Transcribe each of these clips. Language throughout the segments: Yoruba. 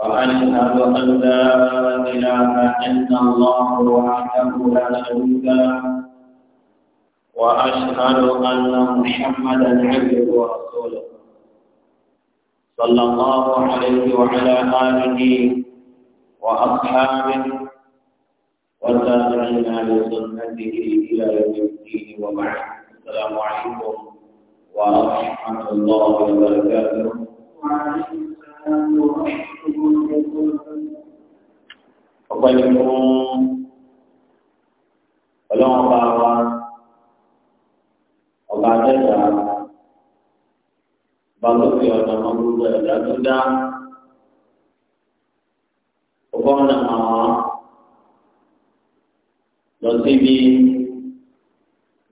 وأشهد أن لا إله إلا الله وحده لا شريك له وأشهد أن محمدا عبده ورسوله صلى الله عليه وعلى آله وأصحابه وتابعنا بسنته إلى يوم الدين وبعد السلام عليكم ورحمة الله وبركاته وعليكم السلام ọpẹ́ ni fún ọlọ́run bá wa ọba àtẹ́jà bá tó fi ọ̀nà ọmọ gbogbo ẹ̀dá tó dá ọgbọ́n náà àwọn lọ síbi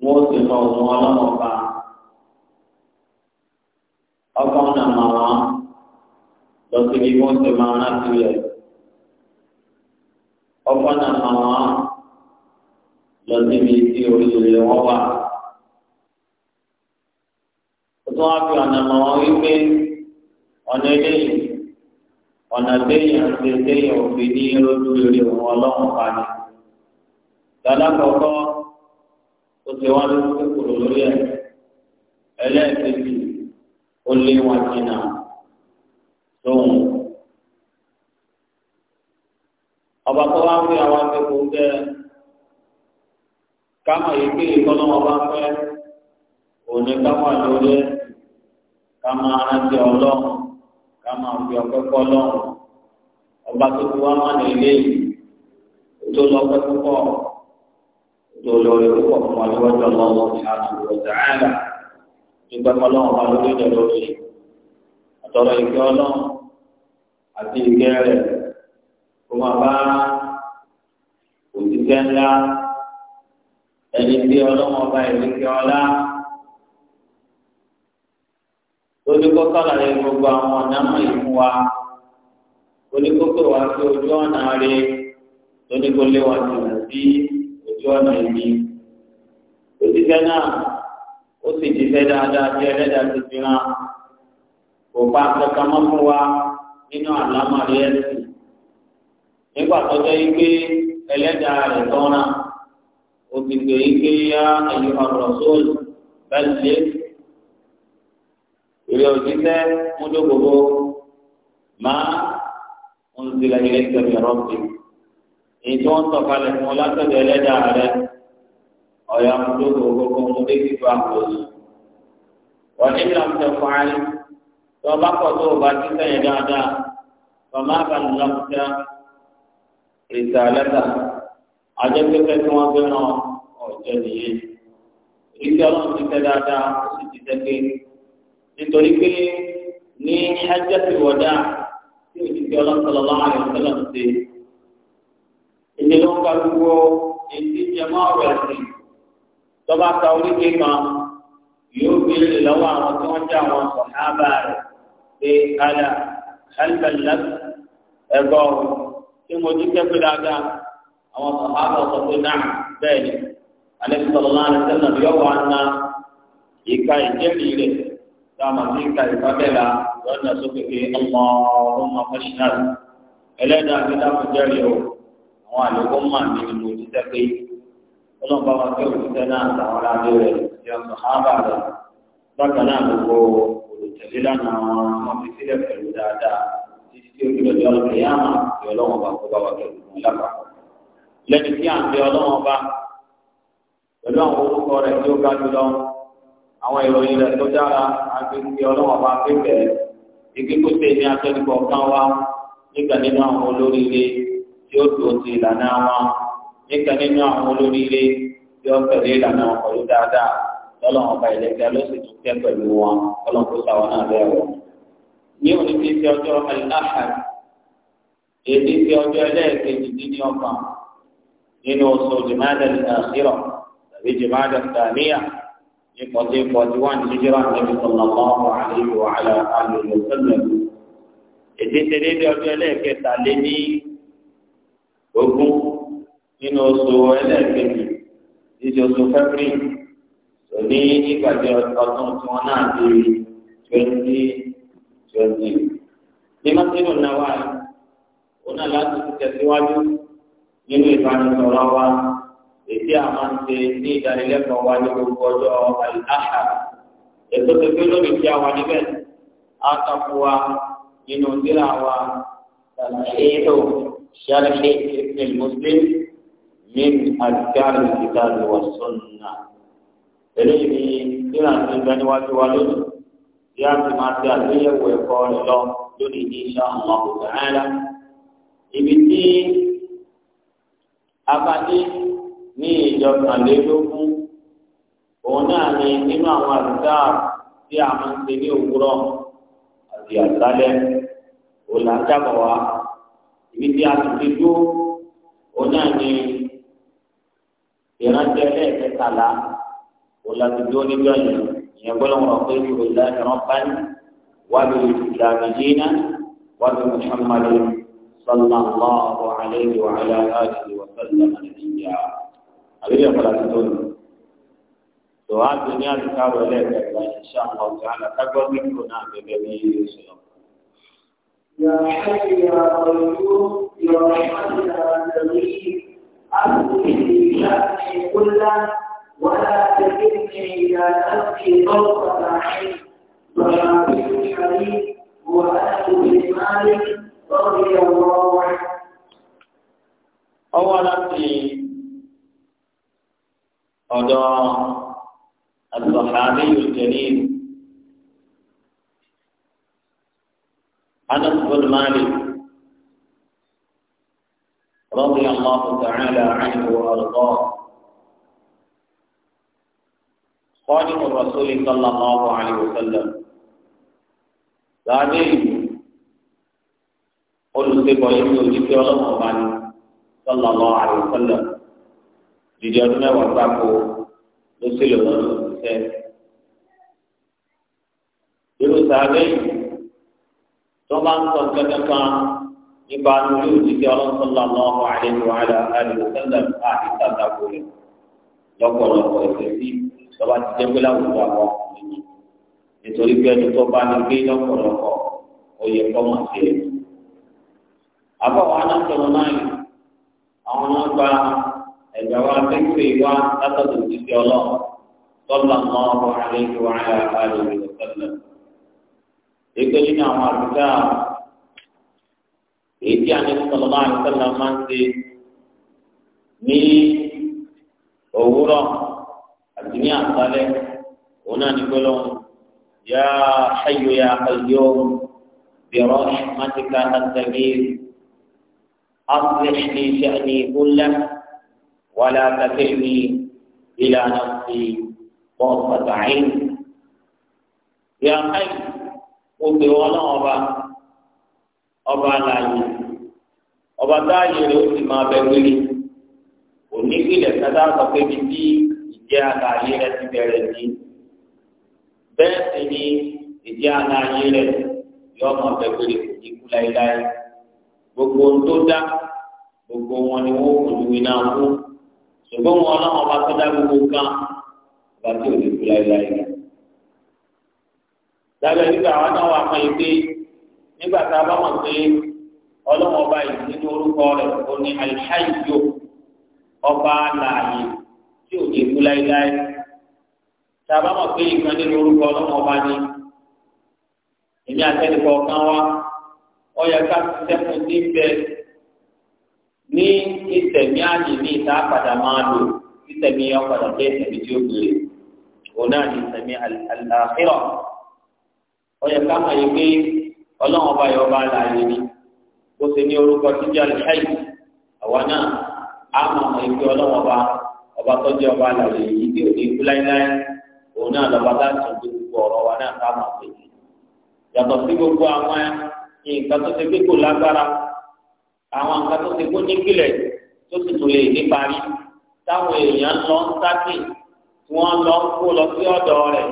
wọn ó sì mọ òun ọgbọ́n náà àwọn lọ sí ibi wọ́n ti máa rántí rẹ̀. ọkọ náà máa wá lọ síbi tí oríire wọn wà. ó tún wá fi ọ̀nà mọ̀ wọ́n wípé ọ̀nà eléyìí ọ̀nà téèyàn ti téèyàn òfin ní lójú rere wọn ọlọ́run pa ni. lálákọ̀ọ́kọ́ ó ti wá lójú kòkòrò lórí ẹ̀ ẹlẹ́ẹ̀kejì ó lé wọn jìnnà. lóhùn. ọba tó wá ń pè àwọn akẹ́kọ̀ọ́ jẹ́ yìí pé ìkọ́nà ọba pẹ́ òní kámọ̀ lórí kámọ̀ arántí ọlọ́run ọba tó fi wá mọ́ ní tó lọ pẹ́ púpọ̀ tó púpọ̀ fún wa ní sàáyà nígbà ìgbẹ́ ọlọ́run. àti ìgbẹ́ rẹ̀ kó máa bá òṣìṣẹ́ ńlá ẹni tí ọlọ́mọ ọba ìlékè ọlá oníkó sọ̀rọ̀ yẹn gbogbo àwọn ọ̀nà mọ̀ yìí fún wa oníkó pè wá sí ojú ọ̀nà rẹ̀ lóníkó lé wa jùlọ sí ojú ọ̀nà ìbí òṣìṣẹ́ náà ó sì jíṣẹ́ dáadáa bí ẹlẹ́dàá ti fi hàn kò pa kankan mọ́ fún wa nínú àlámàrí ẹ̀sìn nígbà tó jẹ́ ike ẹlẹ́dàá rẹ̀ tọ́ra ó ti gbé ike yá ẹ̀yọ́ ọ̀rọ̀ sóòlù bẹ́ẹ̀ lé ìrẹ́ òjíṣẹ́ múdó gbogbo máa ń zilẹ̀ ilé ìtẹ̀lẹ̀ rọ́bì èyí tí wọ́n sọ̀kalẹ̀ fún látọ̀dọ̀ ẹlẹ́dàá rẹ̀ ọ̀yà múdó gbogbo kò múdé kíkọ́ àkóso wọ́n ní àyè tó bá kọ̀ tó bá ti sẹ́yìn dáadáa bàmá àbànú lọ́kùtà ìta lẹ́tà àjẹpẹ́pẹ́ tí wọ́n gbé náà ọ̀jẹ̀ nìyẹn ìdí ọlọ́run ti tẹ́ dáadáa ó sì ti tẹ́ pé nítorí pé ní hajjati wọ̀dà tí ìdí ọlọ́run sallallahu alaihi wasallam ṣe èdè ló ń ka gbogbo èdè jẹmọ́ ọ̀rọ̀ ẹ̀sìn tọ́ba ka oríkèé kan yóò béèrè lọ́wọ́ àwọn tí wọ́n jẹ́ àwọn sọ̀hábà rẹ̀ pé ala alibala ẹgbọ tí mo ti kẹ́ pé dáadáa àwọn sàmáàbọ̀ sọ pé náà bẹ́ẹ̀ ni alẹ́ sọ̀rọ̀ náà ní sẹ́nà yọ̀ wá ná ìka ìjẹ́rìí rẹ̀ dáàmà sí ìka ìfàbẹ́là lọ́nà sókè pé ọmọ ọmọ fẹ́ṣinàlì ẹlẹ́dàá mi dáàmú jẹ́rìí o àwọn àlùkò mà mí ni mo ti tẹ́ pé ọlọ́ọ̀bá wa kẹ́ òṣìṣẹ́ náà àtàwọn aráàlú rẹ̀ yọ̀ sọ̀hábà rẹ̀ bákan náà gbogbo tẹ̀lé lánàá wọn wọn fi sílẹ̀ pẹ̀lú dáadáa títí tí ojú ọjọ́ ọ̀rọ̀ yá mà kí ọlọ́wọ́n bá kó bá wà pẹ̀lú wọn lápapọ̀. lẹ́nu tí à ń bẹ ọlọ́wọ́n bá pẹ̀lú àwọn orúkọ rẹ̀ tí ó ga jùlọ àwọn ìròyìn rẹ̀ tó dára àgbègbè ọlọ́wọ́n bá pépẹ̀ igi kó tẹ̀ ní atẹ́nukọ̀ kan wá nígbà nínú àwọn olóríire tí ó dùn ti ìlànà wọn nígbà nínú àwọn olóríire tí ó tẹ̀lé ìlànà wọn dáadáa ọlọ́run ọba ìlẹ́gbẹ́ ló sì tún kẹ́ pẹ̀lú wọn ọlọ́run kó sáwọn náà bẹ́ẹ̀ wọ̀. ní òní ti fi ọjọ́ al-ahad èdè fi ọjọ́ ẹlẹ́ẹ̀kejì dín ní ọgbọ̀n nínú oṣù jimada al-akhira tàbí jimada al-thaniya ní fourteen forty one hijira nabi sallallahu alayhi wa ala alihi wa sallam. èdè ti dé ọjọ́ ẹlẹ́ẹ̀kẹta lé ní ogún nínú oṣù ẹlẹ́ẹ̀kejì ní oṣù fẹ́fúrì òní ìgbàgbé ọdún tí wọ́n náà di twenty twenty. ní mọ́tínú náà wà ọ̀nà láti ti tẹ̀síwájú nínú ìbánisọ̀rọ̀ wa èdè àmàǹtẹ ní ìdánilẹ́kọ̀ọ́ wa ní gbogbo ọjọ́ àìláṣà ètò tó gbé lórí tí a wà níbẹ̀ á takò wa nínú ìdílé wa tàlàyéèdò ṣàlàyé ìpínlẹ̀ mùsùlùmí min àdìgárì ìdánilẹ́wọ̀sán náà eléyìí ni nílà tí ń bẹ níwájú wa lónìí bí a ti máa ṣe àgbéyẹ̀wò ẹ̀kọ́ rẹ̀ lọ lónìí ní iṣẹ́ àwọn ọ̀gá ẹ̀rá ibi tí abadé ní ìjọkànlélógún òun náà ni nínú àwọn àdúgbò tí a máa ń ṣe ní òwúrọ̀ àti àṣálẹ́ òun là ń jábọ̀ wá ibi tí a ti fi dúró òun náà ni ìrántí ẹlẹ́ẹ̀kẹtàlá. ولا ولاتدون بأن يقول رضيت بالله ربا وبالإسلام دينا وبمحمد صلى الله عليه وعلى آله وسلم نبيا أبي ولاتدون سؤال الدنيا تتابع إليك إن شاء الله تعالى تقبل منكنا نعم، بنبي يوسف يا حي يا قيوم يا رحمن يا كريم أنت في شأني كله ولا تكلني إلى نفسي طوقة عين صحابي الحديث هو أهل بن مالك رضي الله عنه أولا في أدعى الصحابي الجليل أنس بن مالك رضي الله تعالى عنه وأرضاه قادم الرسول صلى الله عليه وسلم láàdé ìlú olùsèbọ̀ yìí ní òjì pé ọlọ́mọ bá ní sọlọ lọ àrùn sọlọ dìde ọdún mẹ́wàá gbáko ló sì lò lọ́dún ṣiṣẹ́. irú sàbẹ̀ yìí tó bá ń sọ kankan nípa lórí òjì pé ọlọ́mọ sọlọ lọ àrùn àti sàtàkùn lọ́pọ̀lọpọ̀ ìfẹ́ sọba ti jẹ́ pé láwùjọ àwọn ọkùnrin ni nítorí pé ẹni tó bá ní gbé lọ́pọ̀lọpọ̀ ó yẹ kọ́ mọ̀ sí ẹ̀. àbọ̀wọ̀ anáṣọ̀rọ̀ náà yìí àwọn náà gba ẹ̀gbẹ́ wa pépè wá látọ̀dọ̀ títí ọlọ́run sọ́lá náà wà lẹ́yìn wà á yà á lè rí ọ̀sẹ̀lẹ̀. èké nínú àwọn àbúkà èyí tí a ní sọ̀rọ̀ náà ìṣẹ̀lẹ̀ máa ń ṣe ní òwúrọ̀. àti ní àṣálẹ́ òun náà ní gbólóhùn yá hayyu yá qayyum bi rahmatika astaghith aslih li sha'ni kullah wa la takilni ila nafsi tarfata 'ayn yá hayyu ó pè wọ́n náà ọba ọba láàyè ọba táàyè rẹ̀ ó máa bẹ wílé òní ìpìlẹ̀ sọ pé bíbí ìjẹ́ àlàyé rẹ̀ ti bẹ̀rẹ̀ sí bẹ́ẹ̀ sì ni ìjẹ́ àlàyé rẹ̀ yọ ọmọ bẹ̀rẹ̀ kò ní kú láéláé gbogbo ohun tó dá gbogbo wọn ni wọn kò lùwìn náà mú ṣùgbọ́n wọn náà wọn bá tó dá gbogbo kan ọba tí ò ní kú láéláé rẹ̀. nígbà wọn náà wà fún ẹgbẹ́ nígbà tá a bá mọ̀ pé ọlọ́wọ́n ọba yìí nínú orúkọ rẹ̀ ó ní alihayo ọba alààyè tí ò ní kú láéláé tá a bá mọ̀ pé ìkan nínú orúkọ ọlọ́mọ ọba ni èmi àtẹnukọ kan wá ọyọ ká sẹ́kùn ní bẹ́ẹ̀ ní ìtẹ̀mí àyè ní ìta padà máa lò ìtẹ̀mí ọ̀padà bẹ́ẹ̀ tẹ̀mí tí ó gbèrè òun náà ní ìtẹ̀mí àlàáfíà ọyọ ká mọ̀ yìí pé ọlọ́run ọba yọ ọba láàyè ni ó ṣe ní orúkọ títí àlùfáì àwa náà á mọ̀ mọ̀ yìí pé ọlọ́run ọba ọba tọ́jú ọba àlàyé yìí tí ò ní kú láíláí òun náà lọ́ba láti ṣe gbogbo ọ̀rọ̀ wa náà ká máa pèsè. yàtọ̀ sí gbogbo àwọn nǹkan tó ṣe pé kò lágbára àwọn nǹkan tó ṣe kó nípìnlẹ̀ tó sì tún lè ní parí táwọn èèyàn lọ ń sáké tí wọ́n lọ ń kó lọ sí ọ̀dọ̀ rẹ̀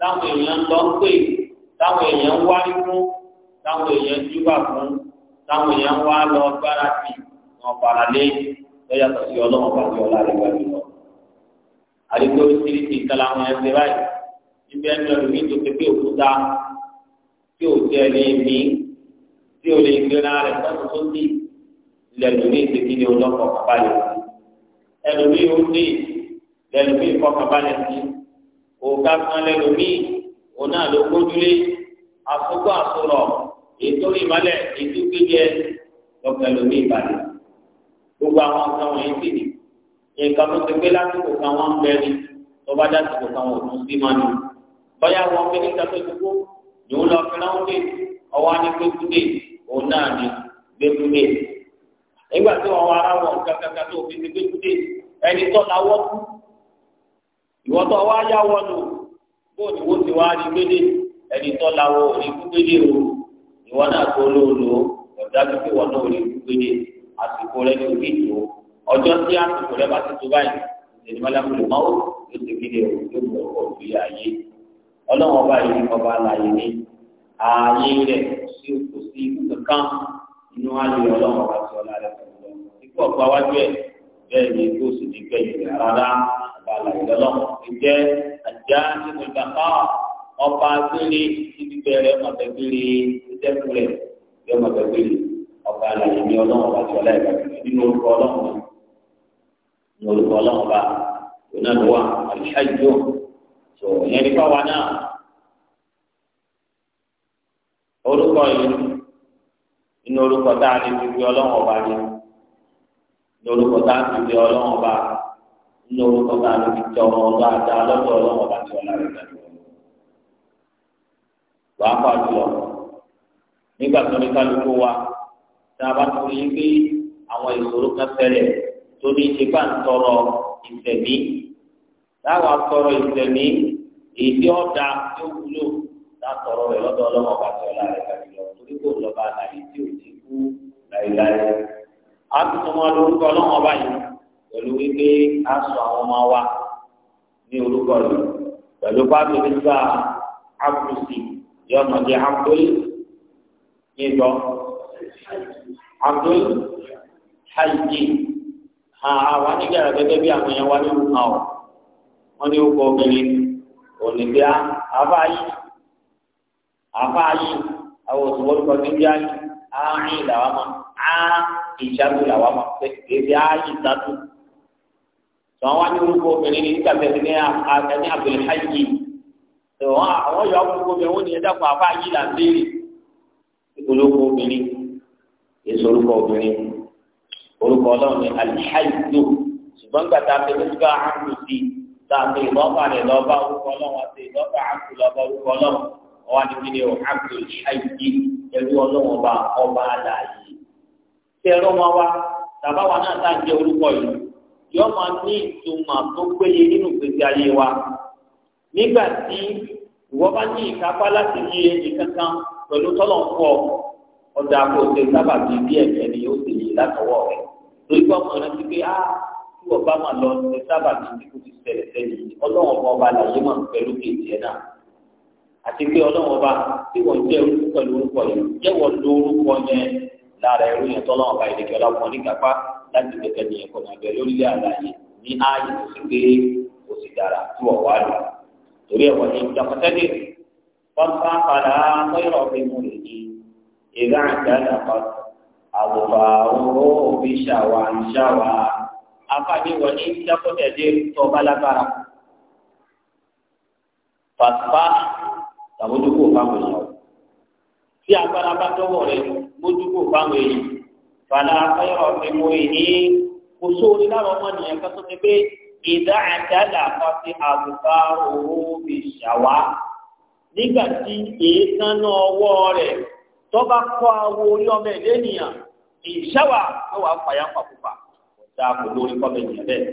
táwọn èèyàn lọ ń pè táwọn èèyàn wá fún táwọn èèyàn júbà fún táwọn èèyàn wá lọ gbára sí wọn fara lé yàtọ̀ sí ọlọ́run pàdé ọ̀la rẹ̀ wá jùlọ. àdìgbò oríṣiríṣi ìkàlà àwọn ẹsẹ̀ báyìí níbi ẹni ọdún mi tó ti pé òkúta tí ò jẹ́ ní mi tí ò lè gbéra rẹ̀ sọ́tún tó ti lẹ́nu mi ti kí ni ọlọ́kọ̀ kábàlẹ̀ sí. ẹnu mi ò ní lẹ́nu mi kọ́ kábàlẹ̀ sí. òògá kan lẹ́nu mi òun náà ló kójúlé àsopọ̀ àsorọ̀ ètò ìmọ̀lẹ̀ ètò gbígbẹ lọ́kọ̀ ẹlòmí ìbàdàn gbogbo àwọn nǹkan wọ̀nyí sì ni nǹkan tó ti pé lásìkò kan wọ́n ń bẹ ni tó bá dásìkò kan wọ́n tún sí máa ní. bóyá wọn pé níta tó ti kú ni ó lọ fi ráhùn dé ọwọ́ á ní gbẹ́kúdé òun náà ní gbẹ́kúdé. nígbà tí wọn wá ara wọn kankan tó fi ti gbẹ́kúdé ẹni tó la wọ́ kú ìwọ́tọ̀ wá yá wọnú bó ni wọ́n ti wá rí gbélé ẹni tó la wọ òní gbélé o ìwọ náà tó lóòlò ọ̀dà tó wọ́n náà òní gbélé àsìkò rẹ ní orí ìtò ọjọ́ tí àsìkò rẹ bá ti tó báyìí lèdí mọ́lákùnrin máa ó yóò ti kéde o yóò mú ọkọ̀ òbí ayé ọlọ́run ọba yìí ọba aláyé ní ààyè rẹ̀ sí kò sí kankan inú àlè ọlọ́run ọba tí ọlá rẹ̀ tó lọ ikú ọ̀pá wájú ẹ̀ bẹ́ẹ̀ ni kó sì ní gbẹ̀yìn rẹ̀ rárá ọba aláyé lọ́lọ́run ti jẹ́ àjá nínú ìgbàkọ́ ọba gbére ibi bẹ̀rẹ̀ ọ̀tẹ̀gbére ìtẹ́kùn rẹ̀ yọ ọ̀tẹ̀gbére ọba àlàyé ní ọlọ́run ọba tí ọlá nínú orúkọ ọlọ́run nínú orúkọ ọlọ́run ọba òun náà tó ìyẹn nípa wa náà orúkọ yìí nínú orúkọ tá a lè fi fi ọlọ́run ọba ní nínú orúkọ tá a fi ọba nínú orúkọ tá a fi ọba ọba tí tá a bá tó yí pé àwọn ìṣòro kan tẹ̀lẹ̀ tó ní ṣe bá ń tọrọ ìtẹ̀mí táwa tọrọ ìtẹ̀mí èdè ọ̀dà tó wúlò látọrọ rẹ lọ́dọ̀ ọlọ́mọ bàtẹ́ ọ̀la rẹ kàbí lọ torí kò lọ́ba àlàyé tí ò ti kú láéláé. a ti tún wọn lórúkọ ọlọ́mọ báyìí pẹ̀lú wípé a sọ àwọn ọmọ wa ní orúkọ rẹ pẹ̀lú pàtó nígbà ápùsì yọmọdé ápùlì ní ìtọ́. Abdul Haji àwa nígbà gẹ́gẹ́ bí àwọn yẹn wá ní òun náà wọ́n ní orúkọ obìnrin òní bí afáyí afáyí àwọn òsùn orúkọ ní bí ayé ààrin làwọn máa á ìṣàtú làwọn máa pè é bí ayé ìṣàtú tọ́wọ́n wá ní orúkọ obìnrin ní nígbà tẹ̀sí ní àtẹ̀ní Abdul Haji tọ́wọ́n àwọn yọ ọkùnrin obìnrin wọ́n ní ẹ̀dá kan afáyí là ń béèrè ìpolówó obìnrin èso orúkọ obìnrin orúkọ ọlọ́run ní alihayidu ṣùgbọ́n gbàtà àfẹnusíkà àkùn sí tààtì ìlọ́fà rẹ̀ lọ́ba orúkọ ọlọ́run àti ìlọ́fà àkùn lọ́ba orúkọ ọlọ́run ọwọ́ àdìgbìlì àkùn alihayidu ẹlú ọlọ́run ọba ọba àlàyé tẹ̀rọ wọn wá tàbá wa náà sáà jẹ́ orúkọ yìí yọ máa ní ìtumọ̀ tó péye nínú ìgbésí ayé wa nígbà tí ìwọ bá ní ìkápá láti yí ẹnì kankan pẹ̀lú tọ́lọ̀ ń ọ ọdọ akóso sábà bíi bí ẹ̀fẹ́ ni yóò ṣe yìí látọwọ́ rẹ̀ torí pé ọmọ rẹ ti pé á ah, tí wọ́n bá máa lọ ṣe sábà bíi bí kò ti ṣẹlẹ̀ sẹ́yìn ọlọ́run ọba ọba làyé máa ń pẹ̀lú kejì ẹ̀ náà àti pé ọlọ́run ọba tí wọ́n jẹ́ orúkọ pẹ̀lú orúkọ yẹn jẹ́wọ́ lo orúkọ yẹn lára ẹ̀rú yẹn tọ́lọ́run ọba ìdíkẹ́ ọlọ́pọ̀ nígbàpá láti gbẹ̀kẹ́ ní ẹ̀kọ́ náà bẹ̀rẹ̀ lórílẹ̀ àlàyé ní ààyè tó ti gbé kò sì dára tí wọ́n wá lọ torí ẹ̀wọ̀n ní ìjọkọ̀tẹ́lẹ̀ wọ́n bá padà mọ́ ọ̀gbìn mú rè ní إذا اعتنقت أظفاره بشوى شوى أفني وإن تقتدر توبة لبرك pàṣípà tàbójúkò fáwọn èèyàn tí agbára bá tọwọ́ rẹ̀ bójúkò fáwọn èèyàn fàlà fẹrọ mímú ìní kò sóore láwọn ọmọnìyàn kan tó ti pé ìdá àjálà kan sí àbùkà òwò fi ṣàwá nígbà tí èékánná ọwọ́ rẹ̀ tọ́ba kọ́ awo orí ọmọ ẹ̀ lẹ́nìyàn ìṣẹ́wà ló wà fàyà pàkúpà ọ̀dà kò lórí kọ́ bẹ̀yìn bẹ́ẹ̀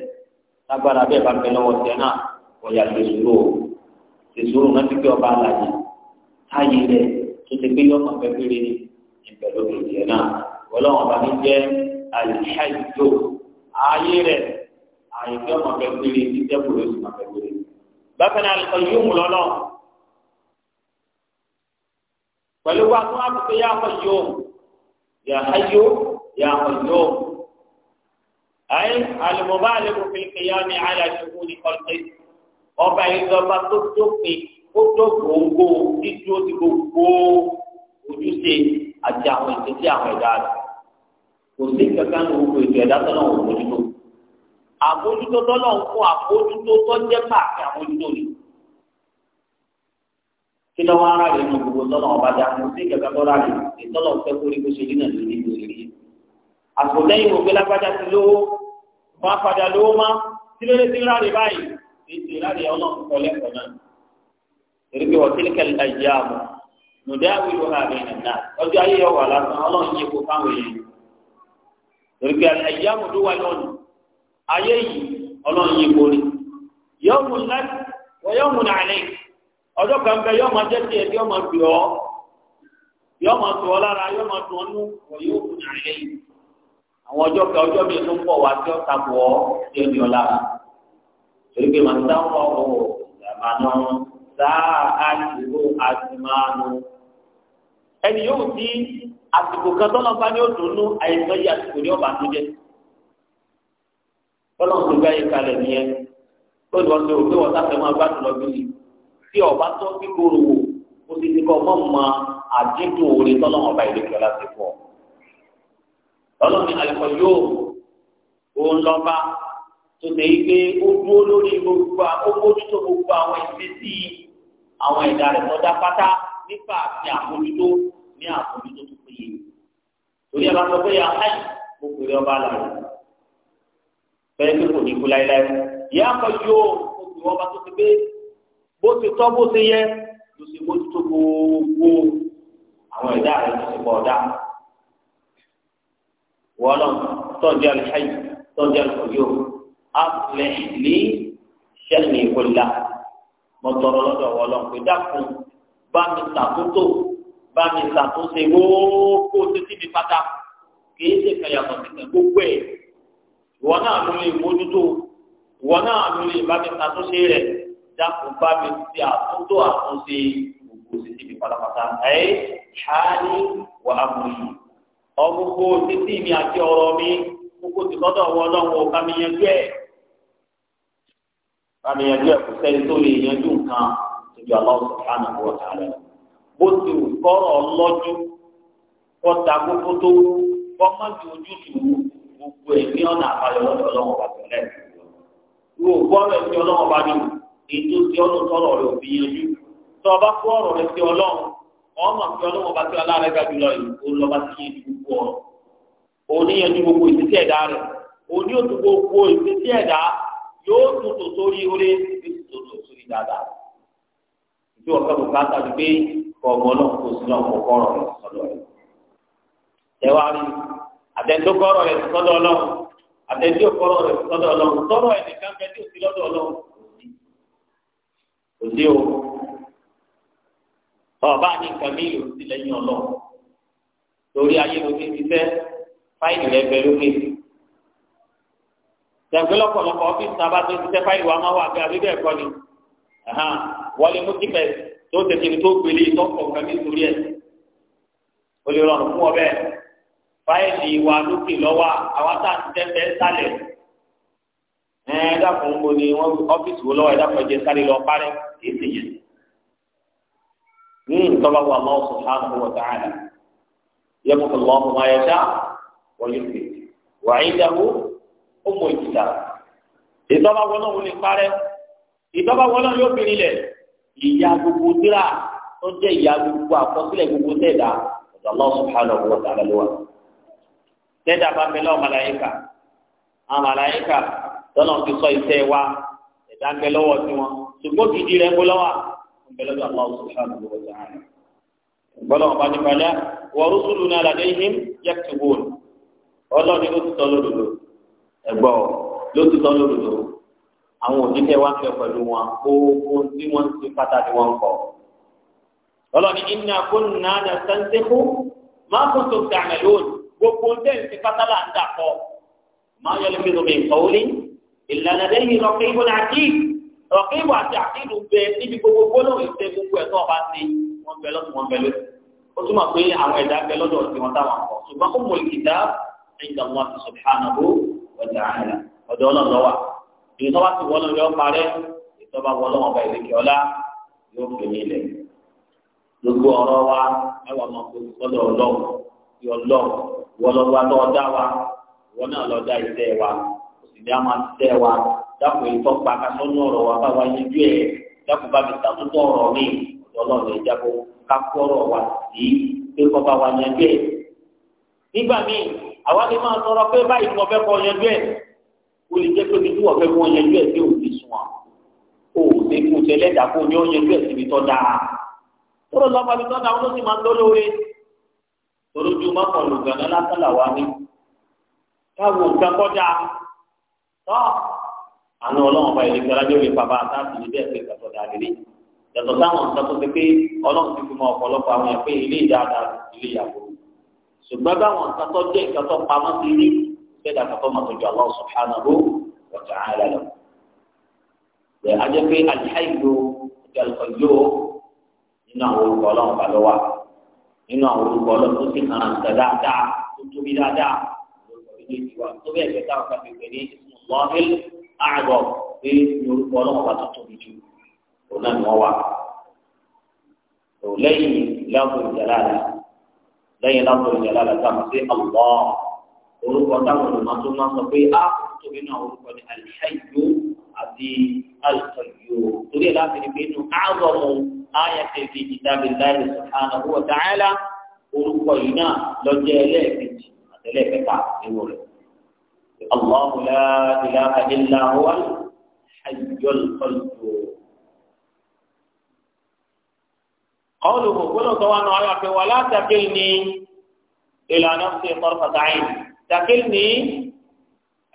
lágbára bẹ́ẹ̀ bá bẹ lọ́wọ́ tẹ náà ọ̀yà tẹ̀sùrù o tẹ̀sùrù náà ti pé ọba aláàjì táyé rẹ̀ tó ti pé yọ̀ọ̀kan fẹ́ péré ní ìjẹ náà ọlọ́wọ́n bá ní jẹ́ àlìṣàjò ayé rẹ̀ àyè yọ̀ọ̀kan fẹ́ péré ní tẹ́kùrọ̀ ìsìn pẹ̀lú wa tó wàá pèsè yà Qayyum yà Hayyu yà Qayyum. ayé àlùmọ́bá àlùmọ́ fi kéya ní aláṣẹ́kù ní kọ́lùkì ọba ìjọba tó tó pè ó tó gbòǹgbò dídúró ti gbogbo ojúṣe àti àwọn ìṣesí àwọn ẹ̀dá rẹ̀ kò sí kankan ní gbogbo ètò ẹ̀dá tó náà wò mójútó àmójútó tó náà ń fún àmójútó tó jẹ́ pààkì àmójútó nìyí kí lọ́wọ́ ara rẹ̀ nù gbogbo tọ́nà ọba dá mo sí kẹ̀kẹ́ tọ́lá rẹ̀ ìtọ́lọ̀ fẹ́ kórí kó ṣe nínà lórí lórí. àsìkò lẹ́yìn òfin lágbájá ti lówó bá padà lówó má kí ló dé sí láre báyìí èsì láre ọlọ́run kọ lẹ́kọ̀ọ́ náà. èrè pé wọ́n tílíkẹ̀ ẹ̀jẹ̀ àmọ́ nùdẹ́ àwìlú ààrẹ nàná ọjọ́ ayé yọ wà lásán ọlọ́run yẹ kó fáwọn èèyàn. èrè ọjọ́ kan bẹ yọọ máa jẹ́ tiẹ̀ tí yọọ máa bì ọ́ yọọ máa tù ọ́ lára yọọ máa tù ọ́ nú wọ́n yóò fún yàrá yìí àwọn ọjọ́ kan ọjọ́ mi tó ń bọ̀ wá tí ó takò ọ́ tí ó ní ọ lára torí pé màá sáwọ́ ọ̀rọ̀ ìdàmánú sáà àdìgbò àdìmánú ẹni yóò di àsìkò kan tọ́lọ́ bá ní òdùnnú àìsàn yìí àsìkò ní ọ̀bà tó jẹ́ tọ́lọ́ ń kalẹ̀ nìyẹn lóòótọ́ tó o pé wọ́n sáfẹ́ máa tí ọba tó ń kíkorò wò ó ti ti kọ́ ọmọ mọ àdídùn orí tọ́lọ́wọ́n ọba ìlú kíọ́lá ti fọ́ ọlọ́ni àlùkò yóò òun lọ́ba tó ṣe é pé ó dúró lórí gbogbo ó mójútó gbogbo àwọn ìṣesí àwọn ẹ̀dá rẹ̀ tọ́já pátá nípa àti àmójútó ní àmójútó tó péye torí ẹ bá sọ pé àhàì mo pè é ọba àlàyé fẹ́ẹ́ pé kò ní kú láéláé yẹ akọ yóò mo pè ọba tó ti pé bó ti tọ́ bó ti yẹ ló ti mójútó gbogbo àwọn ẹ̀dá rẹ̀ ló ti pọ̀ ọ̀dá. wọ́n lọ tọ́jú alìhàyè tọ́jú alìkòyò àpilẹ̀ ní sẹ́ni ìkọlá mo tọrọ lọ́dọ̀ wọ́n lọ pé dákun bá mi ṣàtúntò bá mi ṣàtúnṣe gbogbo títí mi pátá kìí ṣe kàyàtọ̀ síta gbogbo ẹ̀ wọ́n náà ló lè mójútó wọ́n náà ló lè bá mi ṣàtúnṣe rẹ̀ dákun bá mi ti àtúntò àtúnṣe gbogbo títí mi pátápátá ẹ ṣáàlì wà á mú yìí ọgbogbo títí mi àti ọ̀rọ̀ mi gbogbo ti lọ́dọ̀ wọ Ọlọ́run ọba mi yanjú ẹ bá mi yanjú ẹ kò sẹ́ni tó lè yanjú nǹkan tóbi aláwọ sọfánà wọ tààrẹ bó ti kọrọ lọjú kọta gbogbo tó kọmọdé ojútùú gbogbo ẹ ní ọ̀nà àbáyọ lọ́dọ̀ Ọlọ́run ọba tẹ́lẹ̀ yóò gbọ́ ọ̀rọ̀ ẹ̀ ní Ọlọ́run ọba ètò tí ọdún tọrọ rẹ òfin yanjú tó ọba kó ọ̀rọ̀ rẹ sí Ọlọ́run ọmọ fi Ọlọ́run ọba tí ọlá rẹ ga jùlọ yìí ó lọba sí yanjú gbogbo ọ̀rọ̀ òní yanjú gbogbo ìsísí ẹ̀dá rẹ òní òtún gbogbo ìsísí ẹ̀dá yóò tutù sórí orí yóò tutù sórí dáadáa ìjọ ọkọ bùkátà ti gbé ọmọ náà kó sínú ọkọ kọrọ rẹ sọ́dọ̀ rẹ tẹwárí sọ́dọ̀ Ọlọ́run kò sí o ọba ní nǹkan mi yóò sí lẹ́yìn ọlọ lórí ayélujára ṣiṣẹ́ fáìlì rẹ bẹ lókè tẹ̀gbẹ́ lọ́pọ̀lọpọ̀ ọ́fíìsì náà bá tó ṣiṣẹ́ fáìlì wa máa wà bí abébí ẹ̀kọ́ ni wọlé mú kíkẹ́ tó tètè ní tó gbélé ìtọ́pọ̀ nǹkan mi sórí ẹ̀ o lè rọrùn fún ọ bẹ́ẹ̀ fáìlì wa lókè lọ́wọ́ àwa tá à ń tẹ́tẹ́ sálẹ̀ ẹ̀ dàpọ̀ ń bo ni ọ́fíìsì wo lọ́wọ́ ẹ̀ dàpọ̀ jẹ́ sálẹ̀ lọ parẹ́. kìí ṣe yẹn. ní ìtọ́ba wa Allah subhanahu wa ta'ala yamhu Allahu ma yasha'u wa yuthbit wa 'indahu ummul kitab. ìtọ́ba wọn náà wọ́n parẹ́ ìtọ́ba wọn náà yóò fi nílẹ̀ ìyá gbogbo tíra tó jẹ́ ìyá gbogbo àkọsílẹ̀ gbogbo tẹ̀dá ọ̀dọ̀ Allah ṣùgbọ́n gidi rẹ̀ kó lọ́wọ́ ọ̀bẹ̀lọ́dọ̀ Allahu subhanahu wa ta'ala. gbọ́dọ̀ ọba ní padà wa rusuluna ladayhim yaktubun ọlọ́ọ̀ni ló ti tọ́ lódodo ẹ̀gbọ́ ló ti tọ́ lódodo àwọn òjíṣẹ́ wa ń fẹ́ pẹ̀lú wọn gbogbo tí wọ́n ti pátá ni wọ́n ń kọ́ ọlọ́ọ̀ni inna kunna nastansikhu ma kuntum ta'malun gbogbo tẹ̀ ti pátá là ń dà kọ́ ma yalfizu min qawlin illa ladayhi raqibun atid rọ̀kìbù àti àkìlù bẹ níbi gbogbo gbólóhùn ìṣe gbogbo ẹ̀ tó ọba ṣe wọn bẹ lọ́sùn wọn bẹ lọ́sùn ó túmọ̀ pé àwọn ẹ̀dá bẹ lọ́dọ̀ tí wọ́n táwọn kọ̀ ṣùgbọ́n ó mọ̀lì kìtà ẹ̀yìnkà wọn ti subhanahu wa ta'ala ọ̀dọ̀ ọlọ́lọ́wà ìtọ́wá ti wọ́n lọ́yọ́ parẹ́ ìtọ́ba wọ́n lọ́wọ́ ọba ìlẹ̀kẹ̀ ọlá yóò fi ní ilẹ̀ gbogbo ọ̀rọ̀ wa ẹwà máa kó lọ́dọ̀ ọlọ́wọ́ yọ lọ́wọ́ wọ́n lọ́wọ́ ìdí àmà tẹ wa dákun ìtọ́ pa kásán ní ọ̀rọ̀ wa bá wa yẹjú ẹ̀ dákun bá mi sàtúntò ọ̀rọ̀ mi ọlọ́run ẹ̀já kó kákọ́rọ̀ wa sí pé kọ́ bá wa yẹjú ẹ̀. nígbà míì àwa lè máa tọrọ pé báyìí mo fẹ́ kọ́ yẹjú ẹ̀ o lè jẹ́ pé mi tí wọ́n fẹ́ kọ́ yẹjú ẹ̀ tí ò ti sùn à o ò lè kú tẹ́lẹ̀ dàkú ní ó yẹjú ẹ̀ síbi tọ́ dáa. tóró lọ́pàá mi tọ́ da wọn ló sì máa ń tọ́ àánú ọlọ́run ọba ìlú ìjọba lórí bàbá àtàkì ní bẹ́ẹ̀ pé ìtàkùn dàbí rí yàtọ̀ sáwọn nǹkan tó ti pé ọlọ́run ti fi mọ ọ̀pọ̀lọpọ̀ àwọn yẹn pé ilé ìdáadáa ilé ìyàwó ṣùgbọ́n báwọn nǹkan tó jẹ́ nǹkan tó pamọ́ sí rí bẹ́ẹ̀ dàgbà tó mọ̀ tó ju Allah subhanahu wa ta'ala lọ. bẹ́ẹ̀ a jẹ́ pé alihaido ìjàlùkọ̀jọ́ nínú àwọn orúkọ ọlọ́run bá lọ́wọ́ nínú àwọn orúkọ ọlọ́run tó ti hàn dáadáa tó tóbi dáadáa lọ́hìn àgbọ̀ pé ní orúkọ ọlọ́wọ́ bá tó tóbi jù òun náà ni wọ́n wà. tó lẹ́yìn lábọ̀ ìjàlá rẹ̀ lẹ́yìn lábọ̀ ìjàlá rẹ̀ sáà sí àwọ̀ orúkọ táwọn olùmọ̀ tó máa sọ pé á ah, tóbi náà orúkọ ní àlìṣáìjú àti àlùfọ̀yò torí ẹ̀ láti rí pé inú àgbọ̀ mu ayé tẹ̀sí kitabillahi orúkọ yìí náà lọ́jọ́ ẹlẹ́ẹ̀kejì àtẹlẹ́ẹ̀kẹta nínú rẹ̀. الله لا إله إلا هو الحي القيوم قوله قوله سواء على ولا تكلني إلى نفسي طرفة عين تكلني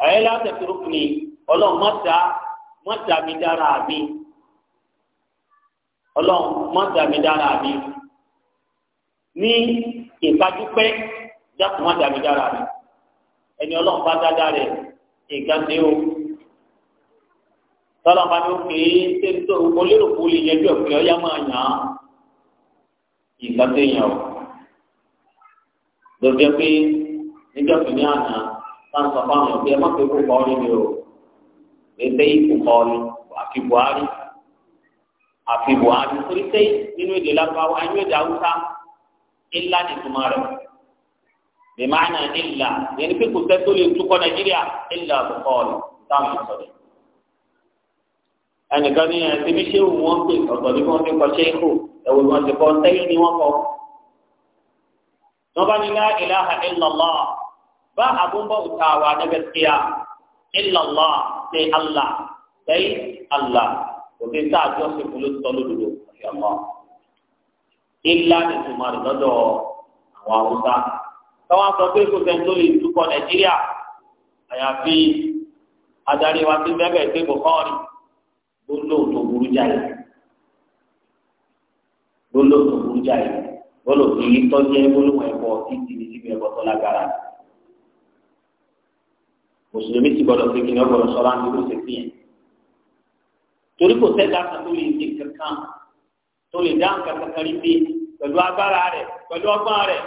أي لا تتركني ọlọ́run mọ́ta mọ́ta mi dára àbí ọlọ́run mọ́ta mi dára àbí ní ìkájú pé dákun mọ́ta mi dára àbí ẹni ọlọ́run bá dáadáa rẹ̀ nǹkan dé o tọ́lọ́ bá ní òkè ṣe ń tó o lérò kó lè yẹjú ọ̀pẹ ọ̀yá máa yàn án nǹkan tó yàn o lọ́jọ́ pé níjọ́ kìíní àná táwọn sọ fáwọn ọ̀gbẹ́ ẹ má pé kó kọ́ rí mi o ẹgbẹ́ ikú kọ́ rí àfi Buhari àfi Buhari torí sẹ́yìn nínú èdè lápá wa inú èdè Haúsá ńlá nìtumọ̀ rẹ̀. bìmáàna ìlà yẹni pé kò sẹ́tò lè tukọ̀ nàìjíríà ìlà bùkọ́ọ̀lù táwọn yẹn sọ̀rọ̀ ẹnìkan ní ẹsẹ̀ bí ṣé òun wọ́n pè ọ̀tọ̀ ní wọ́n ti kọ́ ṣé kò ẹ̀wò ni wọ́n ti kọ́ sẹ́yìn ni wọ́n kọ́ wọ́n bá ní lá ìlàhà ìlàlá bá àbúbọ̀ òtàwà ní gaskiya ìlàlá ṣe àlà sẹ́yìn àlà kò sí sáà jọ́ sí kúló sọ lódodo ìlà ní tùmọ̀ rẹ̀ lọ́dọ̀ àwọn haúsá káwọn sọ pé kò sẹ́ni tó lè tukọ̀ nàìjíríà àyàfi adarí wa ti bẹ́ẹ̀ bẹ́ẹ̀ pé kò kọ́ ọ̀rì gbólóhùn tó burú jáde gbólóhùn tó burú jáde gbólóhùn tó yí tọ́jú gbólóhùn ẹ̀kọ́ títí ní síbi ẹ̀kọ́ tó lágbára mùsùlùmí ti gbọdọ̀ pé kìnìún ọgbọdọ̀ sọ́ra ní kó ṣe fìyẹn torí kò sẹ́dá kan tó lè ṣe kankan tó lè dá nǹkan kankan rí pé pẹ̀lú agbára rẹ̀ pẹ̀lú ọgbọ́n rẹ̀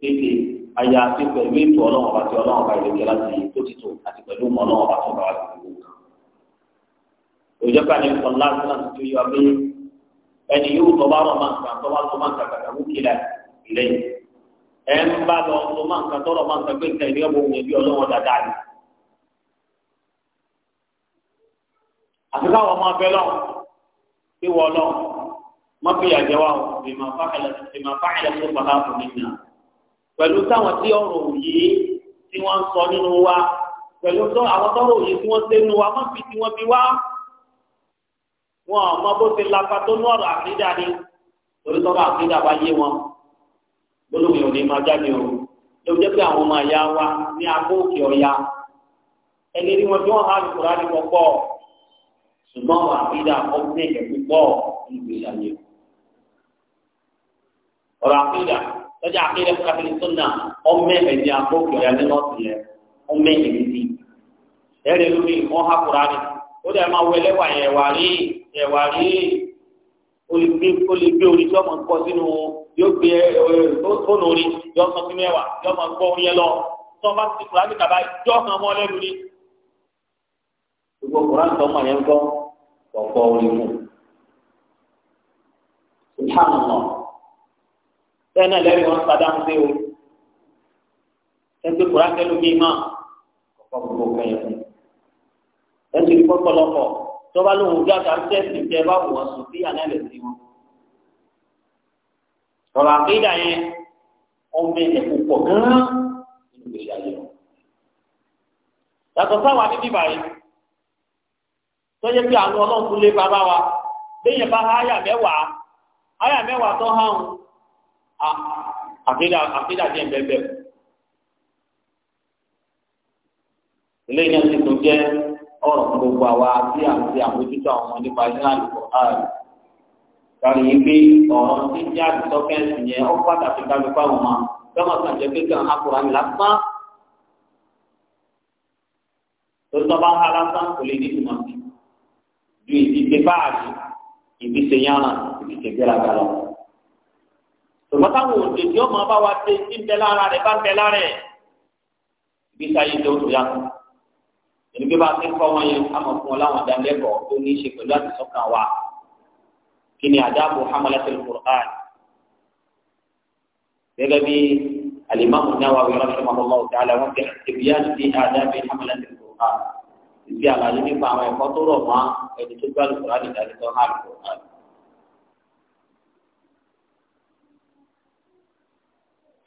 kéde àyàfi pẹ̀lú ètò ọlọ́run ọba tí ọlọ́run ọba ìlẹ̀kẹ́ láti tó ti tò àti pẹ̀lú ọmọ ọlọ́run ọba tó bá wà lóko. òjò ká ní nǹkan láti náà tó yọ abé ẹni yóò tọ́ bá rọ̀ máa ń kà tọ́ bá tó máa ń kà kàkà wó kílà ilẹ̀ yìí. ẹ ń bá lọ tó máa ń kà tọ́rọ̀ máa ń kà pé nǹkan ìdí ọmọ òun ẹbí ọlọ́run dáadáa ni. àti káwọn ọmọ abẹ lọ sí wọ lọ pẹ̀lú táwọn tí ọ̀rọ̀ òye tí wọ́n ń sọ nínú wa pẹ̀lú tó àwọn tọ́rọ̀ òye tí wọ́n ṣe nínú wa wọ́n fi tí wọ́n fi wá wọn ọmọ bó ti lapa tó ní ọ̀rọ̀ àfídà ni torí tọ́rọ̀ àfídà bá yé wọn gbólóhùn òní máa jáde o ló jẹ́ pé àwọn ọmọ àyà wa ní agbó òkè ọ̀ya ẹni rí wọn tí wọ́n há lùkùrá ní pọ̀pọ̀ ṣùgbọ́n àfídà ọ̀gbìn ẹ̀kú pọ̀ nígbèsàlẹ̀ ọ̀rọ̀ lọ́jà àkéde kábílì sọ́nà ọmọ ẹ̀mí àkókò ẹ̀yà ní nọ́ọ̀sì yẹn ọmọ ẹ̀mí sí. ẹ̀rẹ̀ lómi wọ́n há kura ni ó dẹ̀ máa wọ ẹlẹ́wà ẹ̀wà rí ẹ̀wà rí olùgbé olùgbé orin tí ọmọ ń kọ sínú yóò gbé fóònù orin yóò sọ sínú ẹ̀wà yóò máa gbọ́ orin yẹn lọ tí wọ́n bá ti kura ní kaba yóò hàn mọ́ lẹ́nu ni. gbogbo kura ń tọ́ yẹn gbọ́ kọ̀ọ̀kọ̀ sẹ́nà lẹ́rìí wọn sàdáhùn sí o ẹgbẹ́ kùrákẹ́ ló bíi máa kọ́kọ́ gbogbo kẹyọ ẹtù ní pọ́pọ́lọpọ̀ tọ́ba ló ń gbé àgbà ń tẹ̀sí tẹ bá wù wọ́n sùn sí ànálẹ̀ sí wọn. ọ̀rọ̀ àkéjà yẹn ọmọ ẹ̀jẹ̀ púpọ̀ gan-an nínú ìgbésí ayé wọn. yàtọ̀ sáwọn àbíbí báyìí tọ́jú pé àwọn ọlọ́run tún lé bàbá wa béèyàn bá háyà mẹ́wàá háyà mẹ́wàá tó hàn àkéda díẹ̀ bẹ́ẹ̀ eléyìí náà ti tún jẹ́ ọ̀rọ̀ gbogbo àwa tí a ti àmójútó àwọn ọmọ nípa ìlànà ìkọ̀ọ̀hán kárí yìí pé ọ̀rọ̀ tí jẹ́ àdìsọ́ fẹ́ǹsì yẹn ó pàtàkì ká lópa wọn ma lọ́mọ kan jẹ́ pé kàn ákùrán lásán tòótọ́ bá ń ha lásán kò lè ní ìtumọ̀ sí ju ìdíje báàrí ìbísẹ̀ yánra ìbísẹ̀ gbéraga lọ táwọn òde tí ọmọ bá wa ṣe ti ń bẹ lára rẹ bá ń bẹ lára ẹ ìgbésí ayé tó tó yàtọ̀ ẹni pé bá a ti kọ́ wọn yẹn a mọ̀ fún ọ láwọn ìdánilẹ́kọ̀ọ́ tó ní í ṣe pẹ̀lú àtisọ́kàn wa kí ni àdáàbò hamalatul Qur'an gẹ́gẹ́ bí alimami Nawawi rahimahullahu ta'ala wọn kẹ ìbíyàn ti àdáàbò hamalatul Qur'an ìbí àlàyé nípa àwọn ẹ̀kọ́ tó rọ̀ mọ́ ẹni tó gbàlùkùrán ìdánilẹ́kọ̀ọ́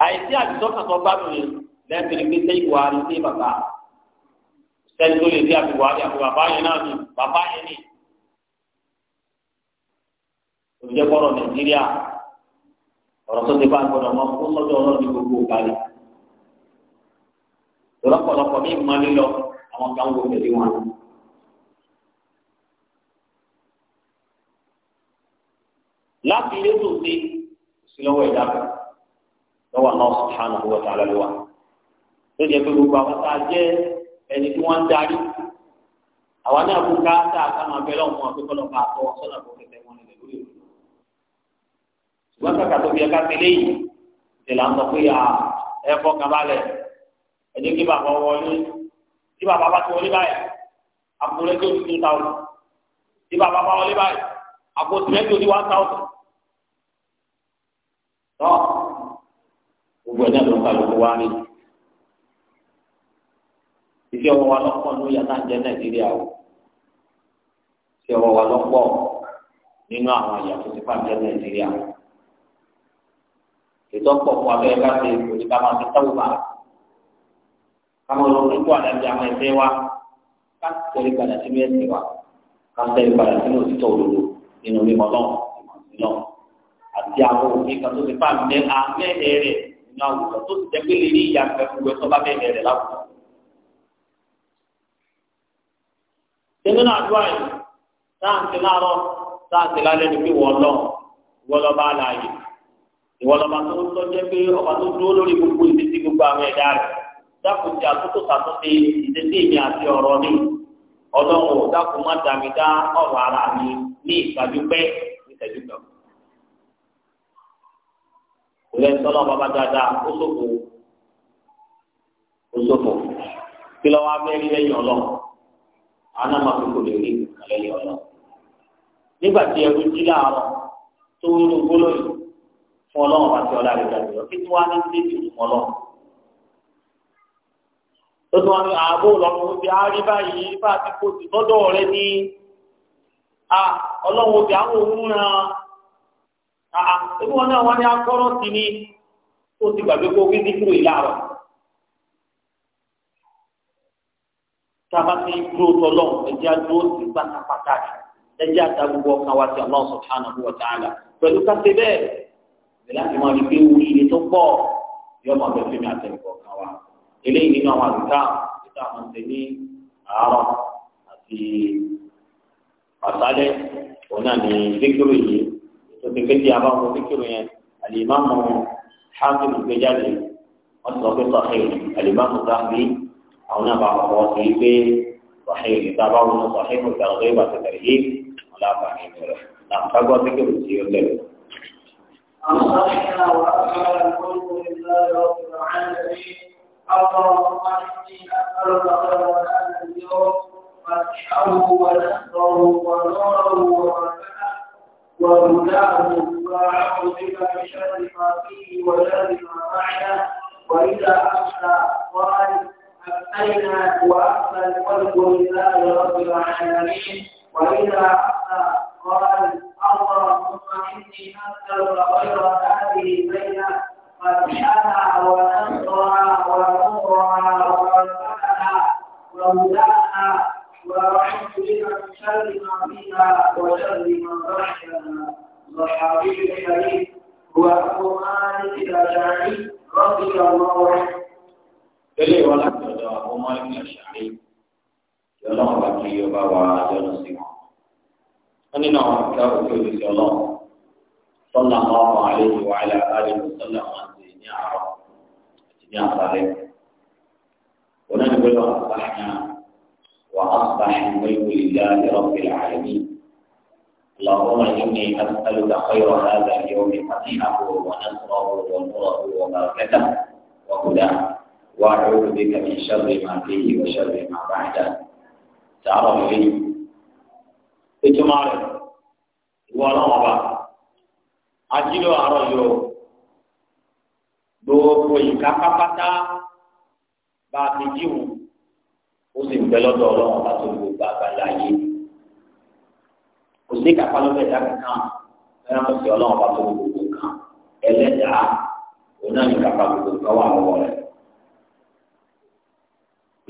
àìsí àbísọ́kàn tó gbádùn yẹn lẹ́ẹ̀kiri pé sẹ́yìn wà á rí sí bàbá sẹ́yìn tó lè dé àbí wà á rí àbí bàbá yẹn náà ni bàbá yẹn ni. òjò kọ́rọ̀ nàìjíríà ọ̀rọ̀ tó ti bá gbọ́dọ̀ mọ́ kó sọ́jọ́ ọlọ́run ní gbogbo ìbálẹ̀. lọ́pọ̀lọpọ̀ ní ìmọ̀ lílọ àwọn kan wo pẹ̀lú wọn. láti ilé tó ti sí lọ́wọ́ lọ́wọ́ Allah subhanahu wa ta'ala ló wà. tó jẹ́ pé gbogbo àwọn tá a jẹ́ ẹni tí wọ́n ń darí àwa náà kú ká tá a ká máa bẹ lọ́wọ́ wọn pé kọ́lọ́ máa tọ́ sọ́nà tó kẹsẹ̀ wọn lè lórí òkú. ṣùgbọ́n kàkà tó fi ẹ̀ka tẹ́lẹ̀ yìí ìṣẹ̀lẹ̀ à ń sọ pé ẹ fọ́ kabalẹ̀ ẹ jẹ́ kí bàbá wọlé tí bàbá bá ti wọlé báyìí àkùrẹ́ tó ti ta ọ̀rọ̀ tí bàbá bá wọlé báyìí àkùrẹ́ tó ti ta ọ̀rọ̀ gbogbo ẹ̀dá ló ń kálukú wá rí iṣẹ́ ọwọ́ wa lọ́pọ̀ ló yà náà jẹ́ nàìjíríà o iṣẹ́ ọwọ́ wa lọ́pọ̀ nínú àwọn àyà tó ti pa jẹ́ nàìjíríà ètò ọ̀pọ̀ fún abẹ́rẹ́ ká ṣe òní ká máa fi táwọn bá káwọn olóògùn tó àdájọ àwọn ẹgbẹ́ wa ká tẹ̀lé padà sínú ẹ̀sìn wa ká tẹ̀lé padà sínú òtítọ́ òdodo nínú mímọ́ náà àti àwọn òfin kan tó ti pa àmì ẹ̀rẹ̀ nínú àwùjọ tó ti jẹ́ pé lè rí ìyá pẹ̀lúwẹ̀ tó bá bẹ̀rẹ̀ rẹ̀ láwùjọ. Nínú àdúrà yìí, táà ń ti láàárọ̀, táà ń ti lálẹ́ ní pé wọ́n lọ, ìwọ lọ bá láàyè. Ìwọ lọ́ba tó ń tọ́jẹ́ pé ọba tó dúró lórí gbogbo ìdíjí gbogbo àwọn ẹ̀dá rẹ̀. Dákun ti àtúntò sàtúnṣe ìdíjí ìmì àti ọ̀rọ̀ mi. Ọlọ́run ò dákun má dàmí ọ̀rọ̀ ara mi ní ìgbàdúpẹ́ ní ìtẹ̀jú kan kò lẹ́yìn tọ́lọ́ bàbá dáadáa ó sòfò ó sòfò kí lọ́wọ́ abẹ́rẹ́ lẹ́yìn ọlọ́ àná máa fi kò lè rí lẹ́yìn ọlọ́ nígbà tí ẹrú jí láàárọ̀ tó ń lo gbólóyìn fún ọlọ́run àti ọlá rẹ̀ dàbí lọ kí tí wàá ní débi fún ọlọ́run tó tún wá ní ààbò lọ́kùnrin bí arí báyìí bá ti kó ti tọ́dọ̀ rẹ ní ọlọ́run obì àwọn òun náà àà ebi wọn náà wọn ní akọrọ sí ni ó ti gbàgbé kó wí díkùrú ìyáàrọ tába ti dúró tọlọ ẹjẹ adúró sí pátápátá ẹjẹ àtà gbogbo ọkàn wa ti Allah subhanahu wa ta'ala pẹ̀lú káṣí bẹ́ẹ̀ bẹ́ẹ̀ láti máa rí pé orí ilé tó pọ̀ yóò máa bẹ fẹmi àtẹnukọ kan wa eléyìí nínú àwọn àlùkà títà àwọn ṣe àárọ̀ àti àṣálẹ́ òun náà ní díkùrú yìí. òṣèké tí a bá wọ síkìrù yẹn àlìmáàmù hákìmù gbé jáde wọn sọ pé sọhìn àlìmáàmù sáfì àwọn náà bá wọn wọ sí pé sọhìn ìta bá wọn sọhìn ìtàgbé bàtà tẹ̀lé yìí wọn lábàá ní ìbẹ̀rẹ̀ làwọn ká gbọ́ síkìrù tí ó tẹ̀lé. أمرنا وأمر الحمد لله رب العالمين اللهم إني أسألك خير هذا اليوم فتحه ونصره ونوره وبركاته وأولاه واعوذ بك بشر ما فيه وشر ما بعده وإذا أخشى قال افتينا وأخشى الخلق لله رب العالمين وإذا أخشى قال اللهم إني اكثر خير هذه البينة فتحها ونصرها ونورها ومنفعها وهداها وأعوذ بك من شر ما فيها وشر ما بعدها وصحابي الكريم هو أبو مالك الأشعري رضي الله عنه. Ele wà látọ̀dọ̀ àwọn ọmọ ìlú Aṣàrí, ìyọ́lọ́wọ́ bá kí ọba wa yọ́nà sí wọn. Wọ́n nínú àwọn akẹ́kọ̀ọ́ òkè òdìsí ọlọ́run, sọ́nà ọmọ àlejò àìlà àlejò sọ́nà wọn ti ní àárọ̀ àti ní àṣálẹ́. Wọ́n náà ní pé wọ́n àṣà yàn وأصبح الملك لله رب العالمين اللهم إني أسألك خير هذا اليوم فتحه ونصره ونوره وبركته وهداه وأعوذ بك من شر ما فيه وشر ما بعده تعرف لي ولا ورغبة أجل أرجو gbogbo ìka فتا bá a bẹ lọ́dọ̀ ọlọ́run bá tó gbogbo àgbàlá yé kò sí kápá lọ́fẹ̀ẹ́ dá kankan ẹran kò sí ọlọ́run bá tó gbogbo kan ẹlẹ́dàá òun náà ní kápá gbogbo kan wà lọ́wọ́ rẹ̀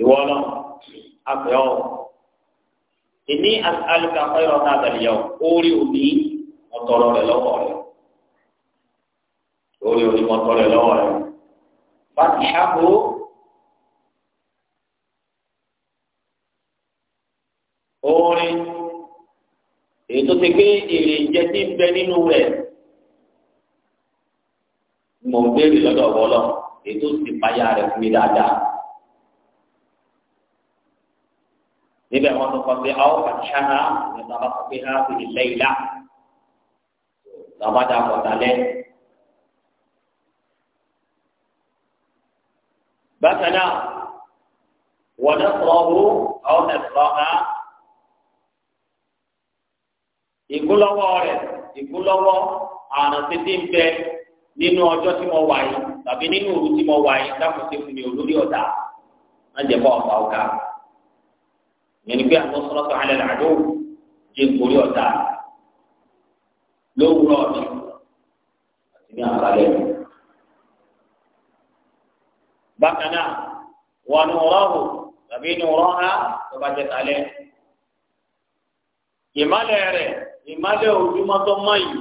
ìwọ náà àfẹ́ ọ̀ ìní alùpùpù akọ́yọ̀ náà àtàlẹ́yà orí òní ọ̀tọ̀rọ̀ rẹ̀ lọ́wọ́ rẹ̀ orí òní ọ̀tọ̀rọ̀ rẹ̀ lọ́wọ́ rẹ̀ bá ti orin èyí tó ti pé èrè ìjẹ tí ń bẹ nínú rẹ̀ mò ń béèrè lọ́dọ̀ wọlọ èyí tó ti payá rẹ̀ fún mi dáadáa níbẹ̀ wọn tó kọ pé àwọn kàṣà nípa bá kọ pé fi ilẹ̀ ìlà làwọn bá dà bákan náà wọ́n náà sọ̀rọ̀ ọ́ náà sọ̀rọ̀ náà ìgúnlọ́wọ́ rẹ̀ ìgúnlọ́wọ́ àrùn títí ń bẹ nínú ọjọ́ tí mo wà yìí tàbí nínú òru tí mo wà yìí dákòtò fún mi olórí ọ̀dà lájẹ̀ bá ọ̀pá ọ̀gá ìyẹn ni pé àwọn sọ́lọ́tọ̀ alẹ́ làdó jẹ́ ìkórí ọ̀dà lówùrọ̀ ọ̀dọ̀ àti ní àkàlẹ́ bákan náà wọn ni ọ̀rọ̀ tàbí ní ọ̀rọ̀ ọ̀hán tó bá jẹ́ kalẹ́ ìmọ̀lẹ́ rẹ̀ ìmálẹ̀ ojúmọ́ tó mọ́ yìí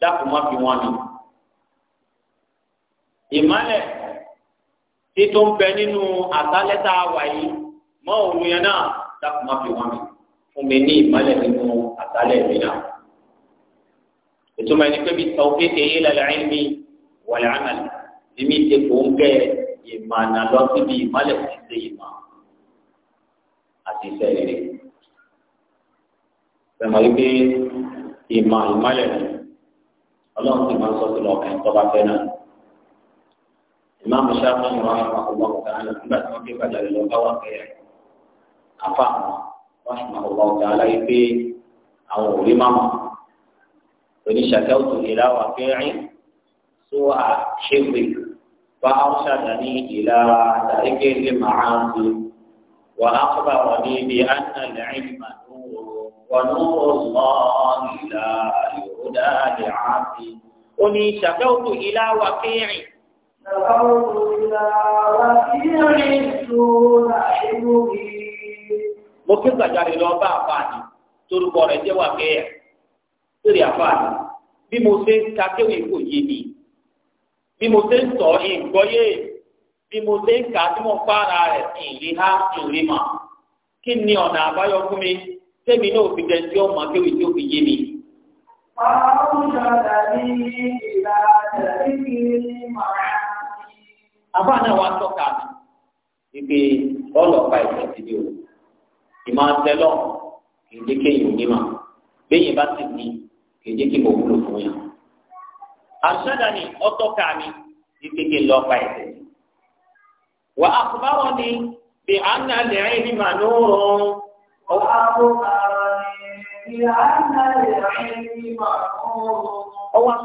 dákun má fi wọ́n ni. ìmálẹ̀ tí tó ń bẹ nínú àtàlẹ́ tá a wà yìí mọ́ òun yẹn náà dákun má fi wọ́n ni. fún mi ní ìmálẹ̀ nínú àtàlẹ́ mi náà. ìtumọ̀ ẹni pé bí tọ́kí kéye lálẹ́ ẹ̀mí wọ̀lẹ́ àmàlẹ́ èmi ti kò ń kẹ́ ìmọ̀ àná lọ síbi ìmálẹ̀ ti ṣe ìmọ̀ àti ìṣẹ̀lẹ̀ rẹ̀. sẹ́mọ̀ yìí pé ìmọ̀ ìmọ̀lẹ̀ ni ọlọ́run ti máa ń sọ sí lọ ọ̀kẹ́ tó bá fẹ́ náà. ìmáàmù sáfà ni wọ́n á máa kó wọn kọ̀ọ̀kan lọ nígbà tí wọ́n fi padà lọ bá wà pé àfa wọn sì máa kó wọn kọ̀ọ̀kan láyé pé àwọn òrí máma oníṣàkẹ́wòtò ìlà wà fẹ́rin tó wà ṣéwèé bá ọ̀ṣàdá ní ìlà àtàríkè lè máa ń fi wà á kọ́ bá wà ní ibi àtàlẹ́ àìmọ̀ ونور الله لا يهدى لعبد أني شكوت إلى وكيع شكوت إلى وكيع سوء حلمي mo ké gbàjarè lọ bá àfààní torúkọ rẹ̀ jẹ́ wàkẹyà sórí àfààní bí mo ṣe ń ka kéwì kò yé mi bí mo ṣe ń sọ ìgbọ́yé bí mo ṣe ń kà tí mo pa ara rẹ̀ ìrìhá ìrìmà kí ni ọ̀nà àbáyọ fún mi sẹ́mi náà fi dẹ́ntí ọmọ akéwì tí ó fi yé mi. àbá náà wàá tọ́ka ibi ọlọ́pàá ìtọ́sí ni o ìmọ̀ àtẹlọ́ kìí jẹ́ kéèyàn onímọ̀ béèyàn bá sì ní kìí jẹ́ kí mo wúlò fún yàn. àṣàdá ni ọtọ́ka mi ní kéèké lọ́pàá ẹ̀sẹ̀. wà á kọ́ báwọn ni bí a ń nà lẹ́rìn ní màánú rún. Ọwọ́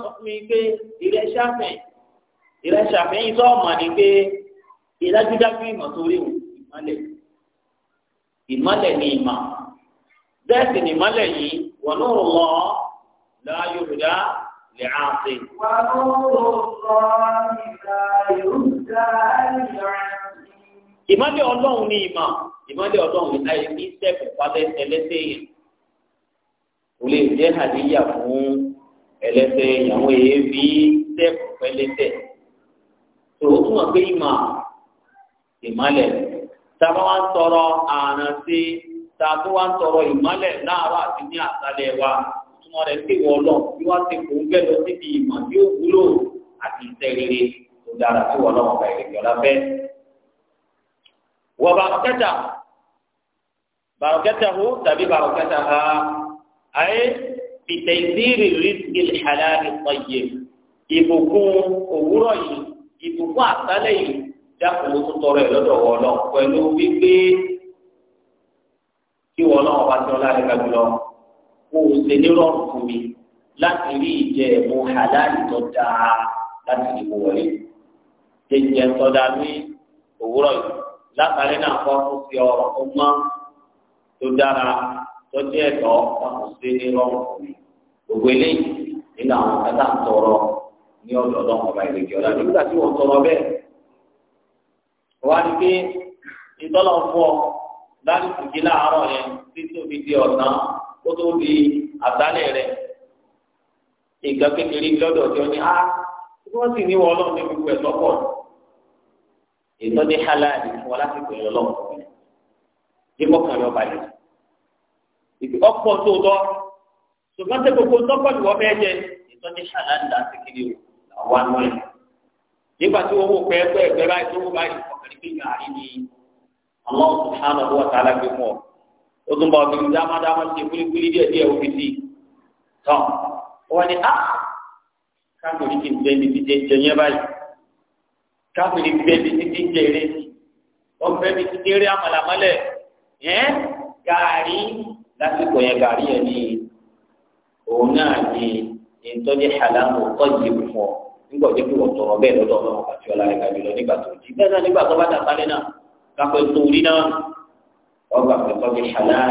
sọ fún mi pé ìrẹ́ ṣàfihàn ìrẹ́ ṣàfihàn tó ọmọ ni pé ìdájúdájú ìmọ̀ tó rí òun ìmọ̀lẹ̀ ìmọ̀lẹ̀ ni ìmọ̀ bẹ́ẹ̀ sì ni ìmọ̀lẹ̀ yìí wọ́n ló rọ̀ lọ́ láàyò rúdá lè á sí. Wà á lọ́wọ́ sọ ìgbà ìmọ̀lẹ̀ ọlọ́run ní ìmọ̀ ìmọ̀lẹ̀ ọlọ́run ní ayé ní sẹ́ẹ̀kù pálẹ̀ ẹlẹ́sẹ̀ èèyàn kò lè jẹ́ àdíyà fún ẹlẹ́sẹ̀ ìyàwó èébí sẹ́ẹ̀kù pẹ́lẹ́sẹ̀ tó o túmọ̀ pé ìmọ̀ ìmọ̀lẹ̀ tàbá wa ń tọrọ àrùn sí tàbí wa ń tọrọ ìmọ̀lẹ̀ láàárọ̀ àti ní àṣálẹ́ wa túmọ̀ rẹ̀ sí wọ́n lọ bí wọ́n ti kò ń gbẹ lọ síbi ìmọ̀ tí wúlò àti ìṣẹ́ wọ bàrọkẹta bàrọkẹta hu tàbí bàrọkẹta ha ayé bìtẹ̀síìrì rìsíkì halali ọ̀yẹ ìbùkún òwúrọ̀ yìí ìbùkún àtàlẹ̀ yìí dákun tó tọrọ ẹ̀ lọ́dọ̀ wọ̀ lọ pẹ̀lú wípé kí wọ́n náà wá sí láti rí ìjẹ ẹ̀mú halali tó dáa láti dìbò wọlé jẹjẹ tọ́da ní òwúrọ̀ yìí látàrí náà kọ́ tó fi ọ̀rọ̀ tó mọ́ tó dára tó jẹ́ ẹ̀tọ́ láti ṣe ní rọ́ọ̀mù fún mi gbogbo eléyìí nínú àwọn kẹta ń tọrọ ní ọ̀dọ̀ ọlọ́run ọba ìrèké ọ̀la nígbà tí wọ́n tọrọ bẹ́ẹ̀ wá ní pé ìtọ́lọ̀ fún ọ láti sùkí láàárọ̀ yẹn títí omi di ọ̀sán ó tó di àtàlẹ̀ rẹ̀ ìgbà kékeré lọ́dọ̀ tí ó ní á ah, wọ́n sì ní wọ́n ọlọ́run ní gbogbo ẹ̀tọ́ pọ̀ ní ìtọ́jú halali wọn láti pè é lọ́wọ́ fún mi dípò kan yọ balẹ̀ ìdí ọ̀pọ̀ tó lọ ṣùgbọ́n tẹ gbogbo tọ́pọ̀ ni wọ́n fẹ́ jẹ ìtọ́jú halali láti kiri o làwọn anú ẹ̀ nígbà tí owó pẹ́ẹ́pẹ́ ẹgbẹ́ báyìí tó wó báyìí ọ̀kẹ́rẹ́ bí gàárì ni Allah subhanahu wa ta'ala gbé mọ́ o tún bá obìnrin dámadáma ṣe kúlíkúlí díẹ̀ díẹ̀ òbí sí tán wọ́n ní á ah! káàkiri kì í jẹ́ ibi jẹ́ jẹ́ yẹn báyìí káfíìrì bẹ́ẹ̀ bí títí ń jẹ eré sí ọ̀fẹ́ bí títí eré àmàlàmọ́lẹ̀ yẹn gàrí lásìkò yẹn gàrí yẹn ni òun náà ní ìtọ́jú àlámù tọ́jú fún ọ nígbà tó kí wọ́n tọrọ bẹ́ẹ̀ lọ́dọ̀ ọlọ́run àti ọlọ́run kàbí lọ nígbà tó jí bẹ́ẹ̀ náà nígbà tó bá dàgbálẹ̀ náà kápẹ́ torí náà ọgbà pẹ̀tọ́ bí halal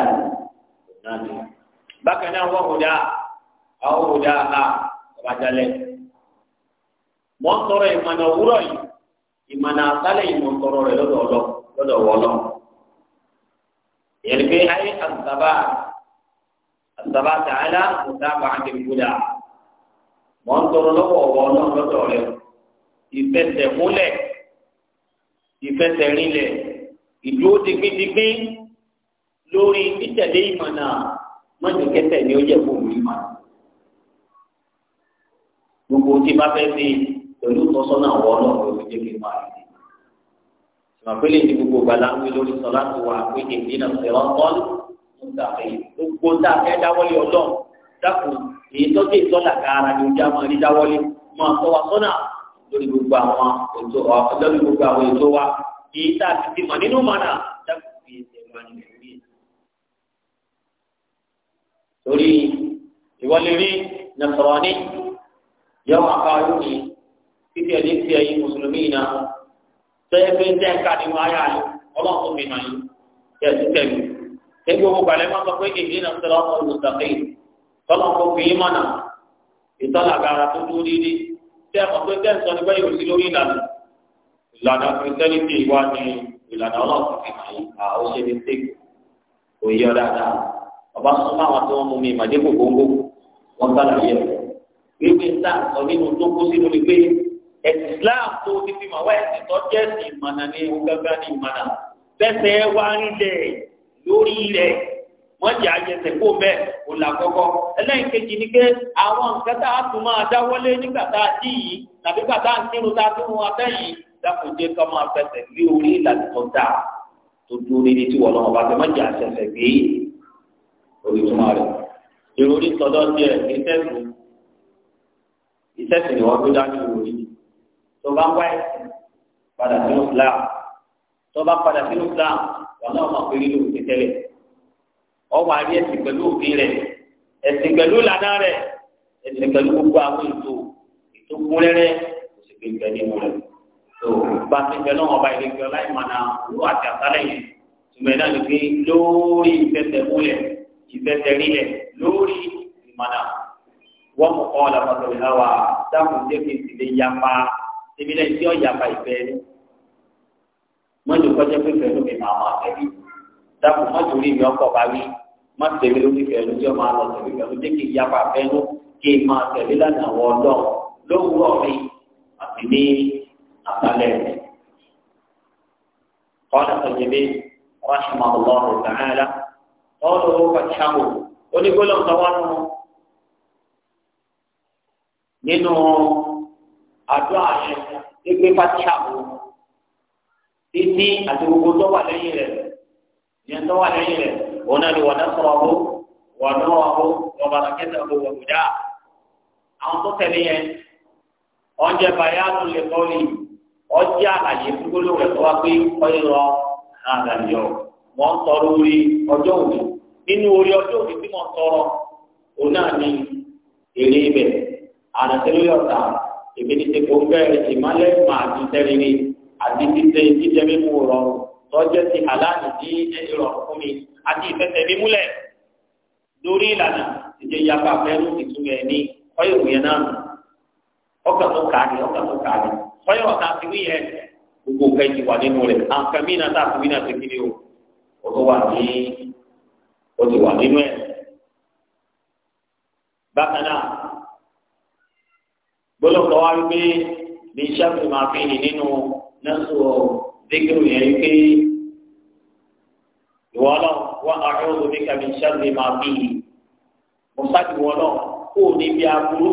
náà ni. bákan náà wọ́n kò dáa àwọn kò dáa a ọba jalẹ̀. ìmọ̀nà òwúrọ̀ yìí ìmọ̀nà àtàlẹ̀ ìmọ̀ tọrọ rẹ̀ lọ́dọ̀ ọlọ́ lọ́dọ̀ wọlọ́ yẹnni pé ayé àtàbà àtàbà tààlà mùtàbà àdìgbòdà mọ̀ ń tọrọ lọ́wọ́ wọlọ́ lọ́dọ̀ rẹ̀ ìfẹsẹ̀múlẹ̀ ìfẹsẹ̀rinlẹ̀ ìdúró digbidigbi lórí títẹ̀lé ìmọ̀nà mọ̀jọ̀kẹ́tẹ̀ ni ó yẹ kó wù ìmọ̀ gbogbo tí bá fẹ́ fi pẹ̀lú tọ́sọ́nà wọ́ náà ló fi jẹ́ kí n máa rí i. ìmọ̀pẹ́lẹ̀ ní gbogbo gbala ń wí lórí sọ láti wà pé èmi náà fẹ́ ọ́ tọ́ ní ìgbàgbé gbogbo tá a fẹ́ dáwọ́lé ọlọ́run dákun èyí tọ́jú ìtọ́là kára ni ojú àwọn ẹni dáwọ́lé máa tọ́ wa sọ́nà lórí gbogbo àwọn ètò lórí gbogbo àwọn ètò wa èyí tá a ti ti mọ̀ nínú mọ̀nà dákun fi ẹsẹ̀ wa nílẹ̀ rí. torí ìwọlé rí nàfọ̀rọ̀ ní yọ títí ẹni tí ẹ̀yin mùsùlùmí yìí náà tẹyẹ pé tẹ ẹ ká nínú ayé àlè Ọlọ́run tó fi hàn yín tẹ ẹ títẹ mi tẹ gbogbo gbalẹ máa sọ pé èyí náà sọ̀rọ̀ ọmọ olùsàkè tọlọ kó fi yín mọnà ìtọ́lá gara tó dúró dídí tẹ ẹ mọ̀ pé tẹ ẹ sọ nípa yóò sí lórí ìlànà ìlànà kìrìtẹ́nìtì wa ni ìlànà Ọlọ́run tó fi hàn yín àwọn ṣe ní sèkì òye ọ̀dà ẹ̀sìn Islam tó ti fi màwá ẹ̀sìn tó jẹ́ sí ìmọ̀nà ní gángan ní ìmọ̀nà fẹsẹ̀ wá nílẹ̀ lórí rẹ̀ wọ́n jẹ́ àjẹsẹ̀ kó bẹ́ẹ̀ kò là kọ́kọ́ ẹlẹ́yìn kejì ni pé àwọn nǹkan tá a tún máa dáwọ́lé nígbà tá a dí yìí tàbí gbà tá a ń kírun tá a tún wọn abẹ́ yìí dákun jẹ́ ká máa fẹsẹ̀ lé orí ìlànà tó dáa tó dúró níbi tí wọ́n lọ́wọ́ bá fẹ́ má jẹ́ àṣẹṣẹ gbé orí túmọ̀ rẹ̀ ìròyìn tọ́jọ́ tiẹ̀ ìṣẹ́sìn ìṣẹ́sìn ni wọ́n tó dá ní ìròyìn tó bá wá ẹ̀sìn padà sínú Islam tó bá padà sínú Islam wọn náà máa pè é nínú òfin tẹ́lẹ̀ ọwọ́ àrí ẹ̀sìn pẹ̀lú òfin rẹ̀ ẹ̀sìn pẹ̀lú ìlànà rẹ̀ ẹ̀sìn pẹ̀lú gbogbo àwọn ètò ètò kúnrẹ́rẹ́ òsèké ìgbẹ́ nínú rẹ̀ tó bá ti bẹ̀ náà ọba ìlẹ́gbẹ́ ọláìmọ̀nà olú àti àtàlẹ́yìn tùmẹ̀ náà lè lórí ìfẹsẹ̀ múlẹ̀ ìfẹsẹ̀ rílẹ̀ lórí ìmọ̀nà wọ́n kọ́ ọ́ làbàtọ̀ ìhàwà dáhùn dé ebi lẹ tí ọjà fa ìfẹ́ mọdò kọjá pé fẹẹ lómi máa máa tẹbi dàpọ mọdò rí mi ọkọ bá wí má tẹbi lórí fẹẹ lójú ọmọ àlọ tẹbi fẹẹ lójú kí ìyapa fẹnu kí n máa tẹbi lánàá wọ ọdọ lówùúrọ̀ mi àti ní àtàlẹ rẹ. قال الجميل رحمه الله تعالى قوله فتحه ولكل صوانه منه àdó àyẹn gbégbé fatia wò títí àti gbogbo tó wà lẹ́yìn rẹ̀ yẹn tó wà lẹ́yìn rẹ̀ wọn náà ni wọn náà sọ̀rọ̀ náà wà wò wọn bàtà kẹsà wò wọn gbòdà àwọn tó tẹ̀lé yẹn ọjọ́ bàyá tó lè kọ́lì ọjọ́ àlàyé gbogbo tọrọ orí ọjọ́ òní nínú orí ọjọ́ òní tí tọrọ òun náà ni èrè ibẹ̀ ìgbéniṣepọ̀ bẹ́ẹ̀ ìmọ̀lẹ̀ mà àti tẹ́rìrì àti títẹ jíjẹ mímú rọrùn tọ́jẹ́ ti aláàbò ní ẹ̀rọ fún mi àti ìfẹsẹ̀ mímúlẹ̀ lórí ìlànà ìjẹ yapa fẹ́rù ìtumẹ̀ ní ọyọ̀ òyìn náà ọkàn tó kàáni ọkàn tó kàáni ọyọ̀ ọ̀tá ti wí yẹn gbogbo nǹkan ti wà nínú rẹ̀ àǹfààní náà tá a fi náà ti kiri gbólóńkọ wá wípé bí sábì máa fi hì nínú nẹ́sù dígírù yẹn wípé ìwọ náà wá àrùn òbí kàbí sábì máa fi hì mo sábì wọ náà kó o ní bí aburú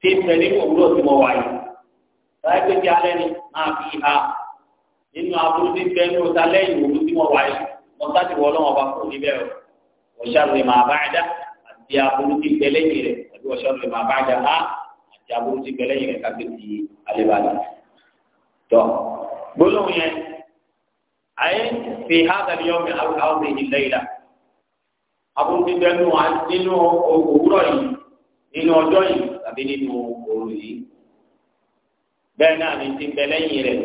tí ń bẹ nínú òwúrọ̀ tí mo wà yìí láyé pé kí alẹ́ ni máa fi hà nínú aburú tí ń bẹ nínú ta lẹ́yìn òwúrọ̀ tí mo wà yìí mo sábì wọ náà ọba kò ní bẹ́ẹ̀ o mo sábì máa bá ẹ̀dá àti aburú tí ń bẹ lẹ́yìn rẹ̀ àti mo sábì máa bá ẹ̀dá ìyàbò ti bẹ̀lẹ̀ yẹn kàgbé ti àlebàlẹ̀. tọ́ gbólóhùn yẹn ayé fi hádàlì yọ̀ọ̀mì àwọn èyí lẹ́yìnlá àbò ti bẹ̀ nù nínú òwúrọ̀ yìí nínú ọjọ́ yìí tàbí nínú òru yìí bẹ́ẹ̀ náà ni ti bẹ̀lẹ̀ yìí rẹ̀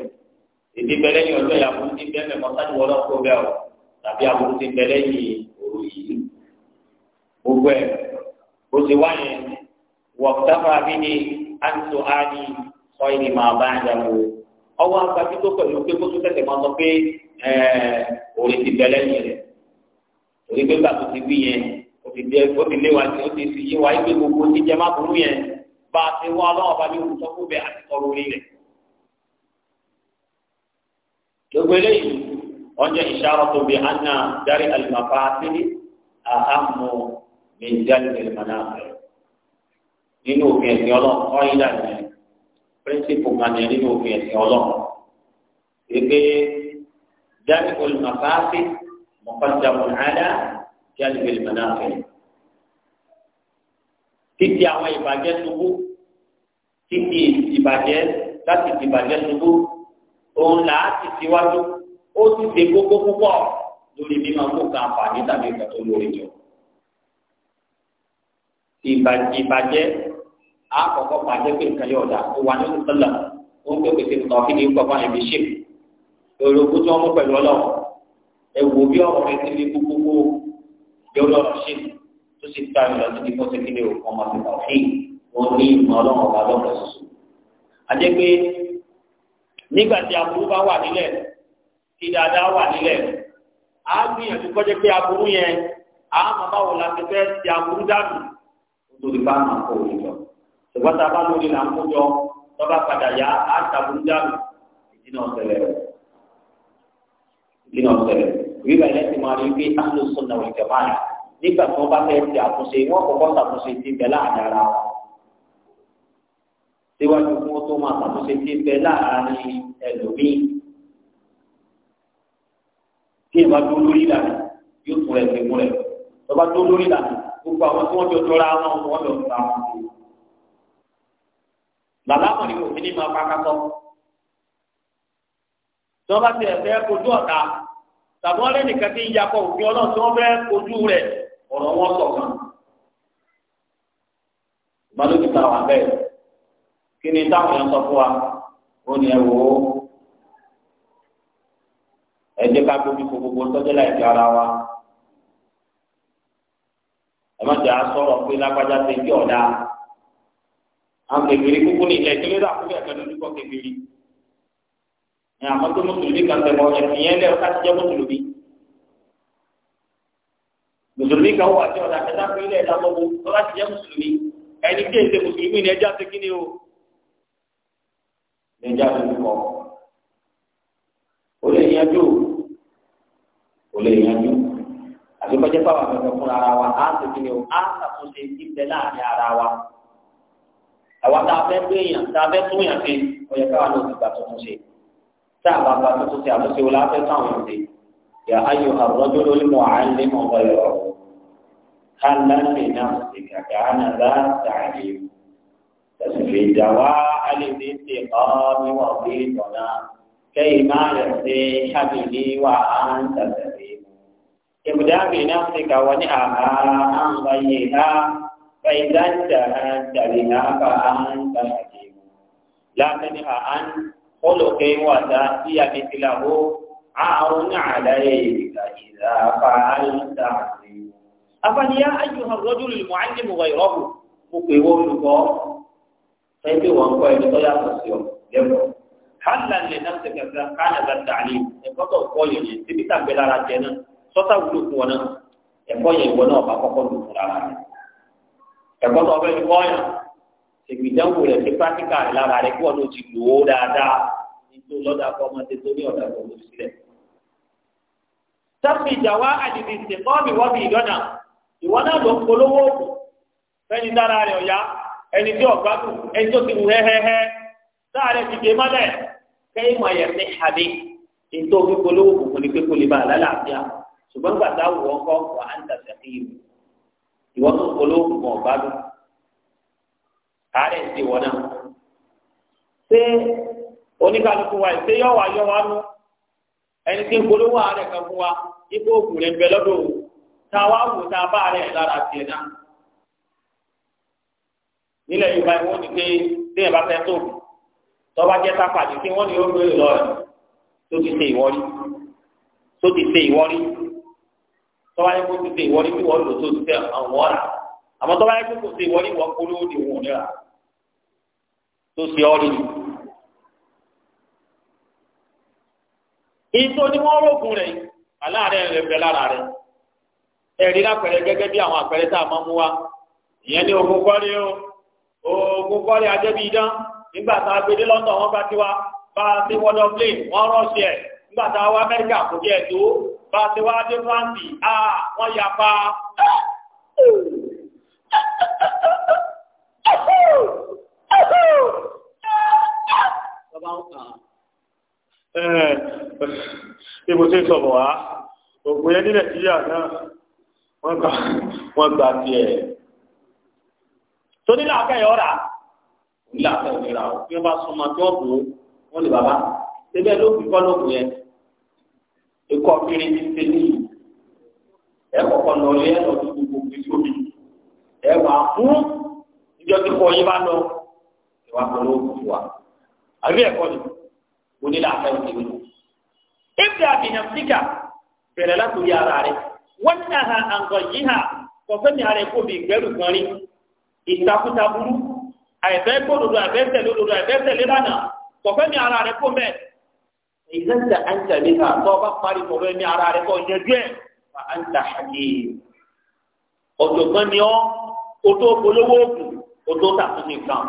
èdè bẹ̀lẹ̀ yìí ọjọ́ ìyàbò ti bẹ̀ mẹ́ mọ́tàdì wọ́n lọ́kọ́ bẹ́ẹ̀ o tàbí àbò ti bẹ̀lẹ̀ yìí òru yìí gbogbo ẹ̀ wọ̀kútàfà bí ni àtúntò á ọ̀yìn ni màá bá ń jà wò. ọwọ́ agbájú tó pẹ̀lú pé kó tún tẹ̀sẹ̀ máa sọ pé òòrè ti bẹ̀lẹ̀ yẹn rẹ̀ torí pé gbàtò ti wí yẹn ó ti dé ó ti lé wa ó ti sì yé wa yí pé gbogbo jíjẹ má burú yẹn bá a ti wá ọlọ́wọ́ bá yóò sọ fún bẹ́ẹ̀ àti sọ̀rọ̀ orí rẹ̀. gbogbo eléyìí ọjọ́ ìṣàrọ̀ tó bí anna dárí àlùmọ̀fà sílẹ̀ àhámọ́ mi dárí àlùmọ̀nà rẹ̀ nínú òfin ẹ̀sìn ọlọ́run ọ̀yìn dà ní píríncípù kan ní nínú òfin ẹ̀sìn ọlọ́run èké jáde olùmọ̀sáfì mọ̀kàndàmọ̀ àdá jáde olùmọ̀náfẹ́ títí àwọn ìbàjẹ́ ṣubú títí ìbàjẹ́ láti ìbàjẹ́ ṣubú òun là á ti tiwájú ó ti ṣe gbogbo púpọ̀ lórí mímọ kó kan àǹfààní tàbí ìgbà tó lórí jọ ìbàjẹ́ àkọ́kọ́ pàdé pé nǹkan yóò dà tó wà nínú sọlá ó ń pè pèsè nǹkan kí ni ń kọfà ẹbí ṣe èrò kó tó ọmú pẹ̀lú Ọlọ́run ẹ wò bí ọ̀rọ̀ rẹ ti lè gbogbogbò yóò lọrọ ṣe tó sì ta ìlọ sí ní fọsẹ kí ni òkú ọmọ àfihàn fi wọn ní ìmọ̀ Ọlọ́run ọba lọrọ ṣoṣo. àti pé nígbà tí aburú bá wà nílẹ̀ tí dáadáa wà nílẹ̀ á gbìyànjú kọjá pé aburú yẹn á mọ báwo la ti fẹ́ ti aburú dànù nítorí bá máa kó òye ṣùgbọ́n tá a bá lórí là ń kó jọ tọ́ba padà yá á ṣàbùn dànù ìdínà ọ̀sẹ̀lẹ̀ ìdínà ọ̀sẹ̀lẹ̀ wíwá ẹlẹ́sìn máa rí pé áńlò sọ̀nà òjò máa yà nígbà tí wọ́n bá fẹ́ ti àtúnṣe wọ́n kọ́kọ́ ṣàtúnṣe ti bẹ̀ láàrin ara wọn síwájú fún ó tó máa ṣàtúnṣe ti bẹ̀ láàrin ẹlòmíì tí ìwà tó lórí lànà yóò tún rẹ̀ fi múlẹ̀ tó lórí lànà gbogbo àwọn tí wọ́n jọ tọ́ra wọn wọ́n lọ fún àwọn tó bàbá ni, ní òfin ní máa pàkà sọ. tí wọ́n bá ti ẹ̀fẹ́ kojú ọ̀tá tàbí wọ́n lẹ́nìkan ti ń yakọ̀ òfin ọlọ́run tí wọ́n fẹ́ kojú rẹ̀ ọ̀rọ̀ wọn sọ̀ kan. ìbálòpì táwọn abẹ́ kí ni táwọn yẹn sọ fún wa ó ní ẹ wò ó ẹ jẹ́ ká gbóbi fún gbogbo tọ́jú láì ara wa ẹ má jẹ́ àá pé lágbájá ti ń kí ọ̀dà àwọn kékeré kúkú ní ilẹ̀ ìdílé rà kúbẹ̀ pẹ̀lú dúkọ kékeré ní àwọn tó mùsùlùmí kan tẹ̀ mọ́ ẹ̀sìn yẹn lẹ́yìn láti jẹ́ mùsùlùmí mùsùlùmí kan wà tí ọ̀dà kẹta fún ilẹ̀ ìdámọ́gbó tó láti jẹ́ mùsùlùmí ẹni tí èsè mùsùlùmí ni ẹjá ti kí ni o ẹjá ti kọ́ ó lè yanjú ó lè yanjú àti kọjá pàwọn akẹ́kọ̀ọ́ fúnra wa á ti kí ni o á ṣàtúnṣe ìbẹ̀ láàrin ara wa àwa tá a fẹ́ gbé èèyàn tá a fẹ́ tún èèyàn ṣe ọ̀yẹ̀ káwa ló ti gbà tuntun ṣe tá a bá gbà tuntun ṣe àtúnṣe wo la fẹ́ tún àwọn ṣe yà á yọ àrọ́jọ́ lórí mọ́ à ń lé mọ́ ọ̀yọ̀ kálá ṣe kàkà á bá tààyè tẹ̀sílẹ̀ ìdáwà á lè ní ṣe ọ́ níwọ̀n bí ìtọ̀nà kẹ́yìn máa rẹ̀ ṣe ṣàbìlì wà á ń tàtẹ̀lẹ̀ ìbùdá mi náà ṣe kàwọ́ ní àbá á ń bá yé فإذا انتهت بها فأنت حكيم لا تنه عن خلق وتأتي مثله عار عليك إذا فعلت عظيم أفن يا أيها الرجل المعلم غيره مقيم لك فإنت وانقوى بطلاء تسيوم لكم حلا لنفسك كان ذا التعليم إنقطع قولي تبتا بلا رجينا سوتا ولوك ونا إنقوى يوانا وبقى قولي ẹ̀kọ́ tó ọbẹ̀ ti kọ́ ọ̀yàn ìgbìdánwò rẹ̀ sí pátíkà rẹ̀ lára rẹ̀ kí wọ́n ló ti lò ó dáadáa nítorí lọ́dà kọ́ ọmọdé tó ní ọ̀dà tó lò sílẹ̀. sáfì ìjàwá àdìdì ìsìnkọ́ mi wọ́n bí ìdọ́nà ìwọ náà ló ń polówó òògùn fẹ́ni dára rẹ̀ ọ̀yá ẹni tí ọ̀gá kù ẹni tó ti wù hẹ́hẹ́hẹ́ láàrẹ̀ ti dé mọ́lẹ̀ kẹ́yìn mọ̀ ẹ̀yẹ̀ àbí ètò polówó òògùn ìwọ tó ń polówó kan ọba lò àárẹ̀ ti wọ náà ṣé oníkàlùkù wa ṣé yọ wá yọ wá nù ẹni tí ń polówó àárẹ̀ kan fún wa ipò òkùnrin rẹ̀ ń bẹ lọ́dọ̀ o tá a wá wò tá a bá àárẹ̀ lára tiẹ̀ náà nílẹ̀ Yorùbá ìwọ ni pé téèyàn bá fẹ́ tó tọ́wá jẹ́ sápàdé tí wọ́n ní ó lóye lọ́rẹ̀ tó ti ṣe ìwọ́rí tó ti ṣe ìwọ́rí. tọ́wá yẹ kó ti ṣe ìwọ́rí wọ́n lò tó ti ṣe àwọn wọ́n àmọ́ tọ́wá yẹ kó kò ṣe wọ́n polówó ni wọ́n rà tó ṣe ọ́ rí. ìtò ni wọ́n rògùn rẹ̀ aláàárẹ̀ rẹ̀ o ogun kọ́lé ajẹ́bí idán nígbà tá a lọ́ńdọ̀ bá bá a ti wọ́n bá a ti wá dé fáǹtì à wọ́n yà pa. Ibo tí ń sọ̀bọ̀ wá, ògùn yẹn ní Nàìjíríà náà, wọ́n gbà tiẹ̀. Tó nílò akẹ́yọ̀ rà, nílò akẹ́yọ̀ rà, bí wọ́n bá súnmọ́ tí wọ́n bò ó, wọ́n lè bàbá. Ṣé bẹ́ẹ̀ ló fi kọ́ lóògùn yẹn? kọ́ kiri títí ní ẹ kọ́kọ́ lọ lé ẹ lọ sí gbogbo gbèsè omi ẹ wà fún ìjọ tí kò yí bá lọ ẹ wà fún lóògùn fún wa àbí ẹ̀kọ́ ni mo ní láàfẹ́ òkè mi. ibi àbíyàn síkà bẹ̀rẹ̀ látòrí ara rẹ̀ wọ́n ní àhà àǹkọ̀ yìí hà kọ̀fẹ́ ní ara ẹ̀kọ́ bí ìgbẹ́rù kan rí ìtakùtà burú àìfẹ́ gbódòdó àìfẹ́ tẹ̀lé òdòdó àìfẹ́ tẹ̀lé lánàá kọ̀fẹ́ ní ara rẹ̀ kó mẹ́ẹ̀ ìgbésẹ̀ àǹtà mi kà tó bá parí pọ̀ lórí ara rẹ̀ kọ́ yẹjú ẹ̀ fà àǹtà àdé ọ̀jọ̀gbọ́n ni ọ́ o tó polówó oògùn o tó tàkùn nìkan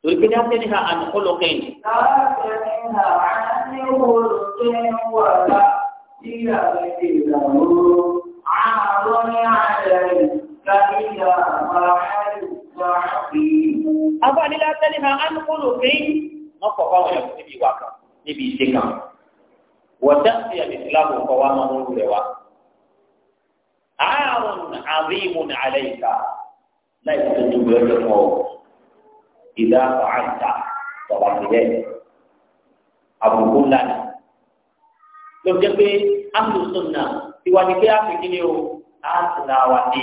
torí pé ní àtẹ́ni ha àná kọ́ lọ́kẹ́ yìí. láàárín àwọn àti olùkẹ́ wà lá sí àgbẹ̀dẹ̀ ìlànà àárọ̀ ní àárẹ̀ ìgbàlíyà àbáhárì ìgbà àbí. abáni látẹ́ni ha àná kọ́ lọ́kẹ́ yìí wọ́n kọ̀ fáwọn ẹ̀kọ́ níbi ìwà kan níbi ìṣe kan wọ́tá sí àbísílámù kọ́ wa máa ń rú rẹ̀ wá. ààrùn àríwùn àlẹ́ ìta láì tó tóbi ọjọ́ fún ọ ìdá àìta tọ̀wá sílẹ̀ àbùkù ńlá ni. ló jẹ́ pé amúlùsùn náà tiwa ni pé àfikún ni o á sì náà wá dé.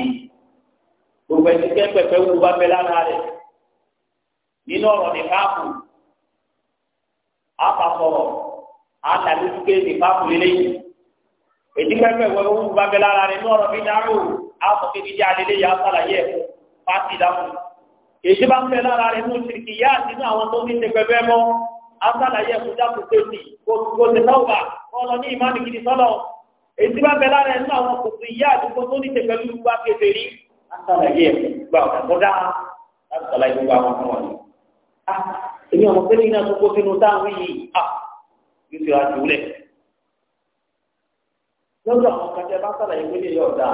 gbogbo ẹni tẹ́ pẹ̀pẹ́ wù bá bẹ lára rẹ̀ nínú ọ̀rọ̀ ní káàkùn àpà sọ̀rọ̀ àtàlù kéde nípa kùlélé yìí èdè pẹpẹ wọ ewu gbàgbé lára rẹ ní ọ̀rọ̀ mi dárò àpò kébi dí alẹlẹ yà sàlàyé ẹ pàtì dáhùn èdè bá ń bẹ lára rẹ ní òṣìṣẹ́ yá àti ní àwọn tó ní ṣe pẹpẹ mọ asàlàyé ẹkú dákú tèmi kò tẹ sáwùbà ọlọ ní ìmáàmì gidi sọlọ èdè bá ń bẹ lára rẹ ní àwọn kò sí yá àdúgbò tó ní ṣe pẹ̀lú wa kéde rí asàlàyé ẹkú gbà ọ̀dà èmi ọmọ pẹ̀lú iná tó kó sínú táwọn yìí à yóò ti ra jùlẹ lọ́dọ̀ àwọn kẹtẹ bá sàlàyé pé yóò dà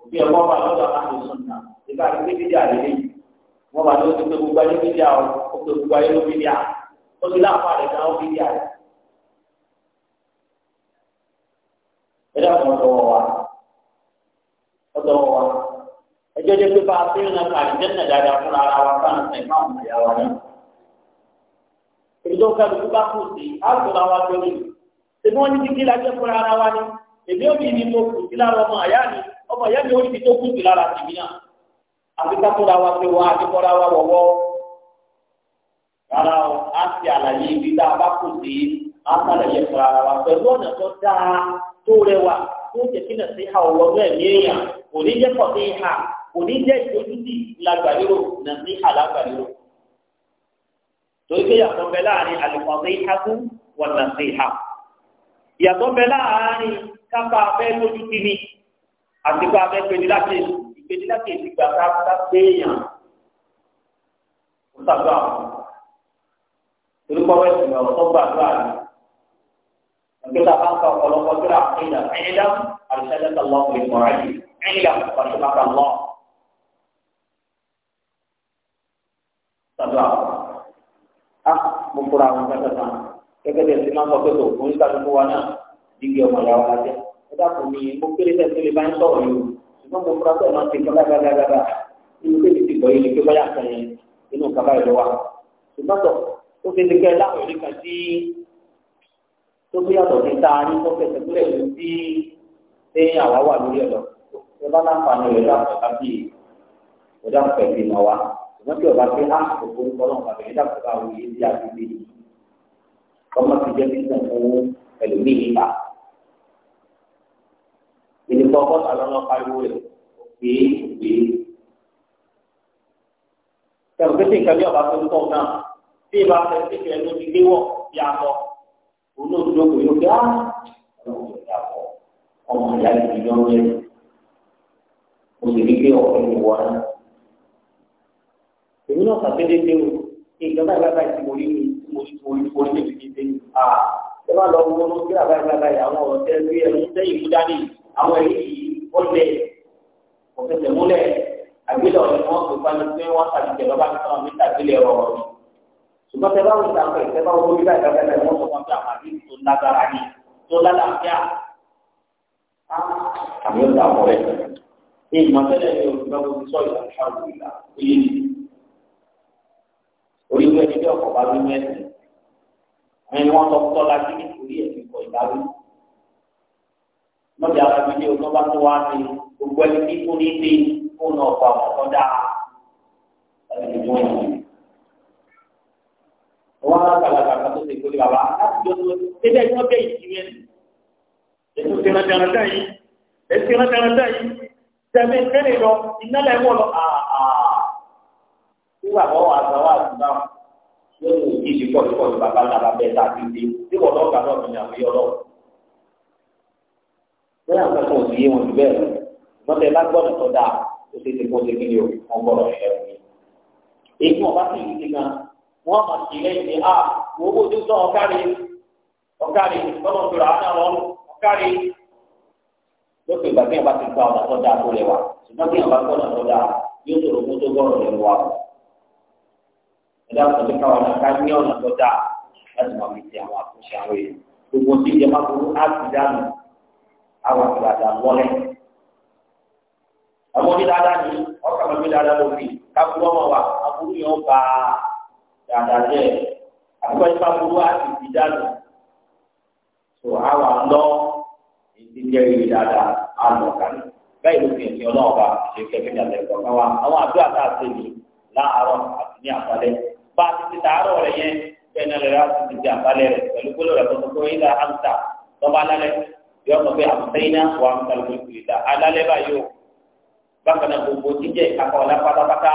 òbí ẹ̀kọ́ bá lọ́dọ̀ àwọn ìsúná ìgbà tí pé dídí àlélẹ wọn bá lọ́dọ̀ pé gbogbo ayé dídí àwọn ọkọ gbogbo ayé ló dídí à ó ti láǹfà rẹ gan ó dídí à rẹ. ẹ dákun ọ̀dọ̀ wọn wá ọ̀dọ̀ wọn wá ẹjọ́ èdè ọ̀gá ló bá kù sí àgbọ̀dọ̀ àwọn àjọ nínú ṣèbí wọ́n ní kíkí la jẹ́ fúnra ara wa ni èmi ò ní ní mo kù sí lára ọmọ àyá mi ọmọ àyá mi ò ní tó kù sí lára tèmi náà àti kákúra wa pé wọ́n àti kọ́ra wa wọ̀wọ́ rárá o á ti àlàyé ibi tá a bá kù sí á fúnra ara wa pẹ̀lú ọ̀nà tó dáa tó rẹwà tó jẹ́ kí nàṣẹ́ ha ọ̀wọ́ náà ní èèyàn kò ní jẹ́ pọ̀ sí ìhà kò ní jẹ́ ìdójútì lágbàlérò nàṣẹ́ torí pé yàtọ̀ bẹ láàrin àlùfáàfẹ́ ìhákú wọ̀nà sí ìhá yàtọ̀ bẹ láàrin kápá abẹ́ lójú kìíní àti pé abẹ́ pèdí láti ìpèdí láti ìdìgbà ká gbéyàn ó sàgbà torí pọ́wẹ́ ìgbà ọ̀tọ́ gbàdúrà rẹ̀ nígbà tá a bá ń ka ọ̀pọ̀lọpọ̀ tó rà ẹ̀yìn àti ẹ̀yìn dá àti ṣẹlẹ̀ tó lọ́ọ̀ mo fura àwọn kátàkà gẹ́gẹ́ bí ẹ̀sìn máa sọ pé òkú ń sàlùkù wa náà dígí ọmọ ìyá wa jẹ́ ẹ dákun ní mo kéré tẹ̀sí lè bá ń sọ̀rọ̀ yìí ṣùgbọ́n mo fura sọ̀rọ̀ máa ti kọ́ gágágágá inú kébi ti gbọ́ yìí ni pé báyà kan yẹn inú kaba ìlú wa ṣùgbọ́n tó ó ti di kẹ́ láwọn ìlú kan tí tó bí yàtọ̀ ti ta ní tó fẹsẹ̀ kúlẹ̀ ṣùgbọ́n tí ọba pé áà ah, gbogbo ń tọ́lọ́ nǹkan àbẹ̀yẹ́dà kò bá wòye sí àgbègbè yìí ọmọ ti jẹ́ pípọ̀ fún ẹlòmíì nípa. ìdìbò ọgọ́ta lọ́nà pariwo rẹ̀ pé pé. sẹ́wọ̀n pété nǹkan bí ọba tó ń tọ̀ náà bí ìbá fẹ́ sífẹ́ ló ti léwọ̀ bí akọ òun náà tó kò yóò fi á ọmọ ìyá ìdíjọ́ rẹ̀ òṣèlú gbé ọ̀pẹ̀ ìwọ náà èmi náà sàbẹ̀dẹ̀ dé o ìjọba ìgbàgbà tí mo rí mi mo rí mo rí mo rí níbi ìdè mi à ẹ bá lọ wọ́n sí àbá ìgbàgbà yìí àwọn ọ̀rọ̀ tẹ́ rí ẹ̀mú sẹ́yìn mú dání àwọn èyí yìí ọ̀lẹ̀ ọ̀fẹsẹ̀ múlẹ̀ àgbélẹ̀ ọ̀rẹ́ wọn kò bá ní pé wọ́n sàbẹ̀dẹ̀ lọ́ba ní sọ́wọ́n mi sàgbélẹ̀ ọ̀rọ̀ mi ṣùgbọ́n tẹ bá wọ́n sàkọ̀ ìtẹ́ ni tó lálàáfíà àmì ọ̀dà ọ̀rẹ́ ìmọ̀tẹ́lẹ̀ ni oríwó ẹni tí ọkọ̀ bá wí ní ẹ̀sìn ẹni wọn tọ́ tọ́ la sí nítorí ẹ̀sìn kọ̀ ìdáwí. lọ́jà àwọn ibi tí o tán bá tó wá sí gbogbo ẹni tí kú ní ilé fóònù ọkọ̀ àwọn ọkọ̀ dá ẹni tó ń yìí. wọn á kàlàkà kan tó ṣe ìkórè bàbá láti jọ tó ṣẹlẹ̀ tí wọn bẹ ìdí rẹ ètò ìrántí rántá yìí ètò ìrántí rántá yìí tẹmí tẹ́lẹ̀ lọ ìnálẹ wọn lọ àá nígbà wọn wà gbà wà gbà yóò wò ní ìdí pọ̀ pọ̀ bàbá náà bàbá ẹ̀ tàbí dé tí wọ́n lọ́ọ́ gbà lọ́ọ̀mì àwọn yọ lọ. bóyá nǹkan kan ò sí yé wọn jù bẹ́ẹ̀ lọ́tẹ̀ bá gbọ́dọ̀ tó dáa ó ṣe ti kó ṣe kí ni o wọ́n gbọ́dọ̀ ṣe ẹ̀rù ni. èyí wọn bá sì yí sí gan wọn máa ṣe lẹ́yìn ní a wò ó bójú ọ̀kárí ọ̀kárí tọ́lọ̀ fìlà ọ̀kárí lókè ìgbà tí wọn bá ti gba ẹ̀dá ọ̀sẹ̀ káwọn ọ̀nà ká ní ọ̀nà tó dáa láti máa fi ti àwọn àtúnṣe àwọn èèyàn gbogbo tí ìjọba burú á ti dànù àwọn àgbàdà wọlé. àwọn oní dáadáa ni ọkà máa gbé dáadáa lórí kábúrú ọmọ wa aburú yẹn ó ba dáadáa jẹ àbúrò ìfà burú á ti ti dànù. tó àwọn àlọ́ ìdíjẹ́ ìrì dáadáa á lọ kàlẹ́ bẹ́ẹ̀ ló fi ẹ̀sìn ọlọ́ọ̀ba ṣe kẹ́kẹ́ ní àlẹ́ àwọn àdúrà tá ní láàárọ̀ àti ní àṣálẹ́ bá a ti ti tààrọ̀ rẹ̀ yẹn bẹ́ẹ̀ náà lọ́la ti ti di àbálẹ̀ rẹ̀ pẹ̀lú gbọ́dọ̀ rẹ̀ tuntun pé ilà hamsa tọ́ba alálẹ̀ yọ ọmọ pé àmọ́sẹ́yìnà wà á mọ̀tàlù kìlì ta alálẹ̀ báyìí o bákan náà gbogbo jíjẹ ìkàkọ́ ọ̀la pátápátá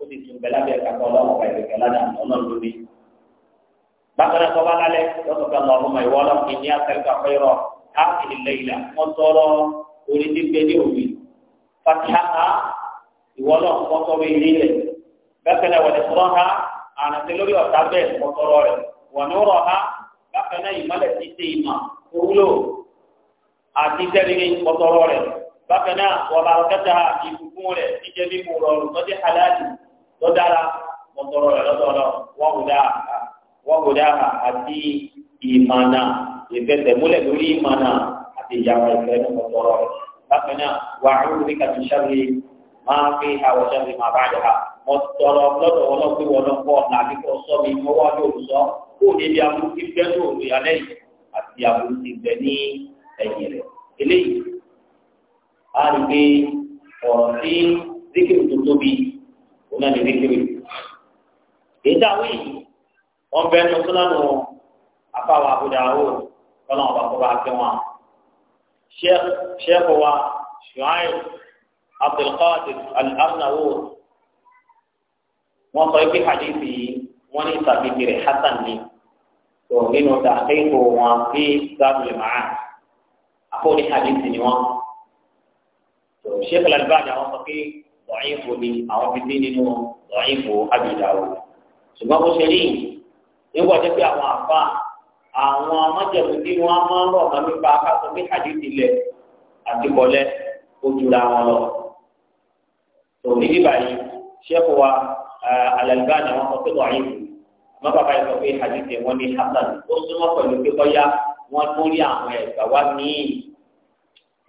ó ti tún bẹ̀lá bẹ̀ẹ́ ìkàkọ́ ọ̀la ọ̀pá ìrẹ̀kẹ́ ládà ọ̀nà lórí. bákan náà tọ́ba alálẹ̀ yọ ọmọ pé ọmọ ìwọ ọlọ́run kì í ní àtẹ̀ríkà fẹ́rọ̀ káàkiri lẹ́yìnlá wọ́n tọrọ orí dígbé ní òwe fatiha ìwọ ọlọ́run kọ́ tọrọ ilé rẹ̀ bákan náà wọ̀lẹ̀ sọ́rọ́ ha ànàtẹ lórí ọ̀tá bẹ́ẹ̀ kọ́tọ́rọ́ rẹ̀ wọ̀n ní rọ̀ ha bákan náà ìmọ̀lẹ̀ ti ṣe ìmọ̀ òwúlò àti tẹ́lẹ̀ kọ́tọ́rọ́ rẹ̀ bákan náà wọ́n bá kẹta ìbùkún rẹ̀ jíjẹ́ bí mo rọrùn tó dé halali tó dára kọ́tọ́rọ́ rẹ̀ lọ́dọọlọ wọ́n kò dá àti ìmọ̀nà ìfẹsẹ̀múlẹ̀ lórí ìmọ̀nà àti ìyàwó ìfẹ́ kọ́tọ́rọ́ rẹ̀ bákan náà wàá ọtọrọ tọrọ lọ́dọ̀ wọn lọ́pẹ́ wọn sọ mi ọ wá yóò kó o níbi aburú ti bẹ́ ní òru ìyálẹ́ yìí àti aburú ti bẹ́ ní ẹ̀yìn rẹ̀ eléyìí a lè gbé sí zikiri tó tóbi náà zikiri a wọn bẹ sọlánù afáwọn àbúdá o kọ́nà ọba wọn wọ́n sọ pé hadithi wọ́n ní ìtàgbègbè rẹ̀ hasan ni tó nínú tàkéèkó wọn fi gbàgbé màá àkóní hadithi ni wọ́n tó sheikh alalibani àwọn sọ pé dọ̀yìnfò ni àwọn fi dín nínú dọ̀yìnfò abidawo ṣùgbọ́n bó ṣe rí nígbà tó pé àwọn àfa àwọn amájẹ̀mú tí wọ́n máa ń rọ̀ mọ́ nípa akásọ pé hadithi lẹ̀ àti kọ́lẹ́ ó wọn lọ. tòun ní bíbáyìí ṣẹ́kù wa Al-Albani àwọn sọ pé wọ́n ayé fún àmọ́ bàbá yìí sọ pé hadith yẹn wọ́n ní hasan ó súnmọ́ pẹ̀lú pé bọ́yá wọ́n tún rí àwọn ẹ̀gbà wá ní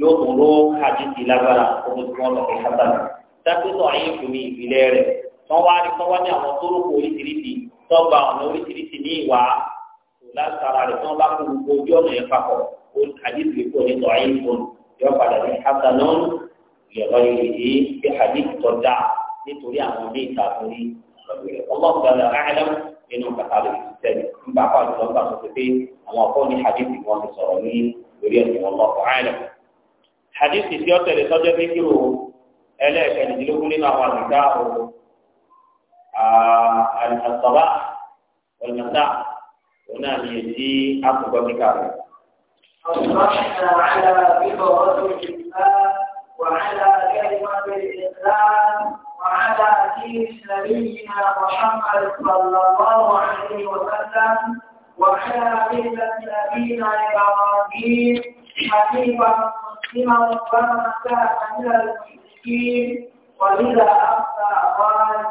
yóò tún ró hadith lágbára ọmọ tí wọ́n lọ pé hasan sákòtò ayé fún mi ìbílẹ̀ rẹ̀ wọ́n wá rí wọ́n wá ní àwọn tó rúkọ oríṣiríṣi tọ́gbà ọ̀nà oríṣiríṣi ní ìwà látara rẹ̀ tí wọ́n bá kó ojú ọ̀nà yẹn papọ̀ hadith lè kó ní sọ ayé fún yọ padà ní hasan náà yọ̀ọ́ nítorí àwọn bí ìtàkùnrí lọ́gbẹ̀rẹ̀ ọlọ́gbọ̀dọ̀ àìlẹ́m nínú kàtàlù ìtìsẹ́lẹ̀ nígbà pàdé lọ́gbà tó ti pé àwọn ọkọ ní hadithi wọn ti sọ̀rọ̀ ní lórí ẹ̀sìn wọn lọ́kọ̀ àìlẹ́m. hadithi tí ó tẹ̀lé sọ́jọ́ méjìló ẹlẹ́ẹ̀kẹ́rìndínlógún nínú àwọn àgbà òru àtọ̀bá ọ̀nàdá òun náà ní èsì àkùkọ kíkà rẹ̀. ọ̀sán وعلى كلمة الإسلام وعلى دين نبينا محمد صلى الله عليه وسلم وعلى ملة نبينا إبراهيم حبيبا مسلما وما كان من المشركين ولذا أبقى قال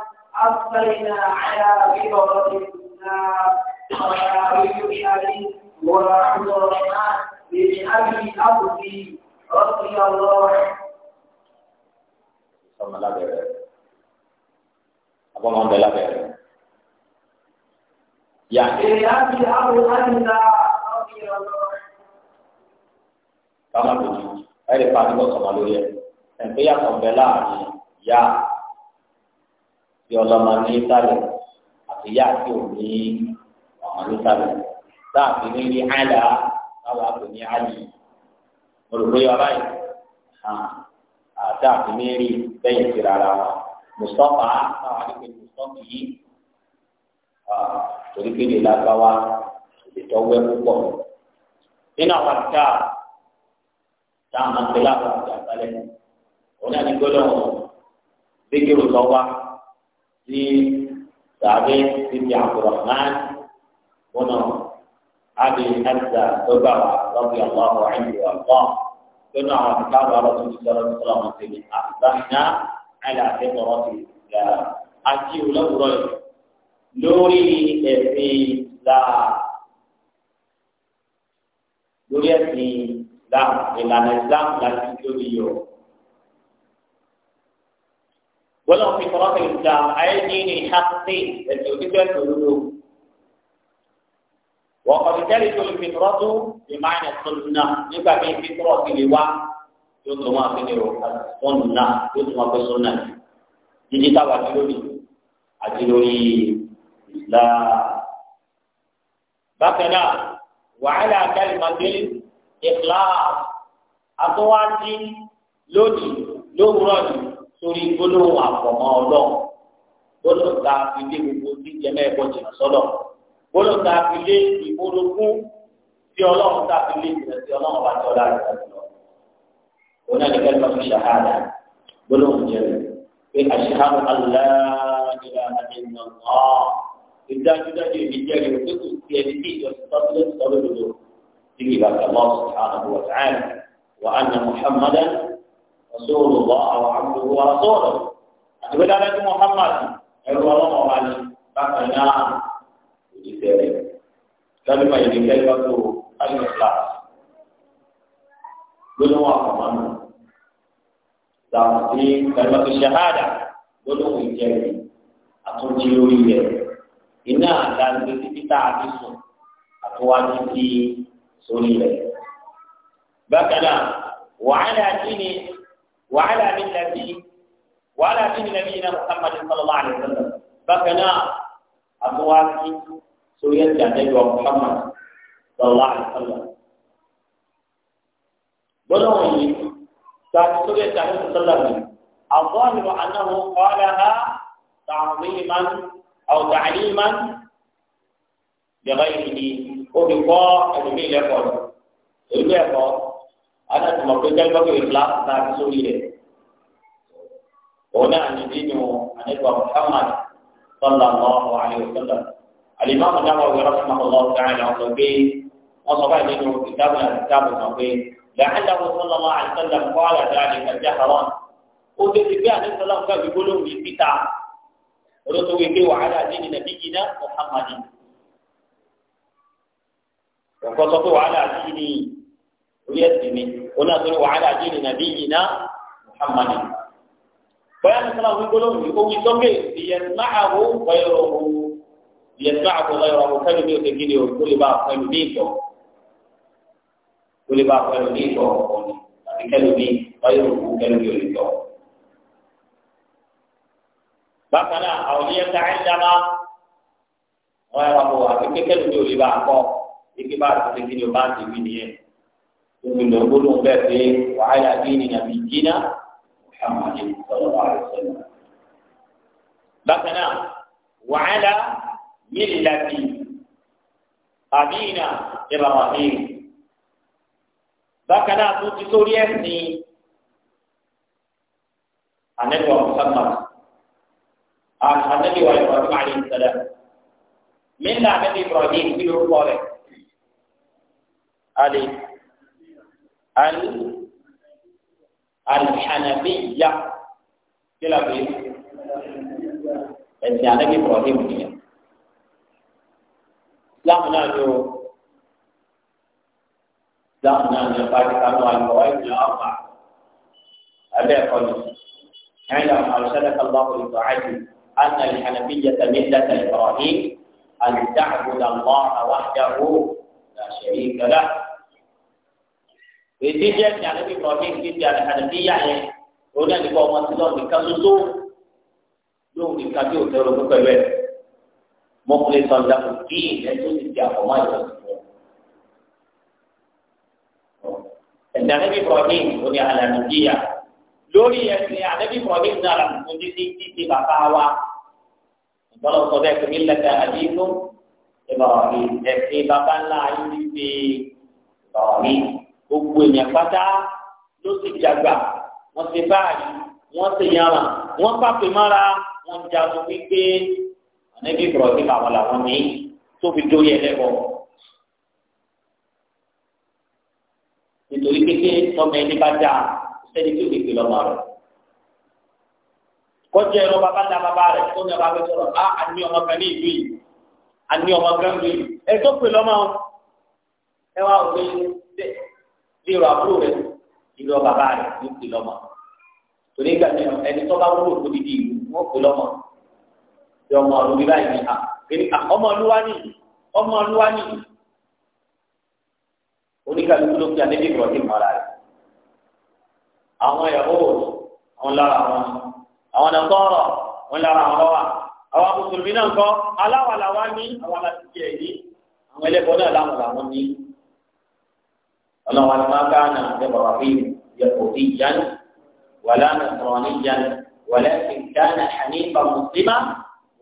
أبقينا على كبرة الإسلام وشعبي حبيب وعبد الرحمن بن أبي أبي رضي الله عنه ọmọ lábẹ́rẹ́ abọ́mọ ọmọ lábẹ́rẹ́. Yà èyí á fi àwọn àyìnlá ọ̀gbìn ọlọ́run. Báwọn kò ju ẹ̀rẹ̀ fún àdúgbò sọ̀mọ́ lórí ẹ̀. Ẹ̀gbẹ́ yàtọ̀ ń bẹ láàrin ìyá tí ọlọ́mọ ní ìsàlẹ̀ àti ìyá tí ò ní ọmọ ní ìsàlẹ̀. Táà ní ní àyà táwọn àgbò ní àyè. Mo rò àti àfimẹ́rì lẹ́yìn sí rárá mùsọ́fà táwọn àdìgbò mùsọ́fì yìí torí pé lè lágbáwá ìdètò wẹ́ púpọ̀ nínú àwọn àdìgbà táwọn máa ń pè láàbọ̀ àti àtàlẹ́ òun àti gbọ́dọ̀ bíkìrù lọ́wọ́ sí sàbẹ̀ títí Abdurrahman bọ́nà àbí àti àtọ́gbà wa lọ́bì ọ̀gbọ́n ọ̀hìn ìwà ọ̀gbọ́n lọ́nà àwọn àtìkáàrò alọ́tún ti sọ̀rọ̀ ní sọ̀rọ̀ àwọn tèmi àtìbáyìnà àìlà àtẹ́kọ̀ọ́ ti gbà àti òlọ́wùrọ̀ yìí lórí ẹ̀sìn là lórí ẹ̀sìn là ìlànà Islam láti lórí yọ. gbọ́dọ̀ fi sọ̀rọ̀ fi gbà ayé ní ní ṣáàtì ẹ̀sìn òdìbẹ́sẹ̀ olóògùn wọ́n kọ́ni tó lè fi tọ́tù ní máa yẹ sọ́nùnà nígbà tí fi tọ́rọ̀ sí lè wá yóò tó máa fi ní o sọ́nùnà yóò tó máa fi sọ́nùnà jíjí táwa ti lórí àti lórí ìlà. bákan náà wàhálà kẹlìmọ́tì ìfúlá àtúwájú lónìí lówùrọ̀ yìí sórí gbólóhùn àfọ̀mọ́ ọlọ́ọ̀ gbólóhùn ta fi dé gbogbo jíjẹ mẹ́ẹ̀kọ́ jìnnà sọ́dọ̀. gbólóńtà fi lé ìbólógún tí ọlọ́run tá fi lé ìjìnlẹ̀ tí ọlọ́run bá tọ́ lára rẹ̀ lọ. òun náà ní kẹ́lí ma fi ṣàhádà gbólóhùn jẹ́rìí jere àṣehàmù aláàbíra àdéhùn ọ̀ ìdájúdájú èmi jẹ́rìí o pé kò sí ẹni tí ìjọsìn tọ́jú ló ti tọ́jú lòdò sí ìgbà kàmọ́ subhanahu wa ta'ala wa anna muhammadan rasulullah àwọn a wa a wa rasuluhu àti pé dáadáa tí muhammad ẹrú ọlọ́mọ wa ni bákan náà ìṣẹ̀lẹ̀ kálífà yìí ni kálífà tó kálífà class gbólóhùn àkàmánu dàbí kálífà tó ṣahádà gbólóhùn ìjẹrìí àtúntì lórí rẹ iná àdáńgbé títí tá a ti sùn àtúwájú sí sórí rẹ bákan náà wàhálà kí ni wàhálà mi nàbí wàhálà kí nàbí iná muhammadu sallallahu alayhi wa bákan náà àtúwájú torí ẹ̀sìn àtẹ́jọ́ Muhammad lọ́la àtàlà. gbọ́dọ̀ wọ̀nyí sáàtì torí ẹ̀sìn àtẹ́jọ́ sọ́lá mi àbọ̀nìwò anáwó kọ́lá ha tààmìmán àwòtàlímán bẹ̀rẹ̀ ìdí olùkọ́ ẹ̀dùnmí ìlẹ́kọ̀ọ́ ìlú ẹ̀kọ́ adájúmọ̀ pé jẹ́gbọ́n kò ìlà sáàtì sórí rẹ̀ òun náà ní dínú àdégbà Muhammad sọ́lá lọ́wọ́ àlè الإمام النووي رحمه الله تعالى وصبيه وصبيه منه كتابنا كتاب النووي لعله صلى الله عليه وسلم قال ذلك جهرا وفي بها عليه السلام كان يقولون بالفتاة رسوله وعلى دين نبينا محمد وقصته على دين ويسلم ونزلوا على دين نبينا محمد فيا مثلا يقولون يقول سمي ليسمعه غيره يتبعه غيره كان بيو تكيني وكل بقى خير منكم كل بقى خير منكم كانوا بي غيره كانوا بيو لكم بقنا أو ليتعلم غيره أكيد كانوا بيو لبعضهم ike bá ti tẹ̀lé ní o bá ti wí nìyẹn olùdó gbólóhùn bẹ́ẹ̀ pé wàhálà bí ní nàbí jìnnà Muhammad sallallahu alaihi wasallam. bákan náà wàhálà ملة أبينا إبراهيم بكنا توت سوريا سني النبي محمد أن النبي وإبراهيم عليه السلام من النبي إبراهيم في الأرض علي إيه؟ ال الحنفية كلا بي إن النبي إبراهيم فيه láàmú náà ni o láàmú náà ni ọba ti kánú àlùkò wáyé ní àwọn àmà abẹ́ ẹ̀kọ́ ni ẹ̀yìn àwọn àlùsẹ́lẹ̀ kan bá wọlé tó àjù أن الحنفية ملة إبراهيم أن تعبد الله وحده لا شريك له èdè jẹ́ ti àlẹ́ bí bọ̀dé ní ti àlẹ́ àlẹ́ bí yá yẹn òun náà ọmọ sílọ̀ nìkan tó tó lóun nìkan tí ò مخلصا له الدين يجوز في أقوال النبي إبراهيم بني على نبيه لوري يعني النبي إبراهيم نعلم من دي دي دي بقاوا ولو صدق ملة أبيكم إبراهيم إبراهيم بابا لا يدي إبراهيم gbogbo èèyàn pátá ló ti dàgbà wọn ti báyìí wọn ti yàrá wọn pàpè mára wọn jagun wípé ànábì Ibrahim àwọn làwọn ní tó fi dórí ẹlẹ́bọ. nítorí kékeré tọ́mọ ẹni bá dáa sẹ́ni tó lè gbé lọ́mọ rẹ̀. kọjá ẹ̀rọ bàbá ńlá bàbá rẹ̀ tó ní ọba bẹ sọ̀rọ̀ a àní ọmọ kan ní ìlú yìí àní ọmọ kan ní ìlú yìí tó pè lọ́mọ ẹ wá òfin lérò àbúrò rẹ̀ ìlú bàbá rẹ̀ ní pè lọ́mọ torí gbàgbé ẹni tó bá wúlò kó dídì ìlú wọn pè lọ́mọ yọ ọmọ ọdún bí báyìí ha kìíní ọmọ olúwa ni ọmọ olúwa ni oníkàlùkù ló fi àdébí ìbọ̀dé mọ́ra rẹ̀ àwọn ìyàwó wọn lára wọn àwọn nàkọ́rọ̀ wọn lára wọn lọ́wọ́ àwọn mùsùlùmí náà kọ́ aláwàláwá ní àwọn aláṣẹ jẹ èyí àwọn ẹlẹ́bọ̀ náà láwọn làwọn ní ọlọ́wọ́n máa ká náà ẹ̀bọ̀ wà fún yahudi yan wàlá nàkọ́rọ̀ níyan wàlá ìkànnì hanifa mùsùlùmá.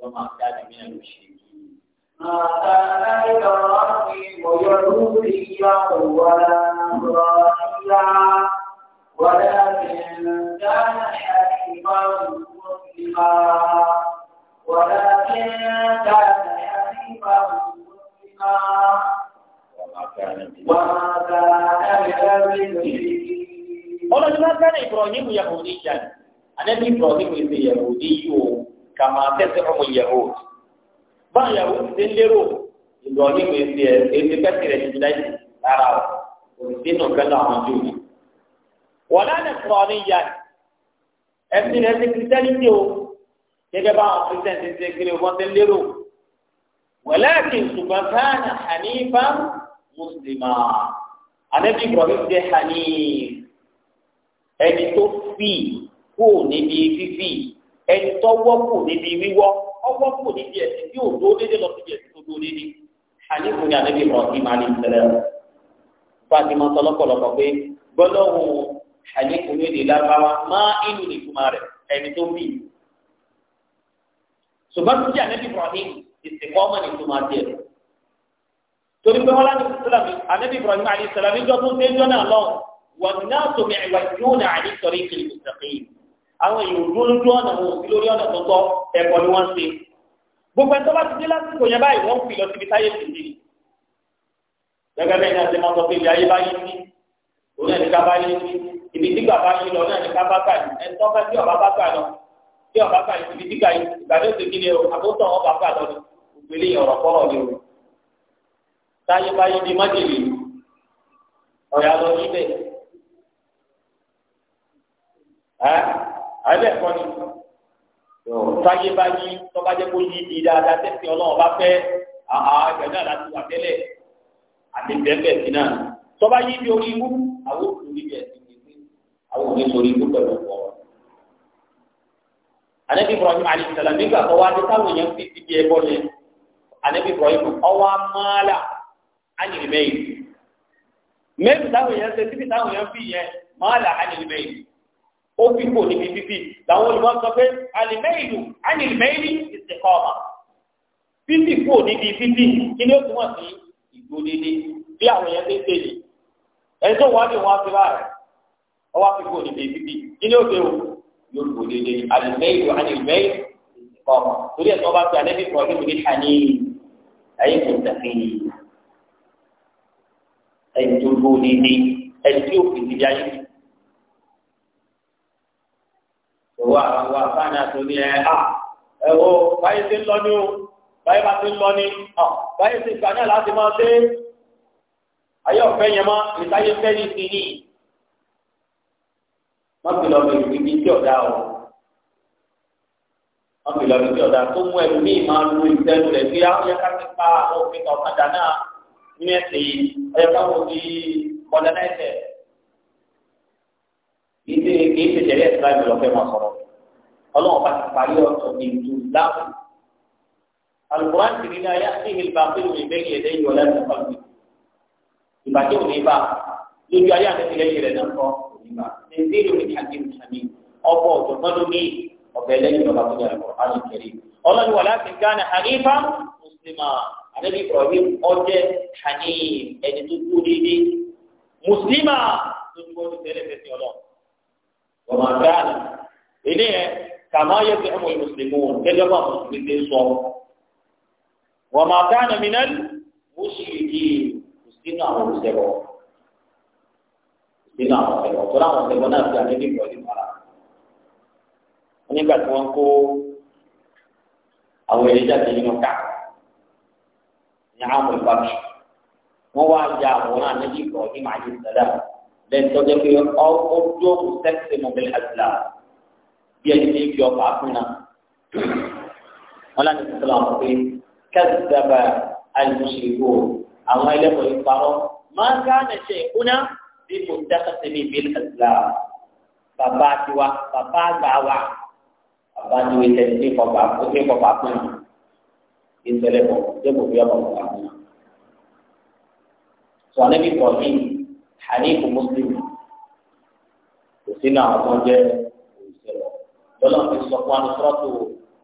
وما كان من المشركين ما كان إبراهيم يهوديا ولا نصرانيا ولكن كان حكيما مسلما ولكن كان حكيما مسلما وما كان من المشركين ọlọ́dún bá kẹ́rin ìbọ̀rọ̀ yìí mú yahudi jan àdẹ́bí ìbọ̀rọ̀ yìí mú ìbí yahudi yìí o kàmá tẹ̀sẹ̀ ọmọ ìyàwó bá ìyàwó ti dé lérò ìlú ọdún ìwé ti ẹ̀ èdè kẹ́sì rẹ̀ ti dáì rárá o òṣìṣẹ́ náà kẹ́lá àwọn jù ní. wọ́n náà lè sọ ní ìyá ẹ̀sìn rẹ̀ ti kìrìtẹ́nìtì o gẹ́gẹ́ bá àwọn kìrìtẹ́nìtì ti kiri wọ́n ti lérò walakin ṣùgbọ́n káàní hanifa mùsùlùmá anabi ibrahim jẹ́ hanif ẹni tó fì kú níbi fífì ẹni tó wọ́pọ̀ níbi wíwọ́ ọwọ́ kò níbi ẹ̀sìn tí òdo dédé lọ síbi ẹ̀sìn tó do dédé àníkùn ní ànábì Ibrahim alayhi salam Fatima sọ lọ́pọ̀lọpọ̀ pé gbọ́dọ̀hùn àníkùn ní èdè lágbára máa inú nìkúmá rẹ̀ ẹni tó bì í. ṣùgbọ́n tí ànábì Ibrahim ìsìnkú ọmọ nìkúmá tiẹ̀ torí pé wọn láti sọlá mi anabi ibrahim alayhi salam ìjọ tó ń dé jọ náà lọ wọn náà tó mi ìwà yóò náà àdìsọrí àwọn èèyàn dúró lójú ọ̀nà wọn ò sí lórí ọ̀nà tó tọ́ ẹ̀kọ́ ni wọ́n ṣe gbogbo ẹ̀tọ́ bá ti dé lásìkò yẹn báyìí wọ́n fi lọ síbi táyé ti di gẹ́gẹ́ bẹ́ẹ̀ náà ṣe máa sọ pé ilé ayé bá yé sí òun náà ní ká bá yé sí ibi dígbà bá yé lọ náà ní ká bá gbà yìí ẹ̀tọ́ bá tí ọba bá gbà lọ tí ọba gbà yìí ibi dígbà yìí ìgbàdo ti kí ni o àbótọ́ ọba gbà lọ ni ògbélé ọ̀rọ̀ kọ́rọ̀ ni o táyé bá yé di májèlé ọ̀yà lọ níbẹ̀ ẹ́ àyẹ̀bẹ̀ ẹ̀kọ́ ni táyé bá yí tọ́ba jẹ́ kó yí di dáadáa tẹ́sí ọlọ́run bá fẹ́ àhà ẹgbẹ́ náà láti wà tẹ́lẹ̀ àti bẹ́ẹ̀ sí náà tọ́ba yí di orí ibú àwọn òkùnrin bẹ̀ sí ní àwọn òní sórí ibú pẹ̀lú ọ̀pọ̀ anabi ibrahim alayisalaam nígbà tó wá dé táwọn èèyàn fi ti di ẹbọ yẹn anabi ibrahim ọwọ amáàlà ánìlì mẹyìn táwọn èèyàn ṣe ó fífò níbi fífì làwọn olùmọ̀ sọ pé alìmẹ́ìlú alìmẹ́ìlì ìsìnkọ́ọ̀mà fífì fò níbi fífì kí ni ó túmọ̀ sí ìgbódélé bí àwọn èèyàn ṣe ń tẹ̀lé ẹni tó wọ́n ní wọn fi bá rẹ̀ ọ wá fífò níbi fífì kí ni ó ṣe o yóò gbódélé alìmẹ́ìlú alìmẹ́ìlì ìsìnkọ́ọ̀mà torí ẹ̀ tó bá fi alẹ́ fífò ọdún mi ní ayé kò tẹ̀síyì ẹni tó gbódélé ẹni tí àfáàní àtòní ẹ à ẹwọ báyìí ti ń lọ ní o báyìí bá ti ń lọ ní ọ báyìí ti gbà náà láti máa dé ayé ọ̀fẹ́ yẹn mọ́ ìtayé fẹ́ ní ti ní wọ́n fi lọ bí ibi tí ọ̀dà o wọ́n fi lọ bí ibi ọ̀dà tó mú ẹrù ní ìmọ̀ lu ìtẹ́lu rẹ̀ bí ayé ká ti pa òfin ọ̀kadà náà ní ẹsẹ̀ yìí ayé ká wọ́n fi mọ̀lẹ́ náà ẹsẹ̀ kì í ṣe kì í ṣe tẹ̀lé ẹ̀sìn láì ọlọ́run bá ti parí ọ̀tọ̀ ní ìlú láàbù. alukuran ti ní ní ayé àti ìhìlbà pé òun ìbẹ́ yẹn lẹ́yìn ọ̀la ní pàlùmí. ìbàjẹ́ òní bá lójú ayé àti lẹ́yìn rẹ̀ náà kọ́ òní bá. ṣèǹdé lórí àti ìmùsàmì ọkọ̀ ọ̀jọ̀gbọ́n ló ní ọ̀bẹ lẹ́yìn ọba tó dára kọ́ àrùn kẹrì. ọlọ́run wà láti gánà wọ́n máa gánà ilé yẹn kàmá yẹ fi ẹmu mùsùlùmí wọn gẹ́gẹ́ bá mùsùlùmí ti sọ wọn máa ká ẹnìmí náà wọ́n sì di sínú àwọn òṣèlú sínú àwọn òṣèlú tó láwọn òṣèlú náà fi àdébí pọ̀ ní ìmọ̀ra wọn nígbà tí wọ́n kó àwọn ẹ̀rí jáde nínú ká ní àwọn ìbámu wọ́n wá ya àwòrán àdébí pọ̀ ní màálí sẹ́dá lẹ́yìn tó pé ọdún ọdún sẹ́kìtì mọ̀bìlì àti làwọn bí ẹni tí ń fi ọkọ̀ àfúnná. wọn láti sọ lọ pé kẹ́sì dábàá àìmọ̀ṣe ìbò àwọn ẹlẹ́kọ̀ọ́ ìparọ́ máa ń ká ànàṣe ìkúná bí mo dákàtà ní ìbílẹ̀ kàtìlá bàbá tiwa bàbá àgbà wa bàbá ni wọ́n tẹ̀lé ní ìkọ̀ọ̀bà àfúnná ìṣẹ̀lẹ̀ bọ̀ dẹ́gbò bí ọmọ ọ̀gá àfúnná. sọ anábì kọ̀ọ̀kì hànífù mùsùlùmí kò sínú àwọn tó ń jẹ́ lọ́lọ́run fi sọ fún anusọ́tò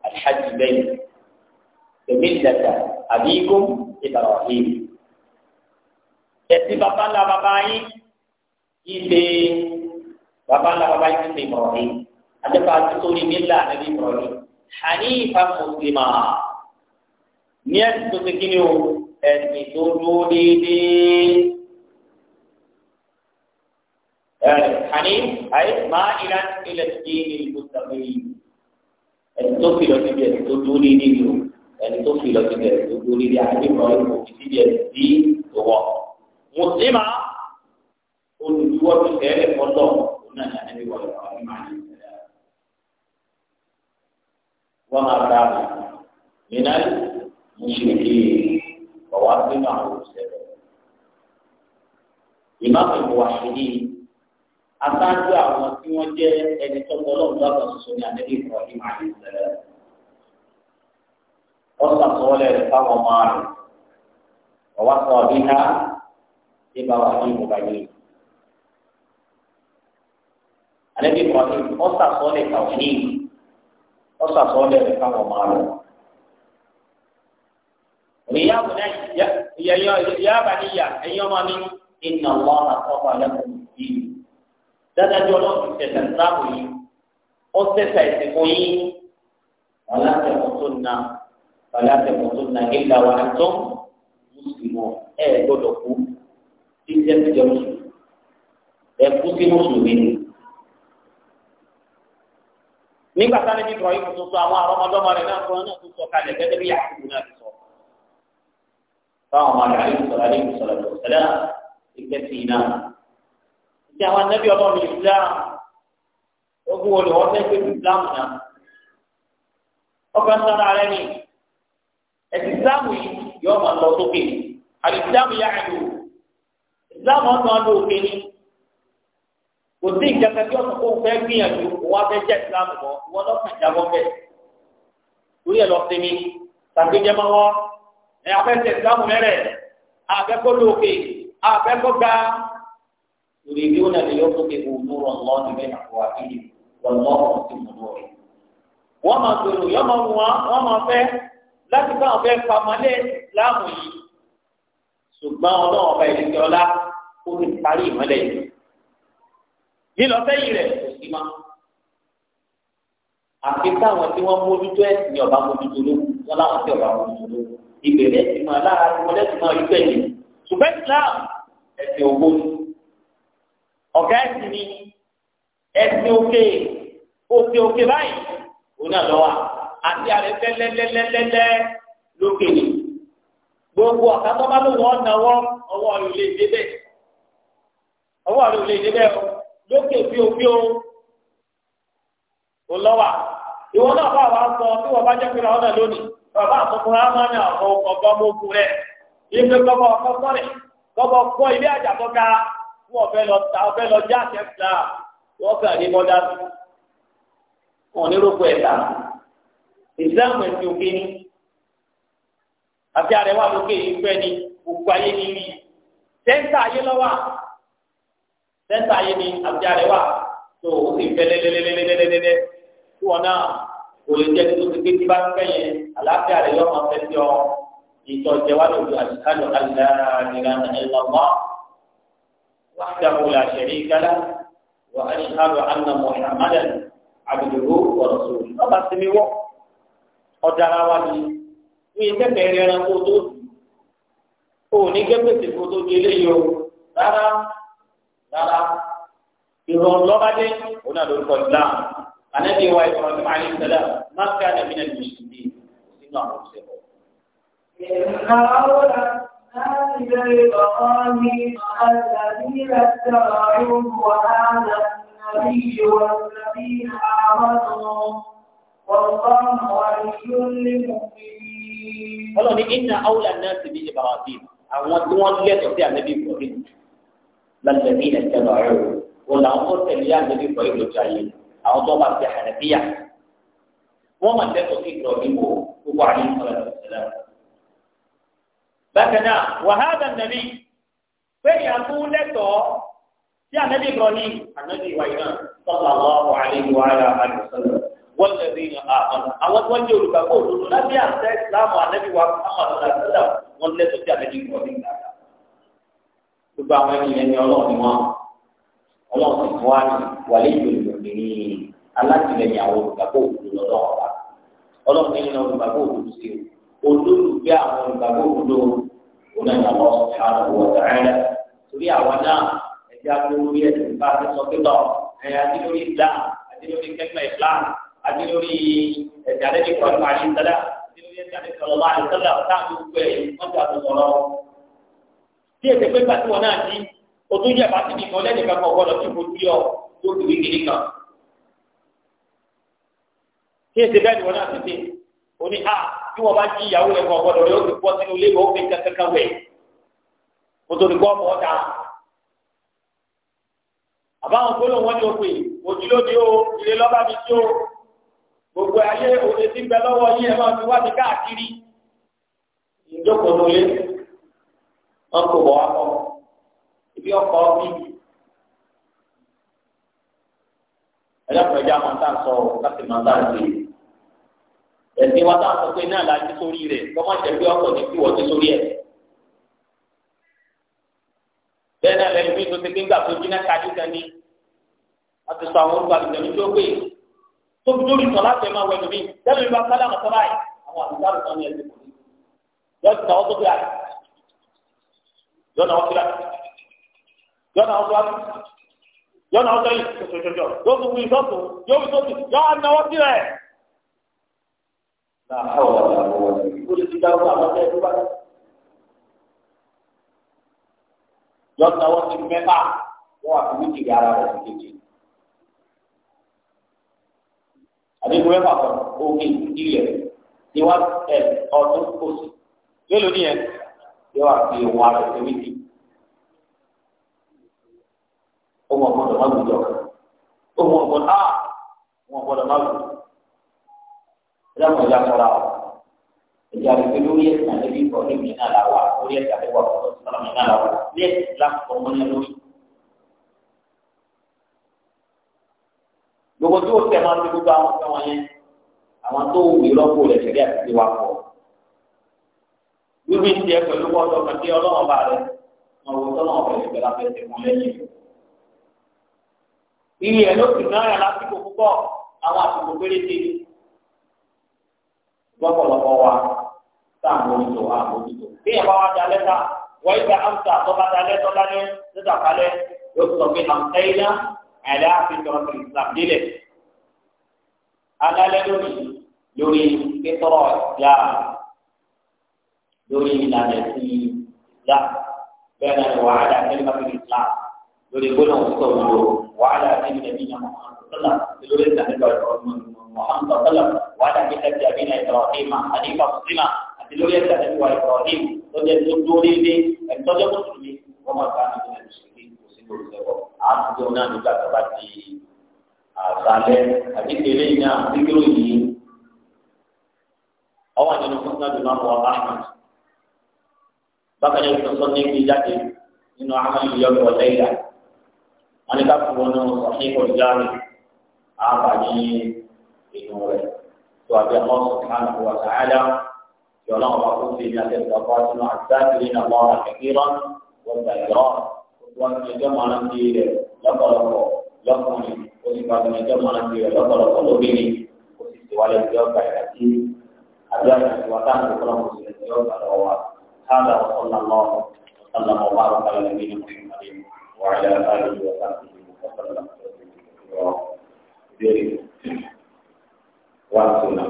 alhaji bẹ́ẹ̀ èmi lẹ́tà àbíkún Ibrahim ẹ̀sìn bàbá ńlá bàbá yín ìṣe bàbá ńlá bàbá yín ti Ibrahim adẹ́fà àtúntòrí nílà níbi Ibrahim hanifa mùsùlùmá ní ẹ̀sìn tó ti kí ni o ẹ̀sìn tó dúró déédéé. حنين أي ما إلى الدين المستقيم التوفيل في الدين دينيو التوفيل في الدين دينيو يعني ما هو في الدين هو مسلم أن يوافق عليه فرضه أن يعني هو الإمام وما كان من المشركين وواسمه سبب إمام الموحدين aṣáájú àwọn tí wọ́n jẹ́ ẹni tó mọ ọlọ́run lọ́gbà soso ní àdébí ìfọ̀yín àti ìṣẹ̀lẹ̀. wọ́n sàtọ́wọ́lẹ̀ rẹ̀ fáwọn ọmọ rẹ̀ ọ̀wá sọ ọ̀bí ká ṣé bá wà ní ìmọ̀ba yìí. àdébí ìfọ̀yín wọ́n sàtọ́wọ́lẹ̀ kàwé ní wọ́n sàtọ́wọ́lẹ̀ rẹ̀ fáwọn ọmọ rẹ̀. ìyá àbúrò yá ẹ̀yin ọmọ mi ìnà wọn àtọ́kọ̀ lẹ́kọ̀ọ́ dáadájú ọlọ́run tẹ̀sán sáàbù yìí ó tẹ̀sán ìsìnkú yìí wàlá tẹ̀mọ́tòna wàlá tẹ̀mọ́tòna ìlà wà tó mùsùlùmọ̀ ẹ̀ gbọ́dọ̀ kú tí tẹ́ ti jẹ́ mùsùlùmí ẹ̀ kú sí mùsùlùmí ni. nígbà táwọn ẹbí bọ̀ yìí tó sọ àwọn àrọ́mọdọ́mọ rẹ̀ náà fún ọ náà tó sọ kalẹ̀ gẹ́gẹ́ bí yàtúkú náà ti sọ. táwọn ọmọ rẹ̀ àyè sọ̀rọ̀ àyè sọ̀rọ̀ tí àwọn anábì ọmọ mi islam ogun wo ni wọn fẹẹ gbé islam náà ọkọ ń tán ara ẹni ẹsìn islam yìí yọọ máa lọ sókè àti islam yà á lò islam wọn máa lò òkè ni kò sí ìjàkadì tí ọkọ kó fẹẹ gbìyànjú wọn fẹẹ jẹ islam mọ wọn lọ fẹẹ jábọ bẹ́ẹ̀ torí ẹ lọ sí mi tàbí jẹ máa wọ ẹ afẹsẹ islam mẹrẹ àfẹkọ lò òkè àfẹkọ ga. يريدون ليطفئوا نور الله بأفواههم والله متم نوره wọ́n máa gbèrò yọ́ máa wù wọ́n wọ́n máa fẹ́ láti bá àwọn fẹ́ pamọ́lé láàmú yìí ṣùgbọ́n ọlọ́run ọba ìdíje ọlá kó ní parí ìmọ́lẹ̀ yìí lílọ́fẹ́ yìí rẹ̀ kò sí ma àfi táwọn tí wọ́n mójútó ẹ̀ ní ọba mójútó ló wọ́n láwọn tí ọba mójútó ló ìbẹ̀rẹ̀ ti máa lára ti mọ́lẹ́ ti máa rí bẹ́ẹ̀ yìí Islam ẹ̀sìn ògbóni ọ̀gá ẹ̀sìn ni ẹ̀sìn òkè òkè òkè báyìí òun náà lọ́wọ́ àti àrẹ tẹ́lẹ́lẹ́lẹ́lẹ́ lókè ni gbogbo àkàtọ́ bá ló wọ́n náwọ́ ọwọ́ rẹ̀ ò lè dé bẹ́ẹ̀ ọwọ́ rẹ̀ ò lè dé bẹ́ẹ̀ lókè fíofíó ò lọ́wọ́ ìwọ náà bá wa sọ tí wọ́n bá jẹ́ pé ọ̀nà lónìí bàbá àtúntò rẹ̀ á máa ní àwọn ọgbọ́n mọ́kù gbọ́bọ̀ ọkọ̀ sọ́rẹ̀ gbọ́bọ̀ kọ́ ilé àjàkọ́ka wọn fẹ́ lọ ta fẹ́ lọ já kẹta wọn kà ní mọdà wọn níròkọ ẹta ìsìlámù ẹsìn òkè ni àti àrẹwà lókè ìfẹ́ ni gbogbo ayé ni rí sẹńtà ayé lọ́wọ́ sẹńtà ayé ni àti àrẹwà tó o sì fẹ́ lẹlẹlẹlẹlẹlẹ tí wọn náà kò lè jẹ tó ti gbé bá ń fẹ́ yẹn àlàáfíà rẹ yọmọ fẹ́ sí ọ ìtọjẹwà àti kájọ àti náírà nígbà náírà náírà náírà. وحده لا شريك له وأشهد أن محمدا عبده ورسوله ọba sinmi wọ ọ̀daràn wa ni wíyí kẹfẹ rẹ ẹran kó tó o ní kẹfẹ tí kó tó di eléyìí o rárá rárá ìrọ̀rùn lọ́bàdé òun náà lórúkọ islam anabi wa ibrahim alayhi salam máa ń ká nàbí nàbí mùsùlùmí sínú àwọn òṣèlú. ìnáwó náà. إليك قامي مع الذين اتبعوه وهذا النبي والذين آمنوا والله ولي المؤمنين. ọlọ́ni iná awúlà náà ti di ibrahim àwọn tí wọ́n lẹ́tọ̀ọ́ sí ànábì ibrahim lálẹ́bí ẹ̀tẹ́lọ̀ ẹ̀rọ wọn làwọn tó tẹ̀lé ànábì ibrahim lójú ayé àwọn tó bá ti hànàbíyà wọ́n máa lẹ́tọ̀ọ́ sí ibrahim o gbogbo àyè ìfọ̀lẹ́sọ̀lẹ́ bákan náà wàhálà nàbí fẹ́yà mú lẹ́tọ̀ọ́ tí ànábì Ibrahim ànábì wáyé náà sọ́kà lọ́wọ́ àlejò ara àdùsọ́lọ̀ wọ́n lè rí àwọn àwọn tí wọ́n jẹ́ olùkàkọ́ òdodo lábí àṣẹ ìsìlámù ànábì wa Muhammad sọ́lá wọ́n lẹ́tọ̀ọ́ tí ànábì Ibrahim dáadáa. gbogbo àwọn ènìyàn ni ọlọ́ọ̀ni wọn ọlọ́ọ̀ni fún wa wàlẹ́ ìjòyè obìnrin alátìlẹyìn àwọn olùgbàgbọ́ àwọn olùgbàgbọ́ òdodo onáni àwọn ọ̀sán àwọn ọ̀sán rẹ̀ torí àwọn náà ẹ̀jẹ̀ akólórí ẹ̀sìn bá ti sọ pé lọ ẹ̀yà adínlórí islam adínlórí kẹ́kẹ́ islam adínlórí ẹ̀jẹ̀ adẹ́ni kọ́ni wà ní sẹ́lá adínlórí ẹ̀jẹ̀ adẹ́ni sọ̀rọ̀ wà ní sẹ́lá táàbù pé wọ́n ti àtúntọ̀rọ̀ tí èsì pé pàtó wọn náà ti ojú yẹ bá ti di kan lẹ́nu kankan ọ̀gbọ́dọ̀ tí mo ti yọ tó ti wí kiri kan tí èsì bẹ́ẹ̀ ni wọn náà ti dé oní a ah, tí wọ́n bá jí ìyàwó rẹ̀ kọ́ gbọ́dọ̀ yóò fi pọ́ sínú ilé ìwé òfin kankan wẹ̀ kótóri kọ́ ọmọ ọ̀dà. àbáwọn gbólóhùn wọn ni o pè òjìlódì o ilé lọ́ba mi tí o gbogbo ayé òde tí ń bẹ lọ́wọ́ yín ẹ̀ máa fi wá sí káàkiri ìjókòó lólé wọn kò bọ̀ wá kọ́ ibi ọkọ̀ bí ẹ̀dá pẹ̀lú ẹ̀dá máa ń tà sọ láti máa ń tà sí i ẹ̀sìn wa táwọn sọ pé náà la ti sórí rẹ̀ lọ́mọ jẹ́ pé ọkọ̀ ní kí wọ́n ti sórí ẹ̀. bẹ́ẹ̀ náà lẹ́yìn bí tó ti gbégbà tó jiná kájú kan ní wọ́n ti sọ àwọn orúkọ àlùjọ ní tó pé tóbi lórí sọ láti ẹ̀ máa wẹ̀ lómi lẹ́nu ìlú akálà mọ̀tọ́ báyìí àwọn àlùjọ àlùjọ ní ẹ̀sìn kò ní. yọ̀ọ́ ti sọ ọ́ tó bíyà yọ̀ọ́ náà ó kíra yọ̀ọ́ náà ó kíra yọ̀ọ́ náà ó sọ yìí tó tó tó tó yóò wí sọ́tò yóò wí sọ́tò yọ̀ọ́ láàárọ̀ àwọn olùdíjáwó àwọn ọ̀dẹ́ tó bá yẹ. yọta wọn ti mẹ́fà wọn wà fún méjì ara rẹ̀ sí kejì. àdéhùn mẹ́fà kan òkè ilẹ̀ ni wọ́n ẹ̀ ọdún oṣù mélòó ni yẹn yọ wà fi wọn ara rẹ̀ sí méjì. ó mọ̀ gbọ́dọ̀ má gbọ́dọ̀ ó mọ̀ gbọ́dọ̀ á mọ̀ gbọ́dọ̀ má gbọ́dọ̀ ẹlẹ́wọ̀n ìyá sọ́ra o ìyá rẹ̀ pé lórí ẹ̀sìn àlẹ́bí ìbọn ní mi náà la wà lórí ẹ̀sìn àlẹ́bí ìbọn sọ́ra mi náà la wà ní ẹ̀sìn lápò mọ́lẹ́ lórí. gbogbo tí o tẹ̀ máa ń fi gbogbo àwọn fẹ́ wọn yẹn àwọn tó wù í lọ́pọ̀ rẹ̀ ṣẹ̀rí àti wà pọ̀ lórí ti ẹ pẹ̀lú kọ́tọ̀ kàdé ọlọ́wọ́n bá rẹ̀ ọ̀rọ̀ tọ́lọ́wọ́n náà yà lọ́pọ̀lọpọ̀ wa tá a mójútó a mójútó. bí ẹ bá wá da lẹ́tà wọ́n yí pé amsa tó bá da lẹ́tọ́ lálẹ́ níta kalẹ̀ yóò sọ pé àmsẹ́yìnà ẹ̀dá fi tọrọ sí islam délẹ̀. alálẹ́ lórí lórí kétọ́rọ̀ ìyá lórí ìlànà sí ìyá bẹ́ẹ̀ náà wàhálà nípa fi islam lórí gbọ́dọ̀ sọ̀rọ̀ wàhálà nípa ìyá mọ̀ ọ́n sọ́lá lórí ìlànà Muhammad sallallahu wàdà kíkà tí a bí na Ibrahim àdìgbà mùsùlùmá àti lórí ẹsẹ̀ àti wà Ibrahim tó jẹ tó dórí dé ẹtọjọ mùsùlùmí wọn máa bá nínú ẹni mùsùlùmí kò sí lórí ẹbọ àtúntò náà nígbà tó bá ti àṣálẹ àti tẹ́lẹ̀ iná síkírò yìí ọwọ́ àti nínú fúnná bí máa wọ Ahmad bákan náà ìtọ́sọ́ ní ibi jáde nínú ahmed yọlọ ọlẹ́yà wọn ni ká fún wọn náà sọ fún ìkọ̀jáde àbáyé inú rẹ̀ tó àbí àwọn sọ̀kánù wà sàádà tí ọlọ́run bá kún sí ní akẹ́kọ̀ọ́ bá sínú àtàkìrì náà wọ́n wà kékeré wọ́n gbà yọ wọ́n ti ẹjọ́ máa ń di rẹ̀ lọ́pọ̀lọpọ̀ lọ́kùnrin ó sì fàbí ẹjọ́ máa ń di rẹ̀ lọ́pọ̀lọpọ̀ lóbìnrin ó sì ti wálé ẹjọ́ gbà yà sí àdúrà ìwà táwọn one sunnah.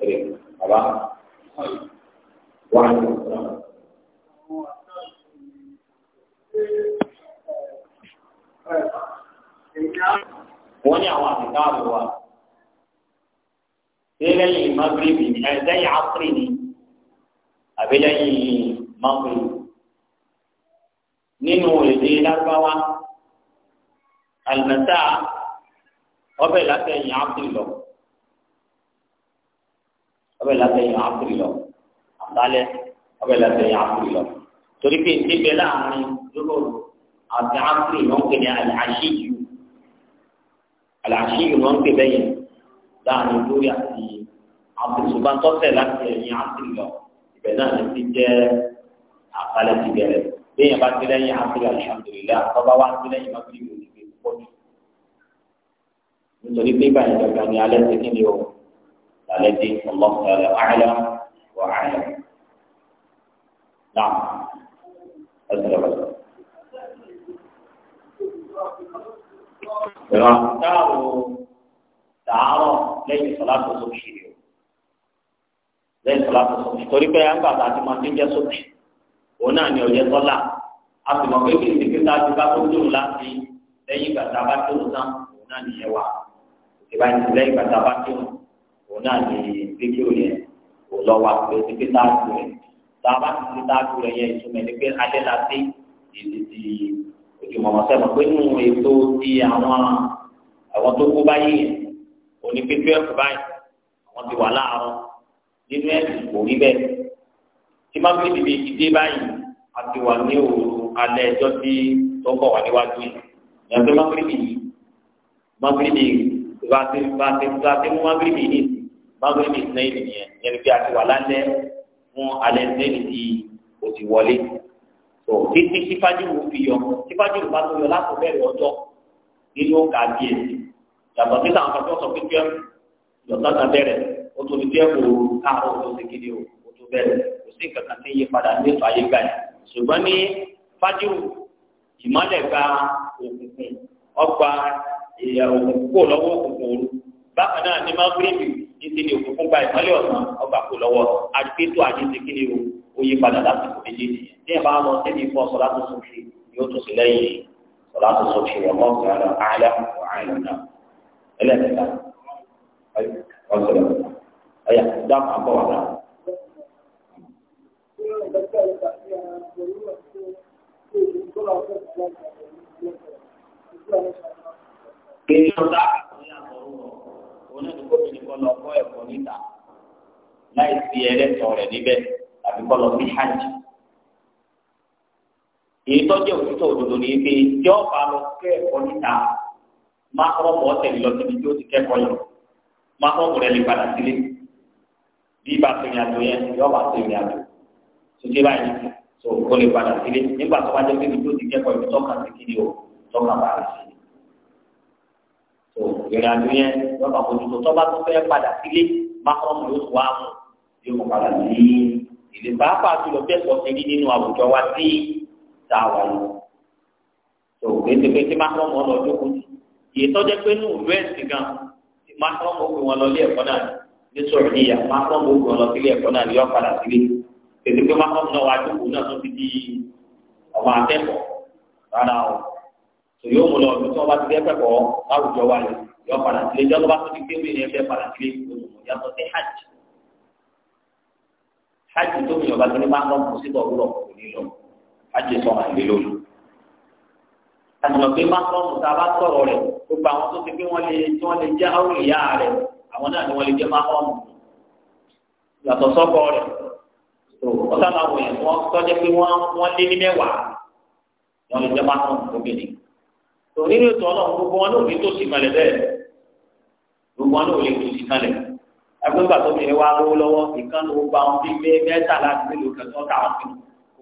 Jadi, apa? One sunnah. wọ́n ní àwọn àtìká àbò wa ṣé lẹ́yìn magrebi ni lẹ́yìn afri ni àbí lẹ́yìn magrebi nínú èdè lárúbáwá alimẹ́ta ọbẹ̀ látẹ̀yìn afri lọ ọbẹ̀ látẹ̀yìn àkùrì lọ àtàlẹ́ ọbẹ̀ látẹ̀yìn àkùrì lọ torí pé níbẹ̀ láàrin lóko àti àkùrì ló ń pè ní àlàáṣíyù àlàáṣíyù ló ń pè bẹ́yẹn láàrin lórí àti àkùrì ṣùgbọ́n tọ́sẹ̀ láti ẹ̀yìn àkùrì lọ ibẹ̀ náà ló ti jẹ́ àtàlẹ́ ti bẹ̀rẹ̀ bẹ́yẹn bá ti lẹ́yìn àkùrì alhamdulillah àtọ́bá wá ti lẹ́yìn má nítorí pé báyìí gbàgbà ni alẹ́ ti kí ni o الذي الله تعالى أعلم وأعلم نعم أسلم اختاروا تعارض لين صلاة الصبح lẹ́yìn sọlá tó sọ torí pé àgbà tá a ti máa ti ń jẹ sókè òun náà ni òye sọlá a sì mọ pé kí ni kí sáà ti bá tó dùn láti lẹ́yìn ìgbà tá a bá tó dùn náà òun náà nìyẹn wà ìbáyìí lẹ́yìn ìgbà tá a bá tó dùn òun náà ní fíkìrù yẹn kò lọ wá pé ti pé táàgù rẹ̀ tá a bá ti ti táàgù rẹ̀ yẹn ìtumọ̀ ní pé alẹ́ la dé ìdí ti ojúmọ̀mọ́ sẹ́nu pé nínú ètò ti àwọn àwọn tó kú báyìí òní pé twelve báyìí àwọn ti wà láàárọ̀ nínú ẹ̀sìn kò rí bẹ́ẹ̀ tí má fi dìde ìdí báyìí a ti wà ní òru alẹ́ ẹjọ́ tí tó ń bọ̀ wá níwájú yìí ìyàtọ̀ má fi dìde má fi dìde bá ti bá ti bá ti mú má fi dìde yìí báwo ni ìsinẹ́yìn nìyẹn yẹn ni pé a ti wà lálẹ́ fún alẹ́ ìsinẹ́yìn tí o ti wọlé tó títí sífájú wo fi yọ sífájú wo bá tó yọ láti bẹ̀rẹ̀ ọjọ́ nínú òkà bí èsì yàtọ̀ sí táwọn akẹ́kọ̀ọ́ sọ pé pé yọ̀tọ̀ kan bẹ̀rẹ̀ o tó ní bẹ́ẹ̀ kó káàró o tó ṣe kéde o o tó bẹ̀rẹ̀ kò sí nǹkan kan tí ń yí padà ní ètò ayé gbà yẹn ṣùgbọ́n ní fájú ìmọ̀lẹ̀ gba òkùnkùn ọgbà ìyàwó kó lọ́wọ́ òkùnkùn bákan náà ní mágírèbì kíni òkùnkùn gba ìmọ́lẹ̀ ọ̀sán ọgbà kò lọ́wọ́ àdìpétò àdìsí kíni o ó yí padà lásìkò méjèèjì ní ìbá lọ síbi fún ọ̀sọ̀lá tó sùn fi yóò tún sí lẹ́yìn ọ̀sọ̀lá tó sùn fi ọmọ ọ̀sán àlọ́ àlẹ́ àlọ́ náà ẹlẹ́ẹ̀kẹta ọ̀sọ̀lá ọ̀yà dáàbò àbọ̀ wà náà. Kí ni ọ̀sán? òun náà dùkọ́ mi nìkan lọ kọ́ ẹ̀kọ́ níta láì sí ẹlẹ́tọ̀ọ́ rẹ̀ níbẹ̀ tàbí kọ́ lọ sí hajj. èyí tọ́jú òtítọ́ òdodo ni pé tí ó bá lọ kọ́ ẹ̀kọ́ níta máa kọ́ ọmọ ọ̀tẹ̀lẹ̀ lọ síbi tí ó ti kẹ́kọ̀ọ́ yẹn máa kọ́ ọmọ rẹ̀ lè padà sílé bí ibà sèrìn àjò yẹn yóò bá sèrìn àjò tuntun báyìí so ó lè padà sílé nígbà tó bá jẹ́ pé ibi tó ti kẹ́kọ̀ọ́ ibi tọ́ka sí kí ni o tọ́ka bá rẹ̀ sí ìrìnàjò yẹn lọ́ba ojútùú tọ́ba tó fẹ́ padà sílé mákọ́mù ló wà mú yóò mú padà sí ilé pàápàá jùlọ bẹ́ẹ̀ sọ ti rí nínú àwùjọ wa tí tá a wà yìí. tó gbèsègbè tí mákọ́mù ọlọ́jọ́ kò sí iye tọ́jẹ́ pé ní òwúrọ̀ ẹ̀sìn gan tí mákọ́mù ó fi wọn lọ ilé ẹ̀kọ́ náà ní sọ̀rọ̀ níyà mákọ́mù ó fi wọn lọ sí ẹ̀kọ́ náà ní yọ padà sílé gbèsègbè mákọ́mù náà wà yóò mú lọ ọdún tí wọn bá ti dẹ́ pẹ̀kọ́ láwùjọ wa yìí yọ padà sílé ìjọ tó bá tó ti gbé wí yẹn fẹ́ padà sílé olùkọ́ yàtọ̀ sí hajj hajj tó mi yọba tó ní bá ń lọ kó síbọ̀ wúlọ̀ kò ní lọ hajj sọ̀rọ̀ àìlè lónìí. àtùmọ̀ pé má sọ̀rọ̀ tá a bá sọ̀rọ̀ rẹ̀ gbogbo àwọn tó ti pé wọ́n lè tí wọ́n lè jẹ́ àwọn ìyá rẹ̀ àwọn náà ni wọ́n lè jẹ́ má sọ̀rọ̀ yàtọ̀ sọ́kọ rẹ̀ ọ̀sán àwọn èèyàn tó jẹ́ pé wọ́n lé ní mẹ́wàá wọ́n lè jẹ́ má sọ̀rọ̀ tó bẹ̀rẹ̀ torí ní ètò ọlọ́run gbogbo wọn náà ò ní tòṣì kalẹ̀ bẹ́ẹ̀ gbogbo wọn náà ò lè tòṣì kalẹ̀ agbẹ́gbà tó fi wá lówó lọ́wọ́ ìkan ló gba wọn bí bẹ́ẹ̀ mẹ́ta láti mélòó kẹsàn-án táwọn fi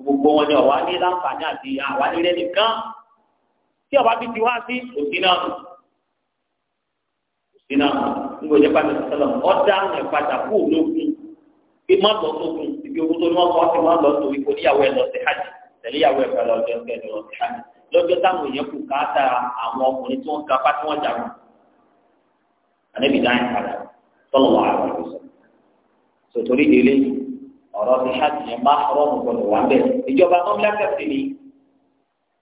gbogbo wọn ni ọ̀wá ní láǹfààní àti àwa nílẹ̀ nìkan tí ọba bí ti wá sí òsì náà òsì náà nígbà òjẹ́ pàtàkì sọlọ ọ̀dà àwọn pàtàkì kú ológun bí má lọ sókun ibi owó tó ní wọn kọ́ ọ́ ti má lọ sókun kò níyàwó ẹ̀ lọ sí hajj tẹ̀lé ìyàwó ẹ̀ pẹ̀lú ọjọ́ ìgbẹ́ lọ sí hajj lọ́jọ́ táwọn èèyàn kù káàtà àwọn ọkùnrin tí wọ́n ga pátí wọ́n jagun ànábì dáhùn padà sọlọ wà á lọ sọ sòtòrí délé ọ̀rọ̀ ti hajj yẹn má ọ̀rọ̀ mọ̀ gbọdọ̀ wà bẹ́ẹ̀ ìjọba mọ́bílákà sí ni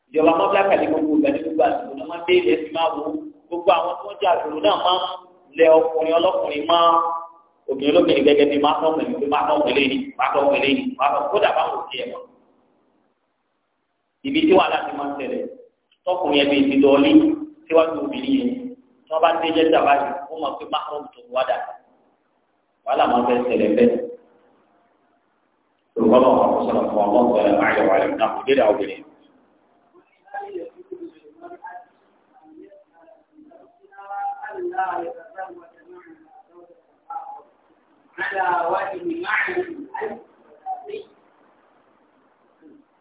ìjọba mọ́bílákà ní gbogbo ìgbà ní gbogbo àsìkò náà máa ń béèrè ẹ̀sìn máa wo gbogbo àwọn tó ń jà àgbèrò náà máa ń lẹ ọkùnrin ọlọ́kùnrin máa obìnrin olóbìnrin gẹ́gẹ́ bí máa tọ́ pẹ̀lú máa tọ́ pẹ̀lú máa tọ́ pẹ̀lú máa tọ́ kódà báwọn ò tiẹ̀ mọ́ ibi tí wàhálà ti máa ń tẹ̀lé tọkùnrin ẹbí ti dọ̀ọ́lé síwájú obìnrin yẹn tí wọ́n bá dé jẹ́ dàbá yìí ó mọ̀ pé máhàrún tó wá dà wàhálà máa fẹ́ tẹ̀lé bẹ́ẹ̀. olùkọ́lọ́ wọn kò sọ̀rọ̀ fún ọmọ ọ̀gbọ́n ẹ̀ máa náà kò dé dà obìnrin. على وجه معنى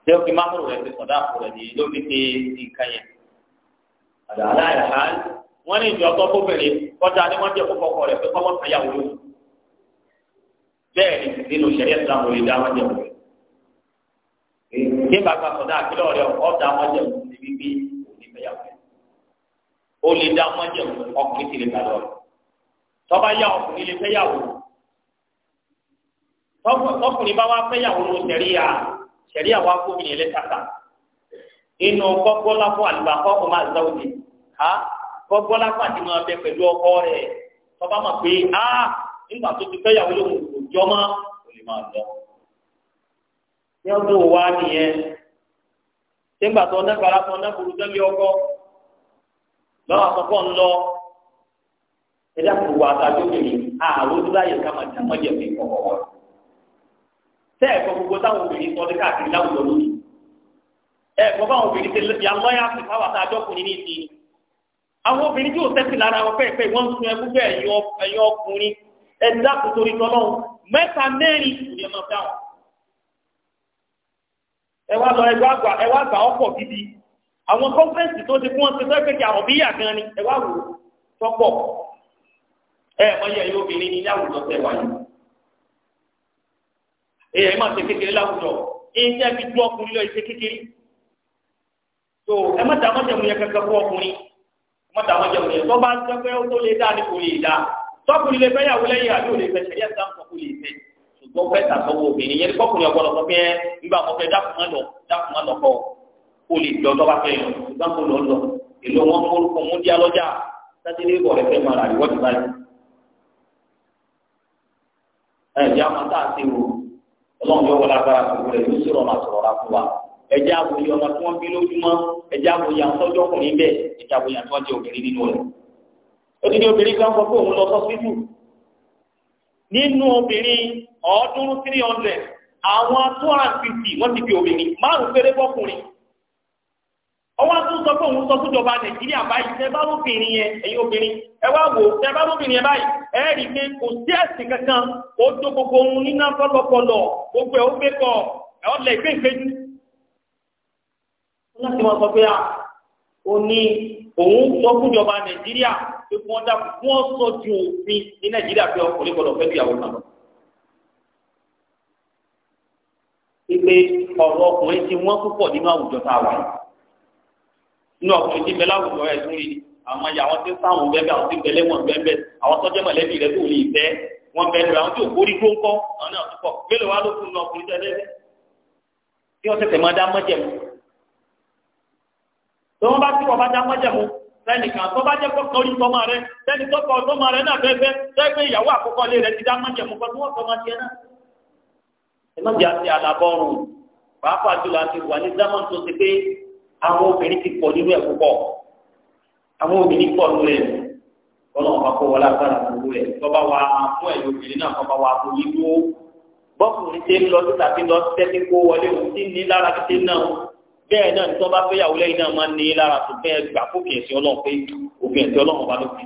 tí ó fi mákòrò rẹ̀ ti sọ̀dá àpò rẹ̀ ní ló fi ṣe nǹkan yẹn. àdá aláìha wọ́n ní ìjọ ọkọ kóbìnrin kọjá ni wọ́n jẹ́ kó kọkọ rẹ̀ pé kọ́mọ́ kan yàwó lóhùn. bẹ́ẹ̀ ni nínú ìṣẹ̀lẹ̀ ìsìlámù lè dá wọ́n jẹ̀wọ́. kí bàbá sọ̀dá àkílọ̀ rẹ̀ ọ̀dà wọ́n jẹ̀wọ́ ní wípé òní fẹ́yàwó. ó lè dá wọ́n ọkùnrin ti lè gbà lọ. tọ́ba yá ọkùnrin lè fẹ́yàwó. tọkùnrin bá wá fẹ́yàwó ló ṣẹ̀rí yà sẹ̀ríà wa kó mi nílé kàkà inú kọ́gbọ́lá fún àlùbá kọ́ ọmọ àzáwùjì ha kọ́gbọ́lá fún àti máa bẹ pẹ̀lú ọkọ rẹ̀ tọ́ba mọ̀ pé a nígbà tó ti fẹ́yàwó lòun kò jọ mọ́ kò lè máa lọ. yọ́dún wa nìyẹn nígbà tó ọ̀nà gbàrà tó ọ̀nà burú tó lé ọkọ lọ́wọ́ àkọ́kọ́ ń lọ ẹ̀dá kò wà àtàjọ́ kìíní àròdúráyè ká máa dá tẹ́ ẹ̀kọ́ gbogbo táwọn obìnrin sọ ní káàkiri láwùjọ lónìí ẹ̀kọ́ báwọn obìnrin ṣe ya lọ́yà sí fáwọn àtàjọkùnrin ní ìsìn àwọn obìnrin tí ò sẹ́sì lára wọn wọ́n sun ẹkú bẹ́ẹ̀ ọkùnrin ẹni torí tọ́lọ́ mẹ́ta mẹ́rin dáhùn lọ ẹgbẹ́ àgbà ẹ wá gbà èèyàn máa ṣe kékeré láwùjọ iṣẹ́ fi tú ọkùnrin lọ iṣẹ́ kékeré tó ẹ má dàá mọ́jẹ̀mú yẹn kankan fún ọkùnrin ẹ má dàá mọ́jẹ̀mú yẹn tó bá ń sọ pé ó tó lè dá ní kò lè dá tọkùnrin lè fẹ́ yàwó lẹ́yìn àdó lè fẹ́ sẹ́yìn àti àǹkọ̀ kò lè fẹ́ ṣùgbọ́n fẹ́ tàṣọwọ́ obìnrin yẹn kọkùnrin ọgbọ́dọ̀ sọ pé nígbà kan fẹ́ dákùnmá lọ dákùnmá lọ kọ́ ó lè lọ tọ́ bá fẹ́ lọ ṣùgbọ́n kò lọ ọlọ́run yóò wọlé agbára gbogbo rẹ̀ yóò sì rọ̀ máa sọ̀rọ̀ ra fún wa ẹjẹ́ àbòyí ọmọ tí wọ́n bí lójúmọ́ ẹjẹ́ àbòyí àtọ́jọ́ ọkùnrin bẹ́ẹ̀ ẹjẹ́ àbòyí àtọ́jọ́ obìnrin nínú rẹ̀ odidi obìnrin kan sọ pé òun lọ sọ́síbù nínú obìnrin ọ̀ọ́dúnrún three hundred àwọn two hundred fifty wọ́n ti fi obìnrin márùn-ún péré bọ́kùnrin pé òun sọ fúnjọba nàìjíríà báyìí tẹ bá lóbìnrin yẹn ẹ̀yin obìnrin ẹ wá wò tẹ bá lóbìnrin yẹn báyìí ẹ rí i pé kò sí ẹ̀sìn kankan ó jó gbogbo ohun níná fọlọpọlọ gbogbo ẹ̀ ó gbé kọ ẹ̀ ọ́ lẹ̀ gbẹ̀gbẹ̀dú. wọ́n ti wọ́n sọ pé a, ó ní òun sọ fúnjọba nàìjíríà pé wọ́n dà wọ́n sọ ju òfin ní nàìjíríà pé ọkùnrin gbọ́dọ̀ fẹ́ ìyàwó kan lọ. ìpè ọ̀rọ̀ ọkùnrin ti wọ́n púpọ̀ nínú àwùjọ tá a wà yìí nínú ọkùnrin tí bẹlẹ àwùjọ ẹ tún rí ni àwọn ayé àwọn tí ń sáwọn bẹbẹ àwọn tí ń bẹlẹ wọn bẹbẹ àwọn tọjọ mọ̀lẹ́bí rẹ tó lè fẹ wọn bẹ lọ àwọn tí òkú rí gbóńkọ àwọn náà tó pọ mélòó wá ló fún un ọkùnrin tẹ́lẹ̀ tí wọn tẹsẹ̀ máa dá mọjẹmú tí wọn bá tí wọn bá dá mọjẹmú sẹ́nìkan tó bá jẹ́ kọ́kọ́ orí tọ́mọ rẹ sẹ́ni tọ́kọ tọ́mọ rẹ náà fẹ́ẹ́ fẹ́ sẹ́gbẹ́ ìyàwó àkọ́kọ́ rẹ náà. ẹ má jẹ́ àti àlàbọ̀rùn pàápàá àwọn obìnrin ti pọ̀ nínú ẹ̀ púpọ̀ àwọn obìnrin pọ̀ nínú ẹ̀ kọ́nà ọba kó wọlé agbára gbogbo rẹ̀ tọ́ba wa mú ẹ̀yọ obìnrin náà kọ́ba wa kó yí dúró bọ́kùnrin ṣe ń lọ sí tàbí lọ tẹ́tí kó wọlé òun ti ní lára títí náà bẹ́ẹ̀ náà ní tọ́ba fẹ́yàwó lẹ́yìn náà máa ń ní lára tó fẹ́ gbà fókè ẹ̀sìn ọlọ́run pé òfin ẹ̀sìn ọlọ́run ọba ló fi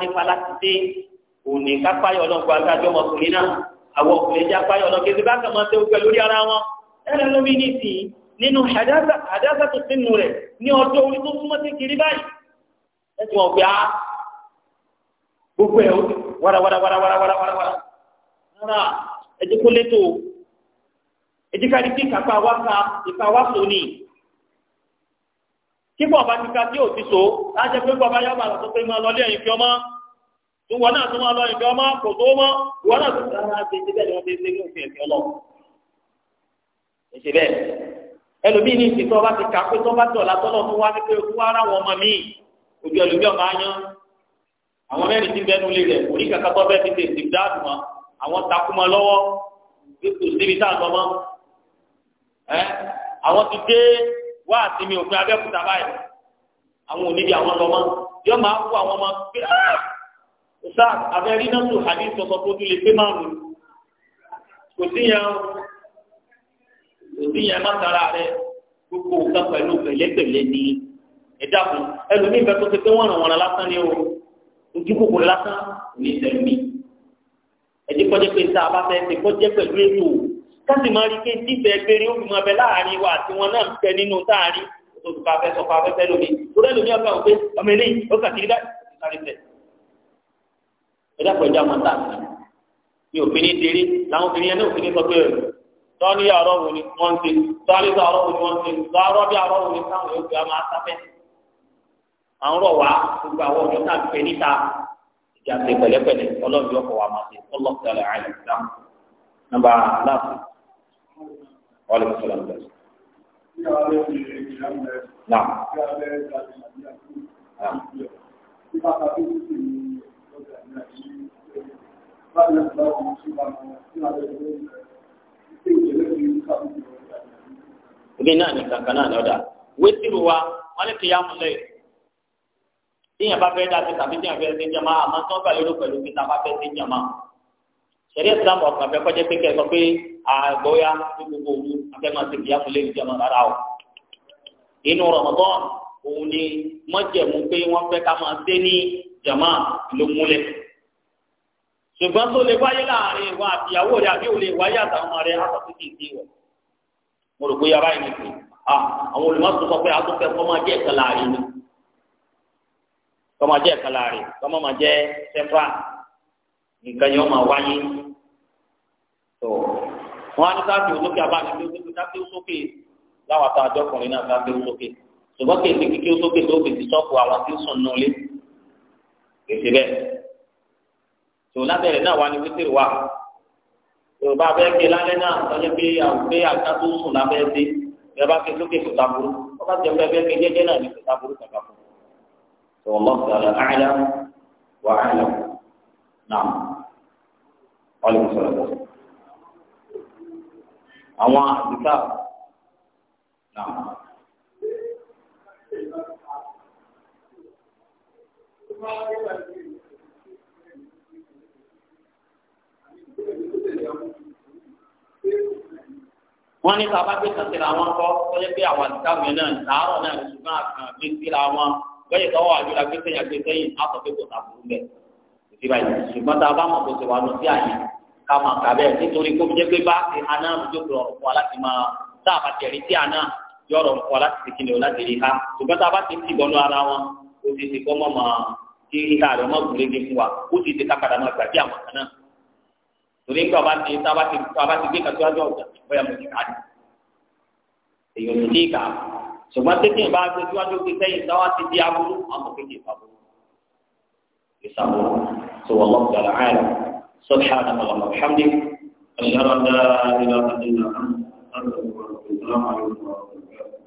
kalẹ̀ òní kápáyọ̀ náà kó adájọ́ ọmọkùnrin náà àwọn ọkùnrin jẹ́ apáyọ̀ náà kí ẹsẹ̀ bá kàn máa tẹ́wọ́ pẹ̀lú lórí ara wọn ẹ̀rẹ́ lómi ní ìsìn nínú àdáṣà tó sínú rẹ̀ ní ọjọ́ orí tó súnmọ́ sí kiri báyìí ẹ̀sìn wọn pé á ah, gbogbo ẹ̀ wàràwàràwàràwàràwàrà rárá ẹ̀jẹ̀ kó létò ẹ̀jẹ̀ kárí kí kápá wá ka ìka wá so ní kí bọ̀ bá ti ka tí ò ti so á jẹ́ pé bọ̀ bá yá tó wọn náà tó máa lọ ìgbà ọmọ kò tó mọ wọn náà tó rárá ṣe ṣe bẹ́ẹ̀ ni wọn fi ṣe ní òfin ẹsẹ ọlọ ṣe bẹ́ẹ̀ ẹlòmíì ní ìsìn tó bá ti kà pé tó bá dọ̀la tọ́lọ̀ fún wa ní pé fún ara wọn ọmọ mi òbí ẹlòmíì ọmọ ayán àwọn mẹ́rin ti bẹnu lé rẹ̀ orí kankan tó bẹ́ẹ̀ ti ṣe ìsìn dáàbò mọ́ àwọn takumọ lọ́wọ́ kò síbi tá a lọ mọ́ ẹ́ àwọn ti dé wá àtìmí òfin abẹ́kúta báyìí àwọn òní sáà abẹ́rí náà tó hadith sọ̀tọ̀ tó tún lè pé márùn-ún kò sí yẹn kò sí yẹn má tara rẹ gbogbo nǹkan pẹ̀lú pẹ̀lẹ́pẹ̀lẹ́ ni ẹ̀dá kan ẹlòmíì bẹ́ẹ̀ tó ti pé wọ́n ràn wọ́n lásán ni o ojú kòkòrò lásán ní ìtẹ̀lẹ́mì ẹ̀dí kọjá pé tá a bá fẹ́ẹ́ ṣe kọjá pẹ̀lú ètò káàsì máa rí pé nífẹ̀ẹ́ péré ó fi mọ abẹ láàrin wa àti wọn náà ń tẹ nínú táàrin tó ti bá fẹ́ sọ fún afẹ́fẹ́ lómi torí ẹlòmíì ẹjá pẹ̀lú ẹjá máa ń tà ní òfin ní délé làwọn obìnrin yẹn ní òfin ní sọ pé tọ́ni àrọ́ wò ni wọ́n ń ṣe tọ́ni àrọ́ wò ni wọ́n ń ṣe tọ́rọ́ bí àrọ́ wò ni táwọn yóò fi ọmọ asáfẹ́ àwọn rọ̀ wá gbogbo àwọn ọ̀dọ́ náà fẹ́ níta ìjà ṣe pẹ̀lẹ́pẹ̀lẹ́ ọlọ́run yóò kọ̀ wá máa ṣe ọlọ́ọ̀tẹ̀lẹ̀ àìlẹ́sà nàbà ìdí náà ní kankan náà lọ́dà wétìrù wa wọ́n ní kìyà múlẹ̀ tíyẹn bá fẹ́ dá sí tàbí tíyẹn fẹ́ sí jama àmọ́ tí wọ́n bá lérò pẹ̀lú pé tàbá fẹ́ sí jama sẹ̀rí ẹ̀sìlámù ọ̀kan fẹ́ kọjá pé kẹ́ ẹ sọ pé àgbọ̀yà ní gbogbo òru afẹ́ máa ti kìyà múlẹ̀ ní jama rárá o inú Ramadan òun ni mọ́jẹ̀mú pé wọ́n fẹ́ ká máa dé ní jama ló múlẹ̀ ṣùgbọ́n tó lè wáyé láàrin ìwà àti ìyàwó rẹ̀ àbí òun lè wáyé àtàwọn ọmọ rẹ̀ àtọ̀ tó kì í sí wọ̀. mo rò pé yàrá yìí nìkan àwọn olùmọ̀tò sọ pé àtúnfẹ́ kọ́ máa jẹ́ ẹ̀kan láàrin ni kọ́ máa jẹ́ ẹ̀kan láàrin kọ́ máa jẹ́ sẹ́fà nǹkan yẹn máa wáyé. tó wọn á ní káfíń olókè abáni tó tó káfíń sókè láwọn àtàwọn ọkùnrin náà káfíń sókè tó lábẹ́rẹ̀ náà wà ní wítìrì wa yorùbá abẹ́ ké lálẹ́ náà lọ́jọ́ pé àwùjọ àgbà tó sùn lábẹ́ dé ẹ bá ké sókè kò taburú wọ́n bá jẹ́ pé abẹ́ jẹ́jẹ́ náà ní kò taburú kàkà fún un wọ́n lọ́sọ̀ àlẹ́ wà àyà náà wọ́n lè sọ̀rọ̀ bọ̀ àwọn àdìsá náà. Thank you. wọ́n ní sábà gbé kan síra wọn kọ́ tọ́jú pé àwọn àtìkáwé náà sàárọ̀ náà ṣùgbọ́n àkàn gbé síra wọn bẹ́ẹ̀ tọ́wọ́ àjọra gbé sẹ́yìn àgbé sẹ́yìn á sọ pé kò sàbùrù bẹ́ẹ̀ ìdí báyìí ṣùgbọ́n tá a bá mọ̀ kó ṣe wà lọ sí àyè ká máa kà bẹ́ẹ̀ nítorí kó jẹ́ pé bá ti aná jókòó ọ̀rọ̀ fún wa láti máa tá a bá tẹ̀rí sí aná yọ̀rọ̀ fún wa láti ti kíni láti rí ká ṣùgbọ́n tá a bá ti ti bọ́nú ara wọn ó ti ti kọ́ mọ́ mọ́ kí ká rẹ̀ mọ́ torí nígbà bá ti tá a bá ti tá a bá ti gbé kàtó àjọ ọjà bóyá mo ti ká ní. èyàn ti dé ìka ṣùgbọ́n tètè bá a gbẹ́jú àjọ gbé sẹ́yìn táwa ti di aburú àwọn kéde ìfàbúrú. ìsàbúrú tó wà lọ́wọ́ gbàrà àìlà sọ́dọ̀ àdá mọ̀lọ́mọ́ alhamdulilayi.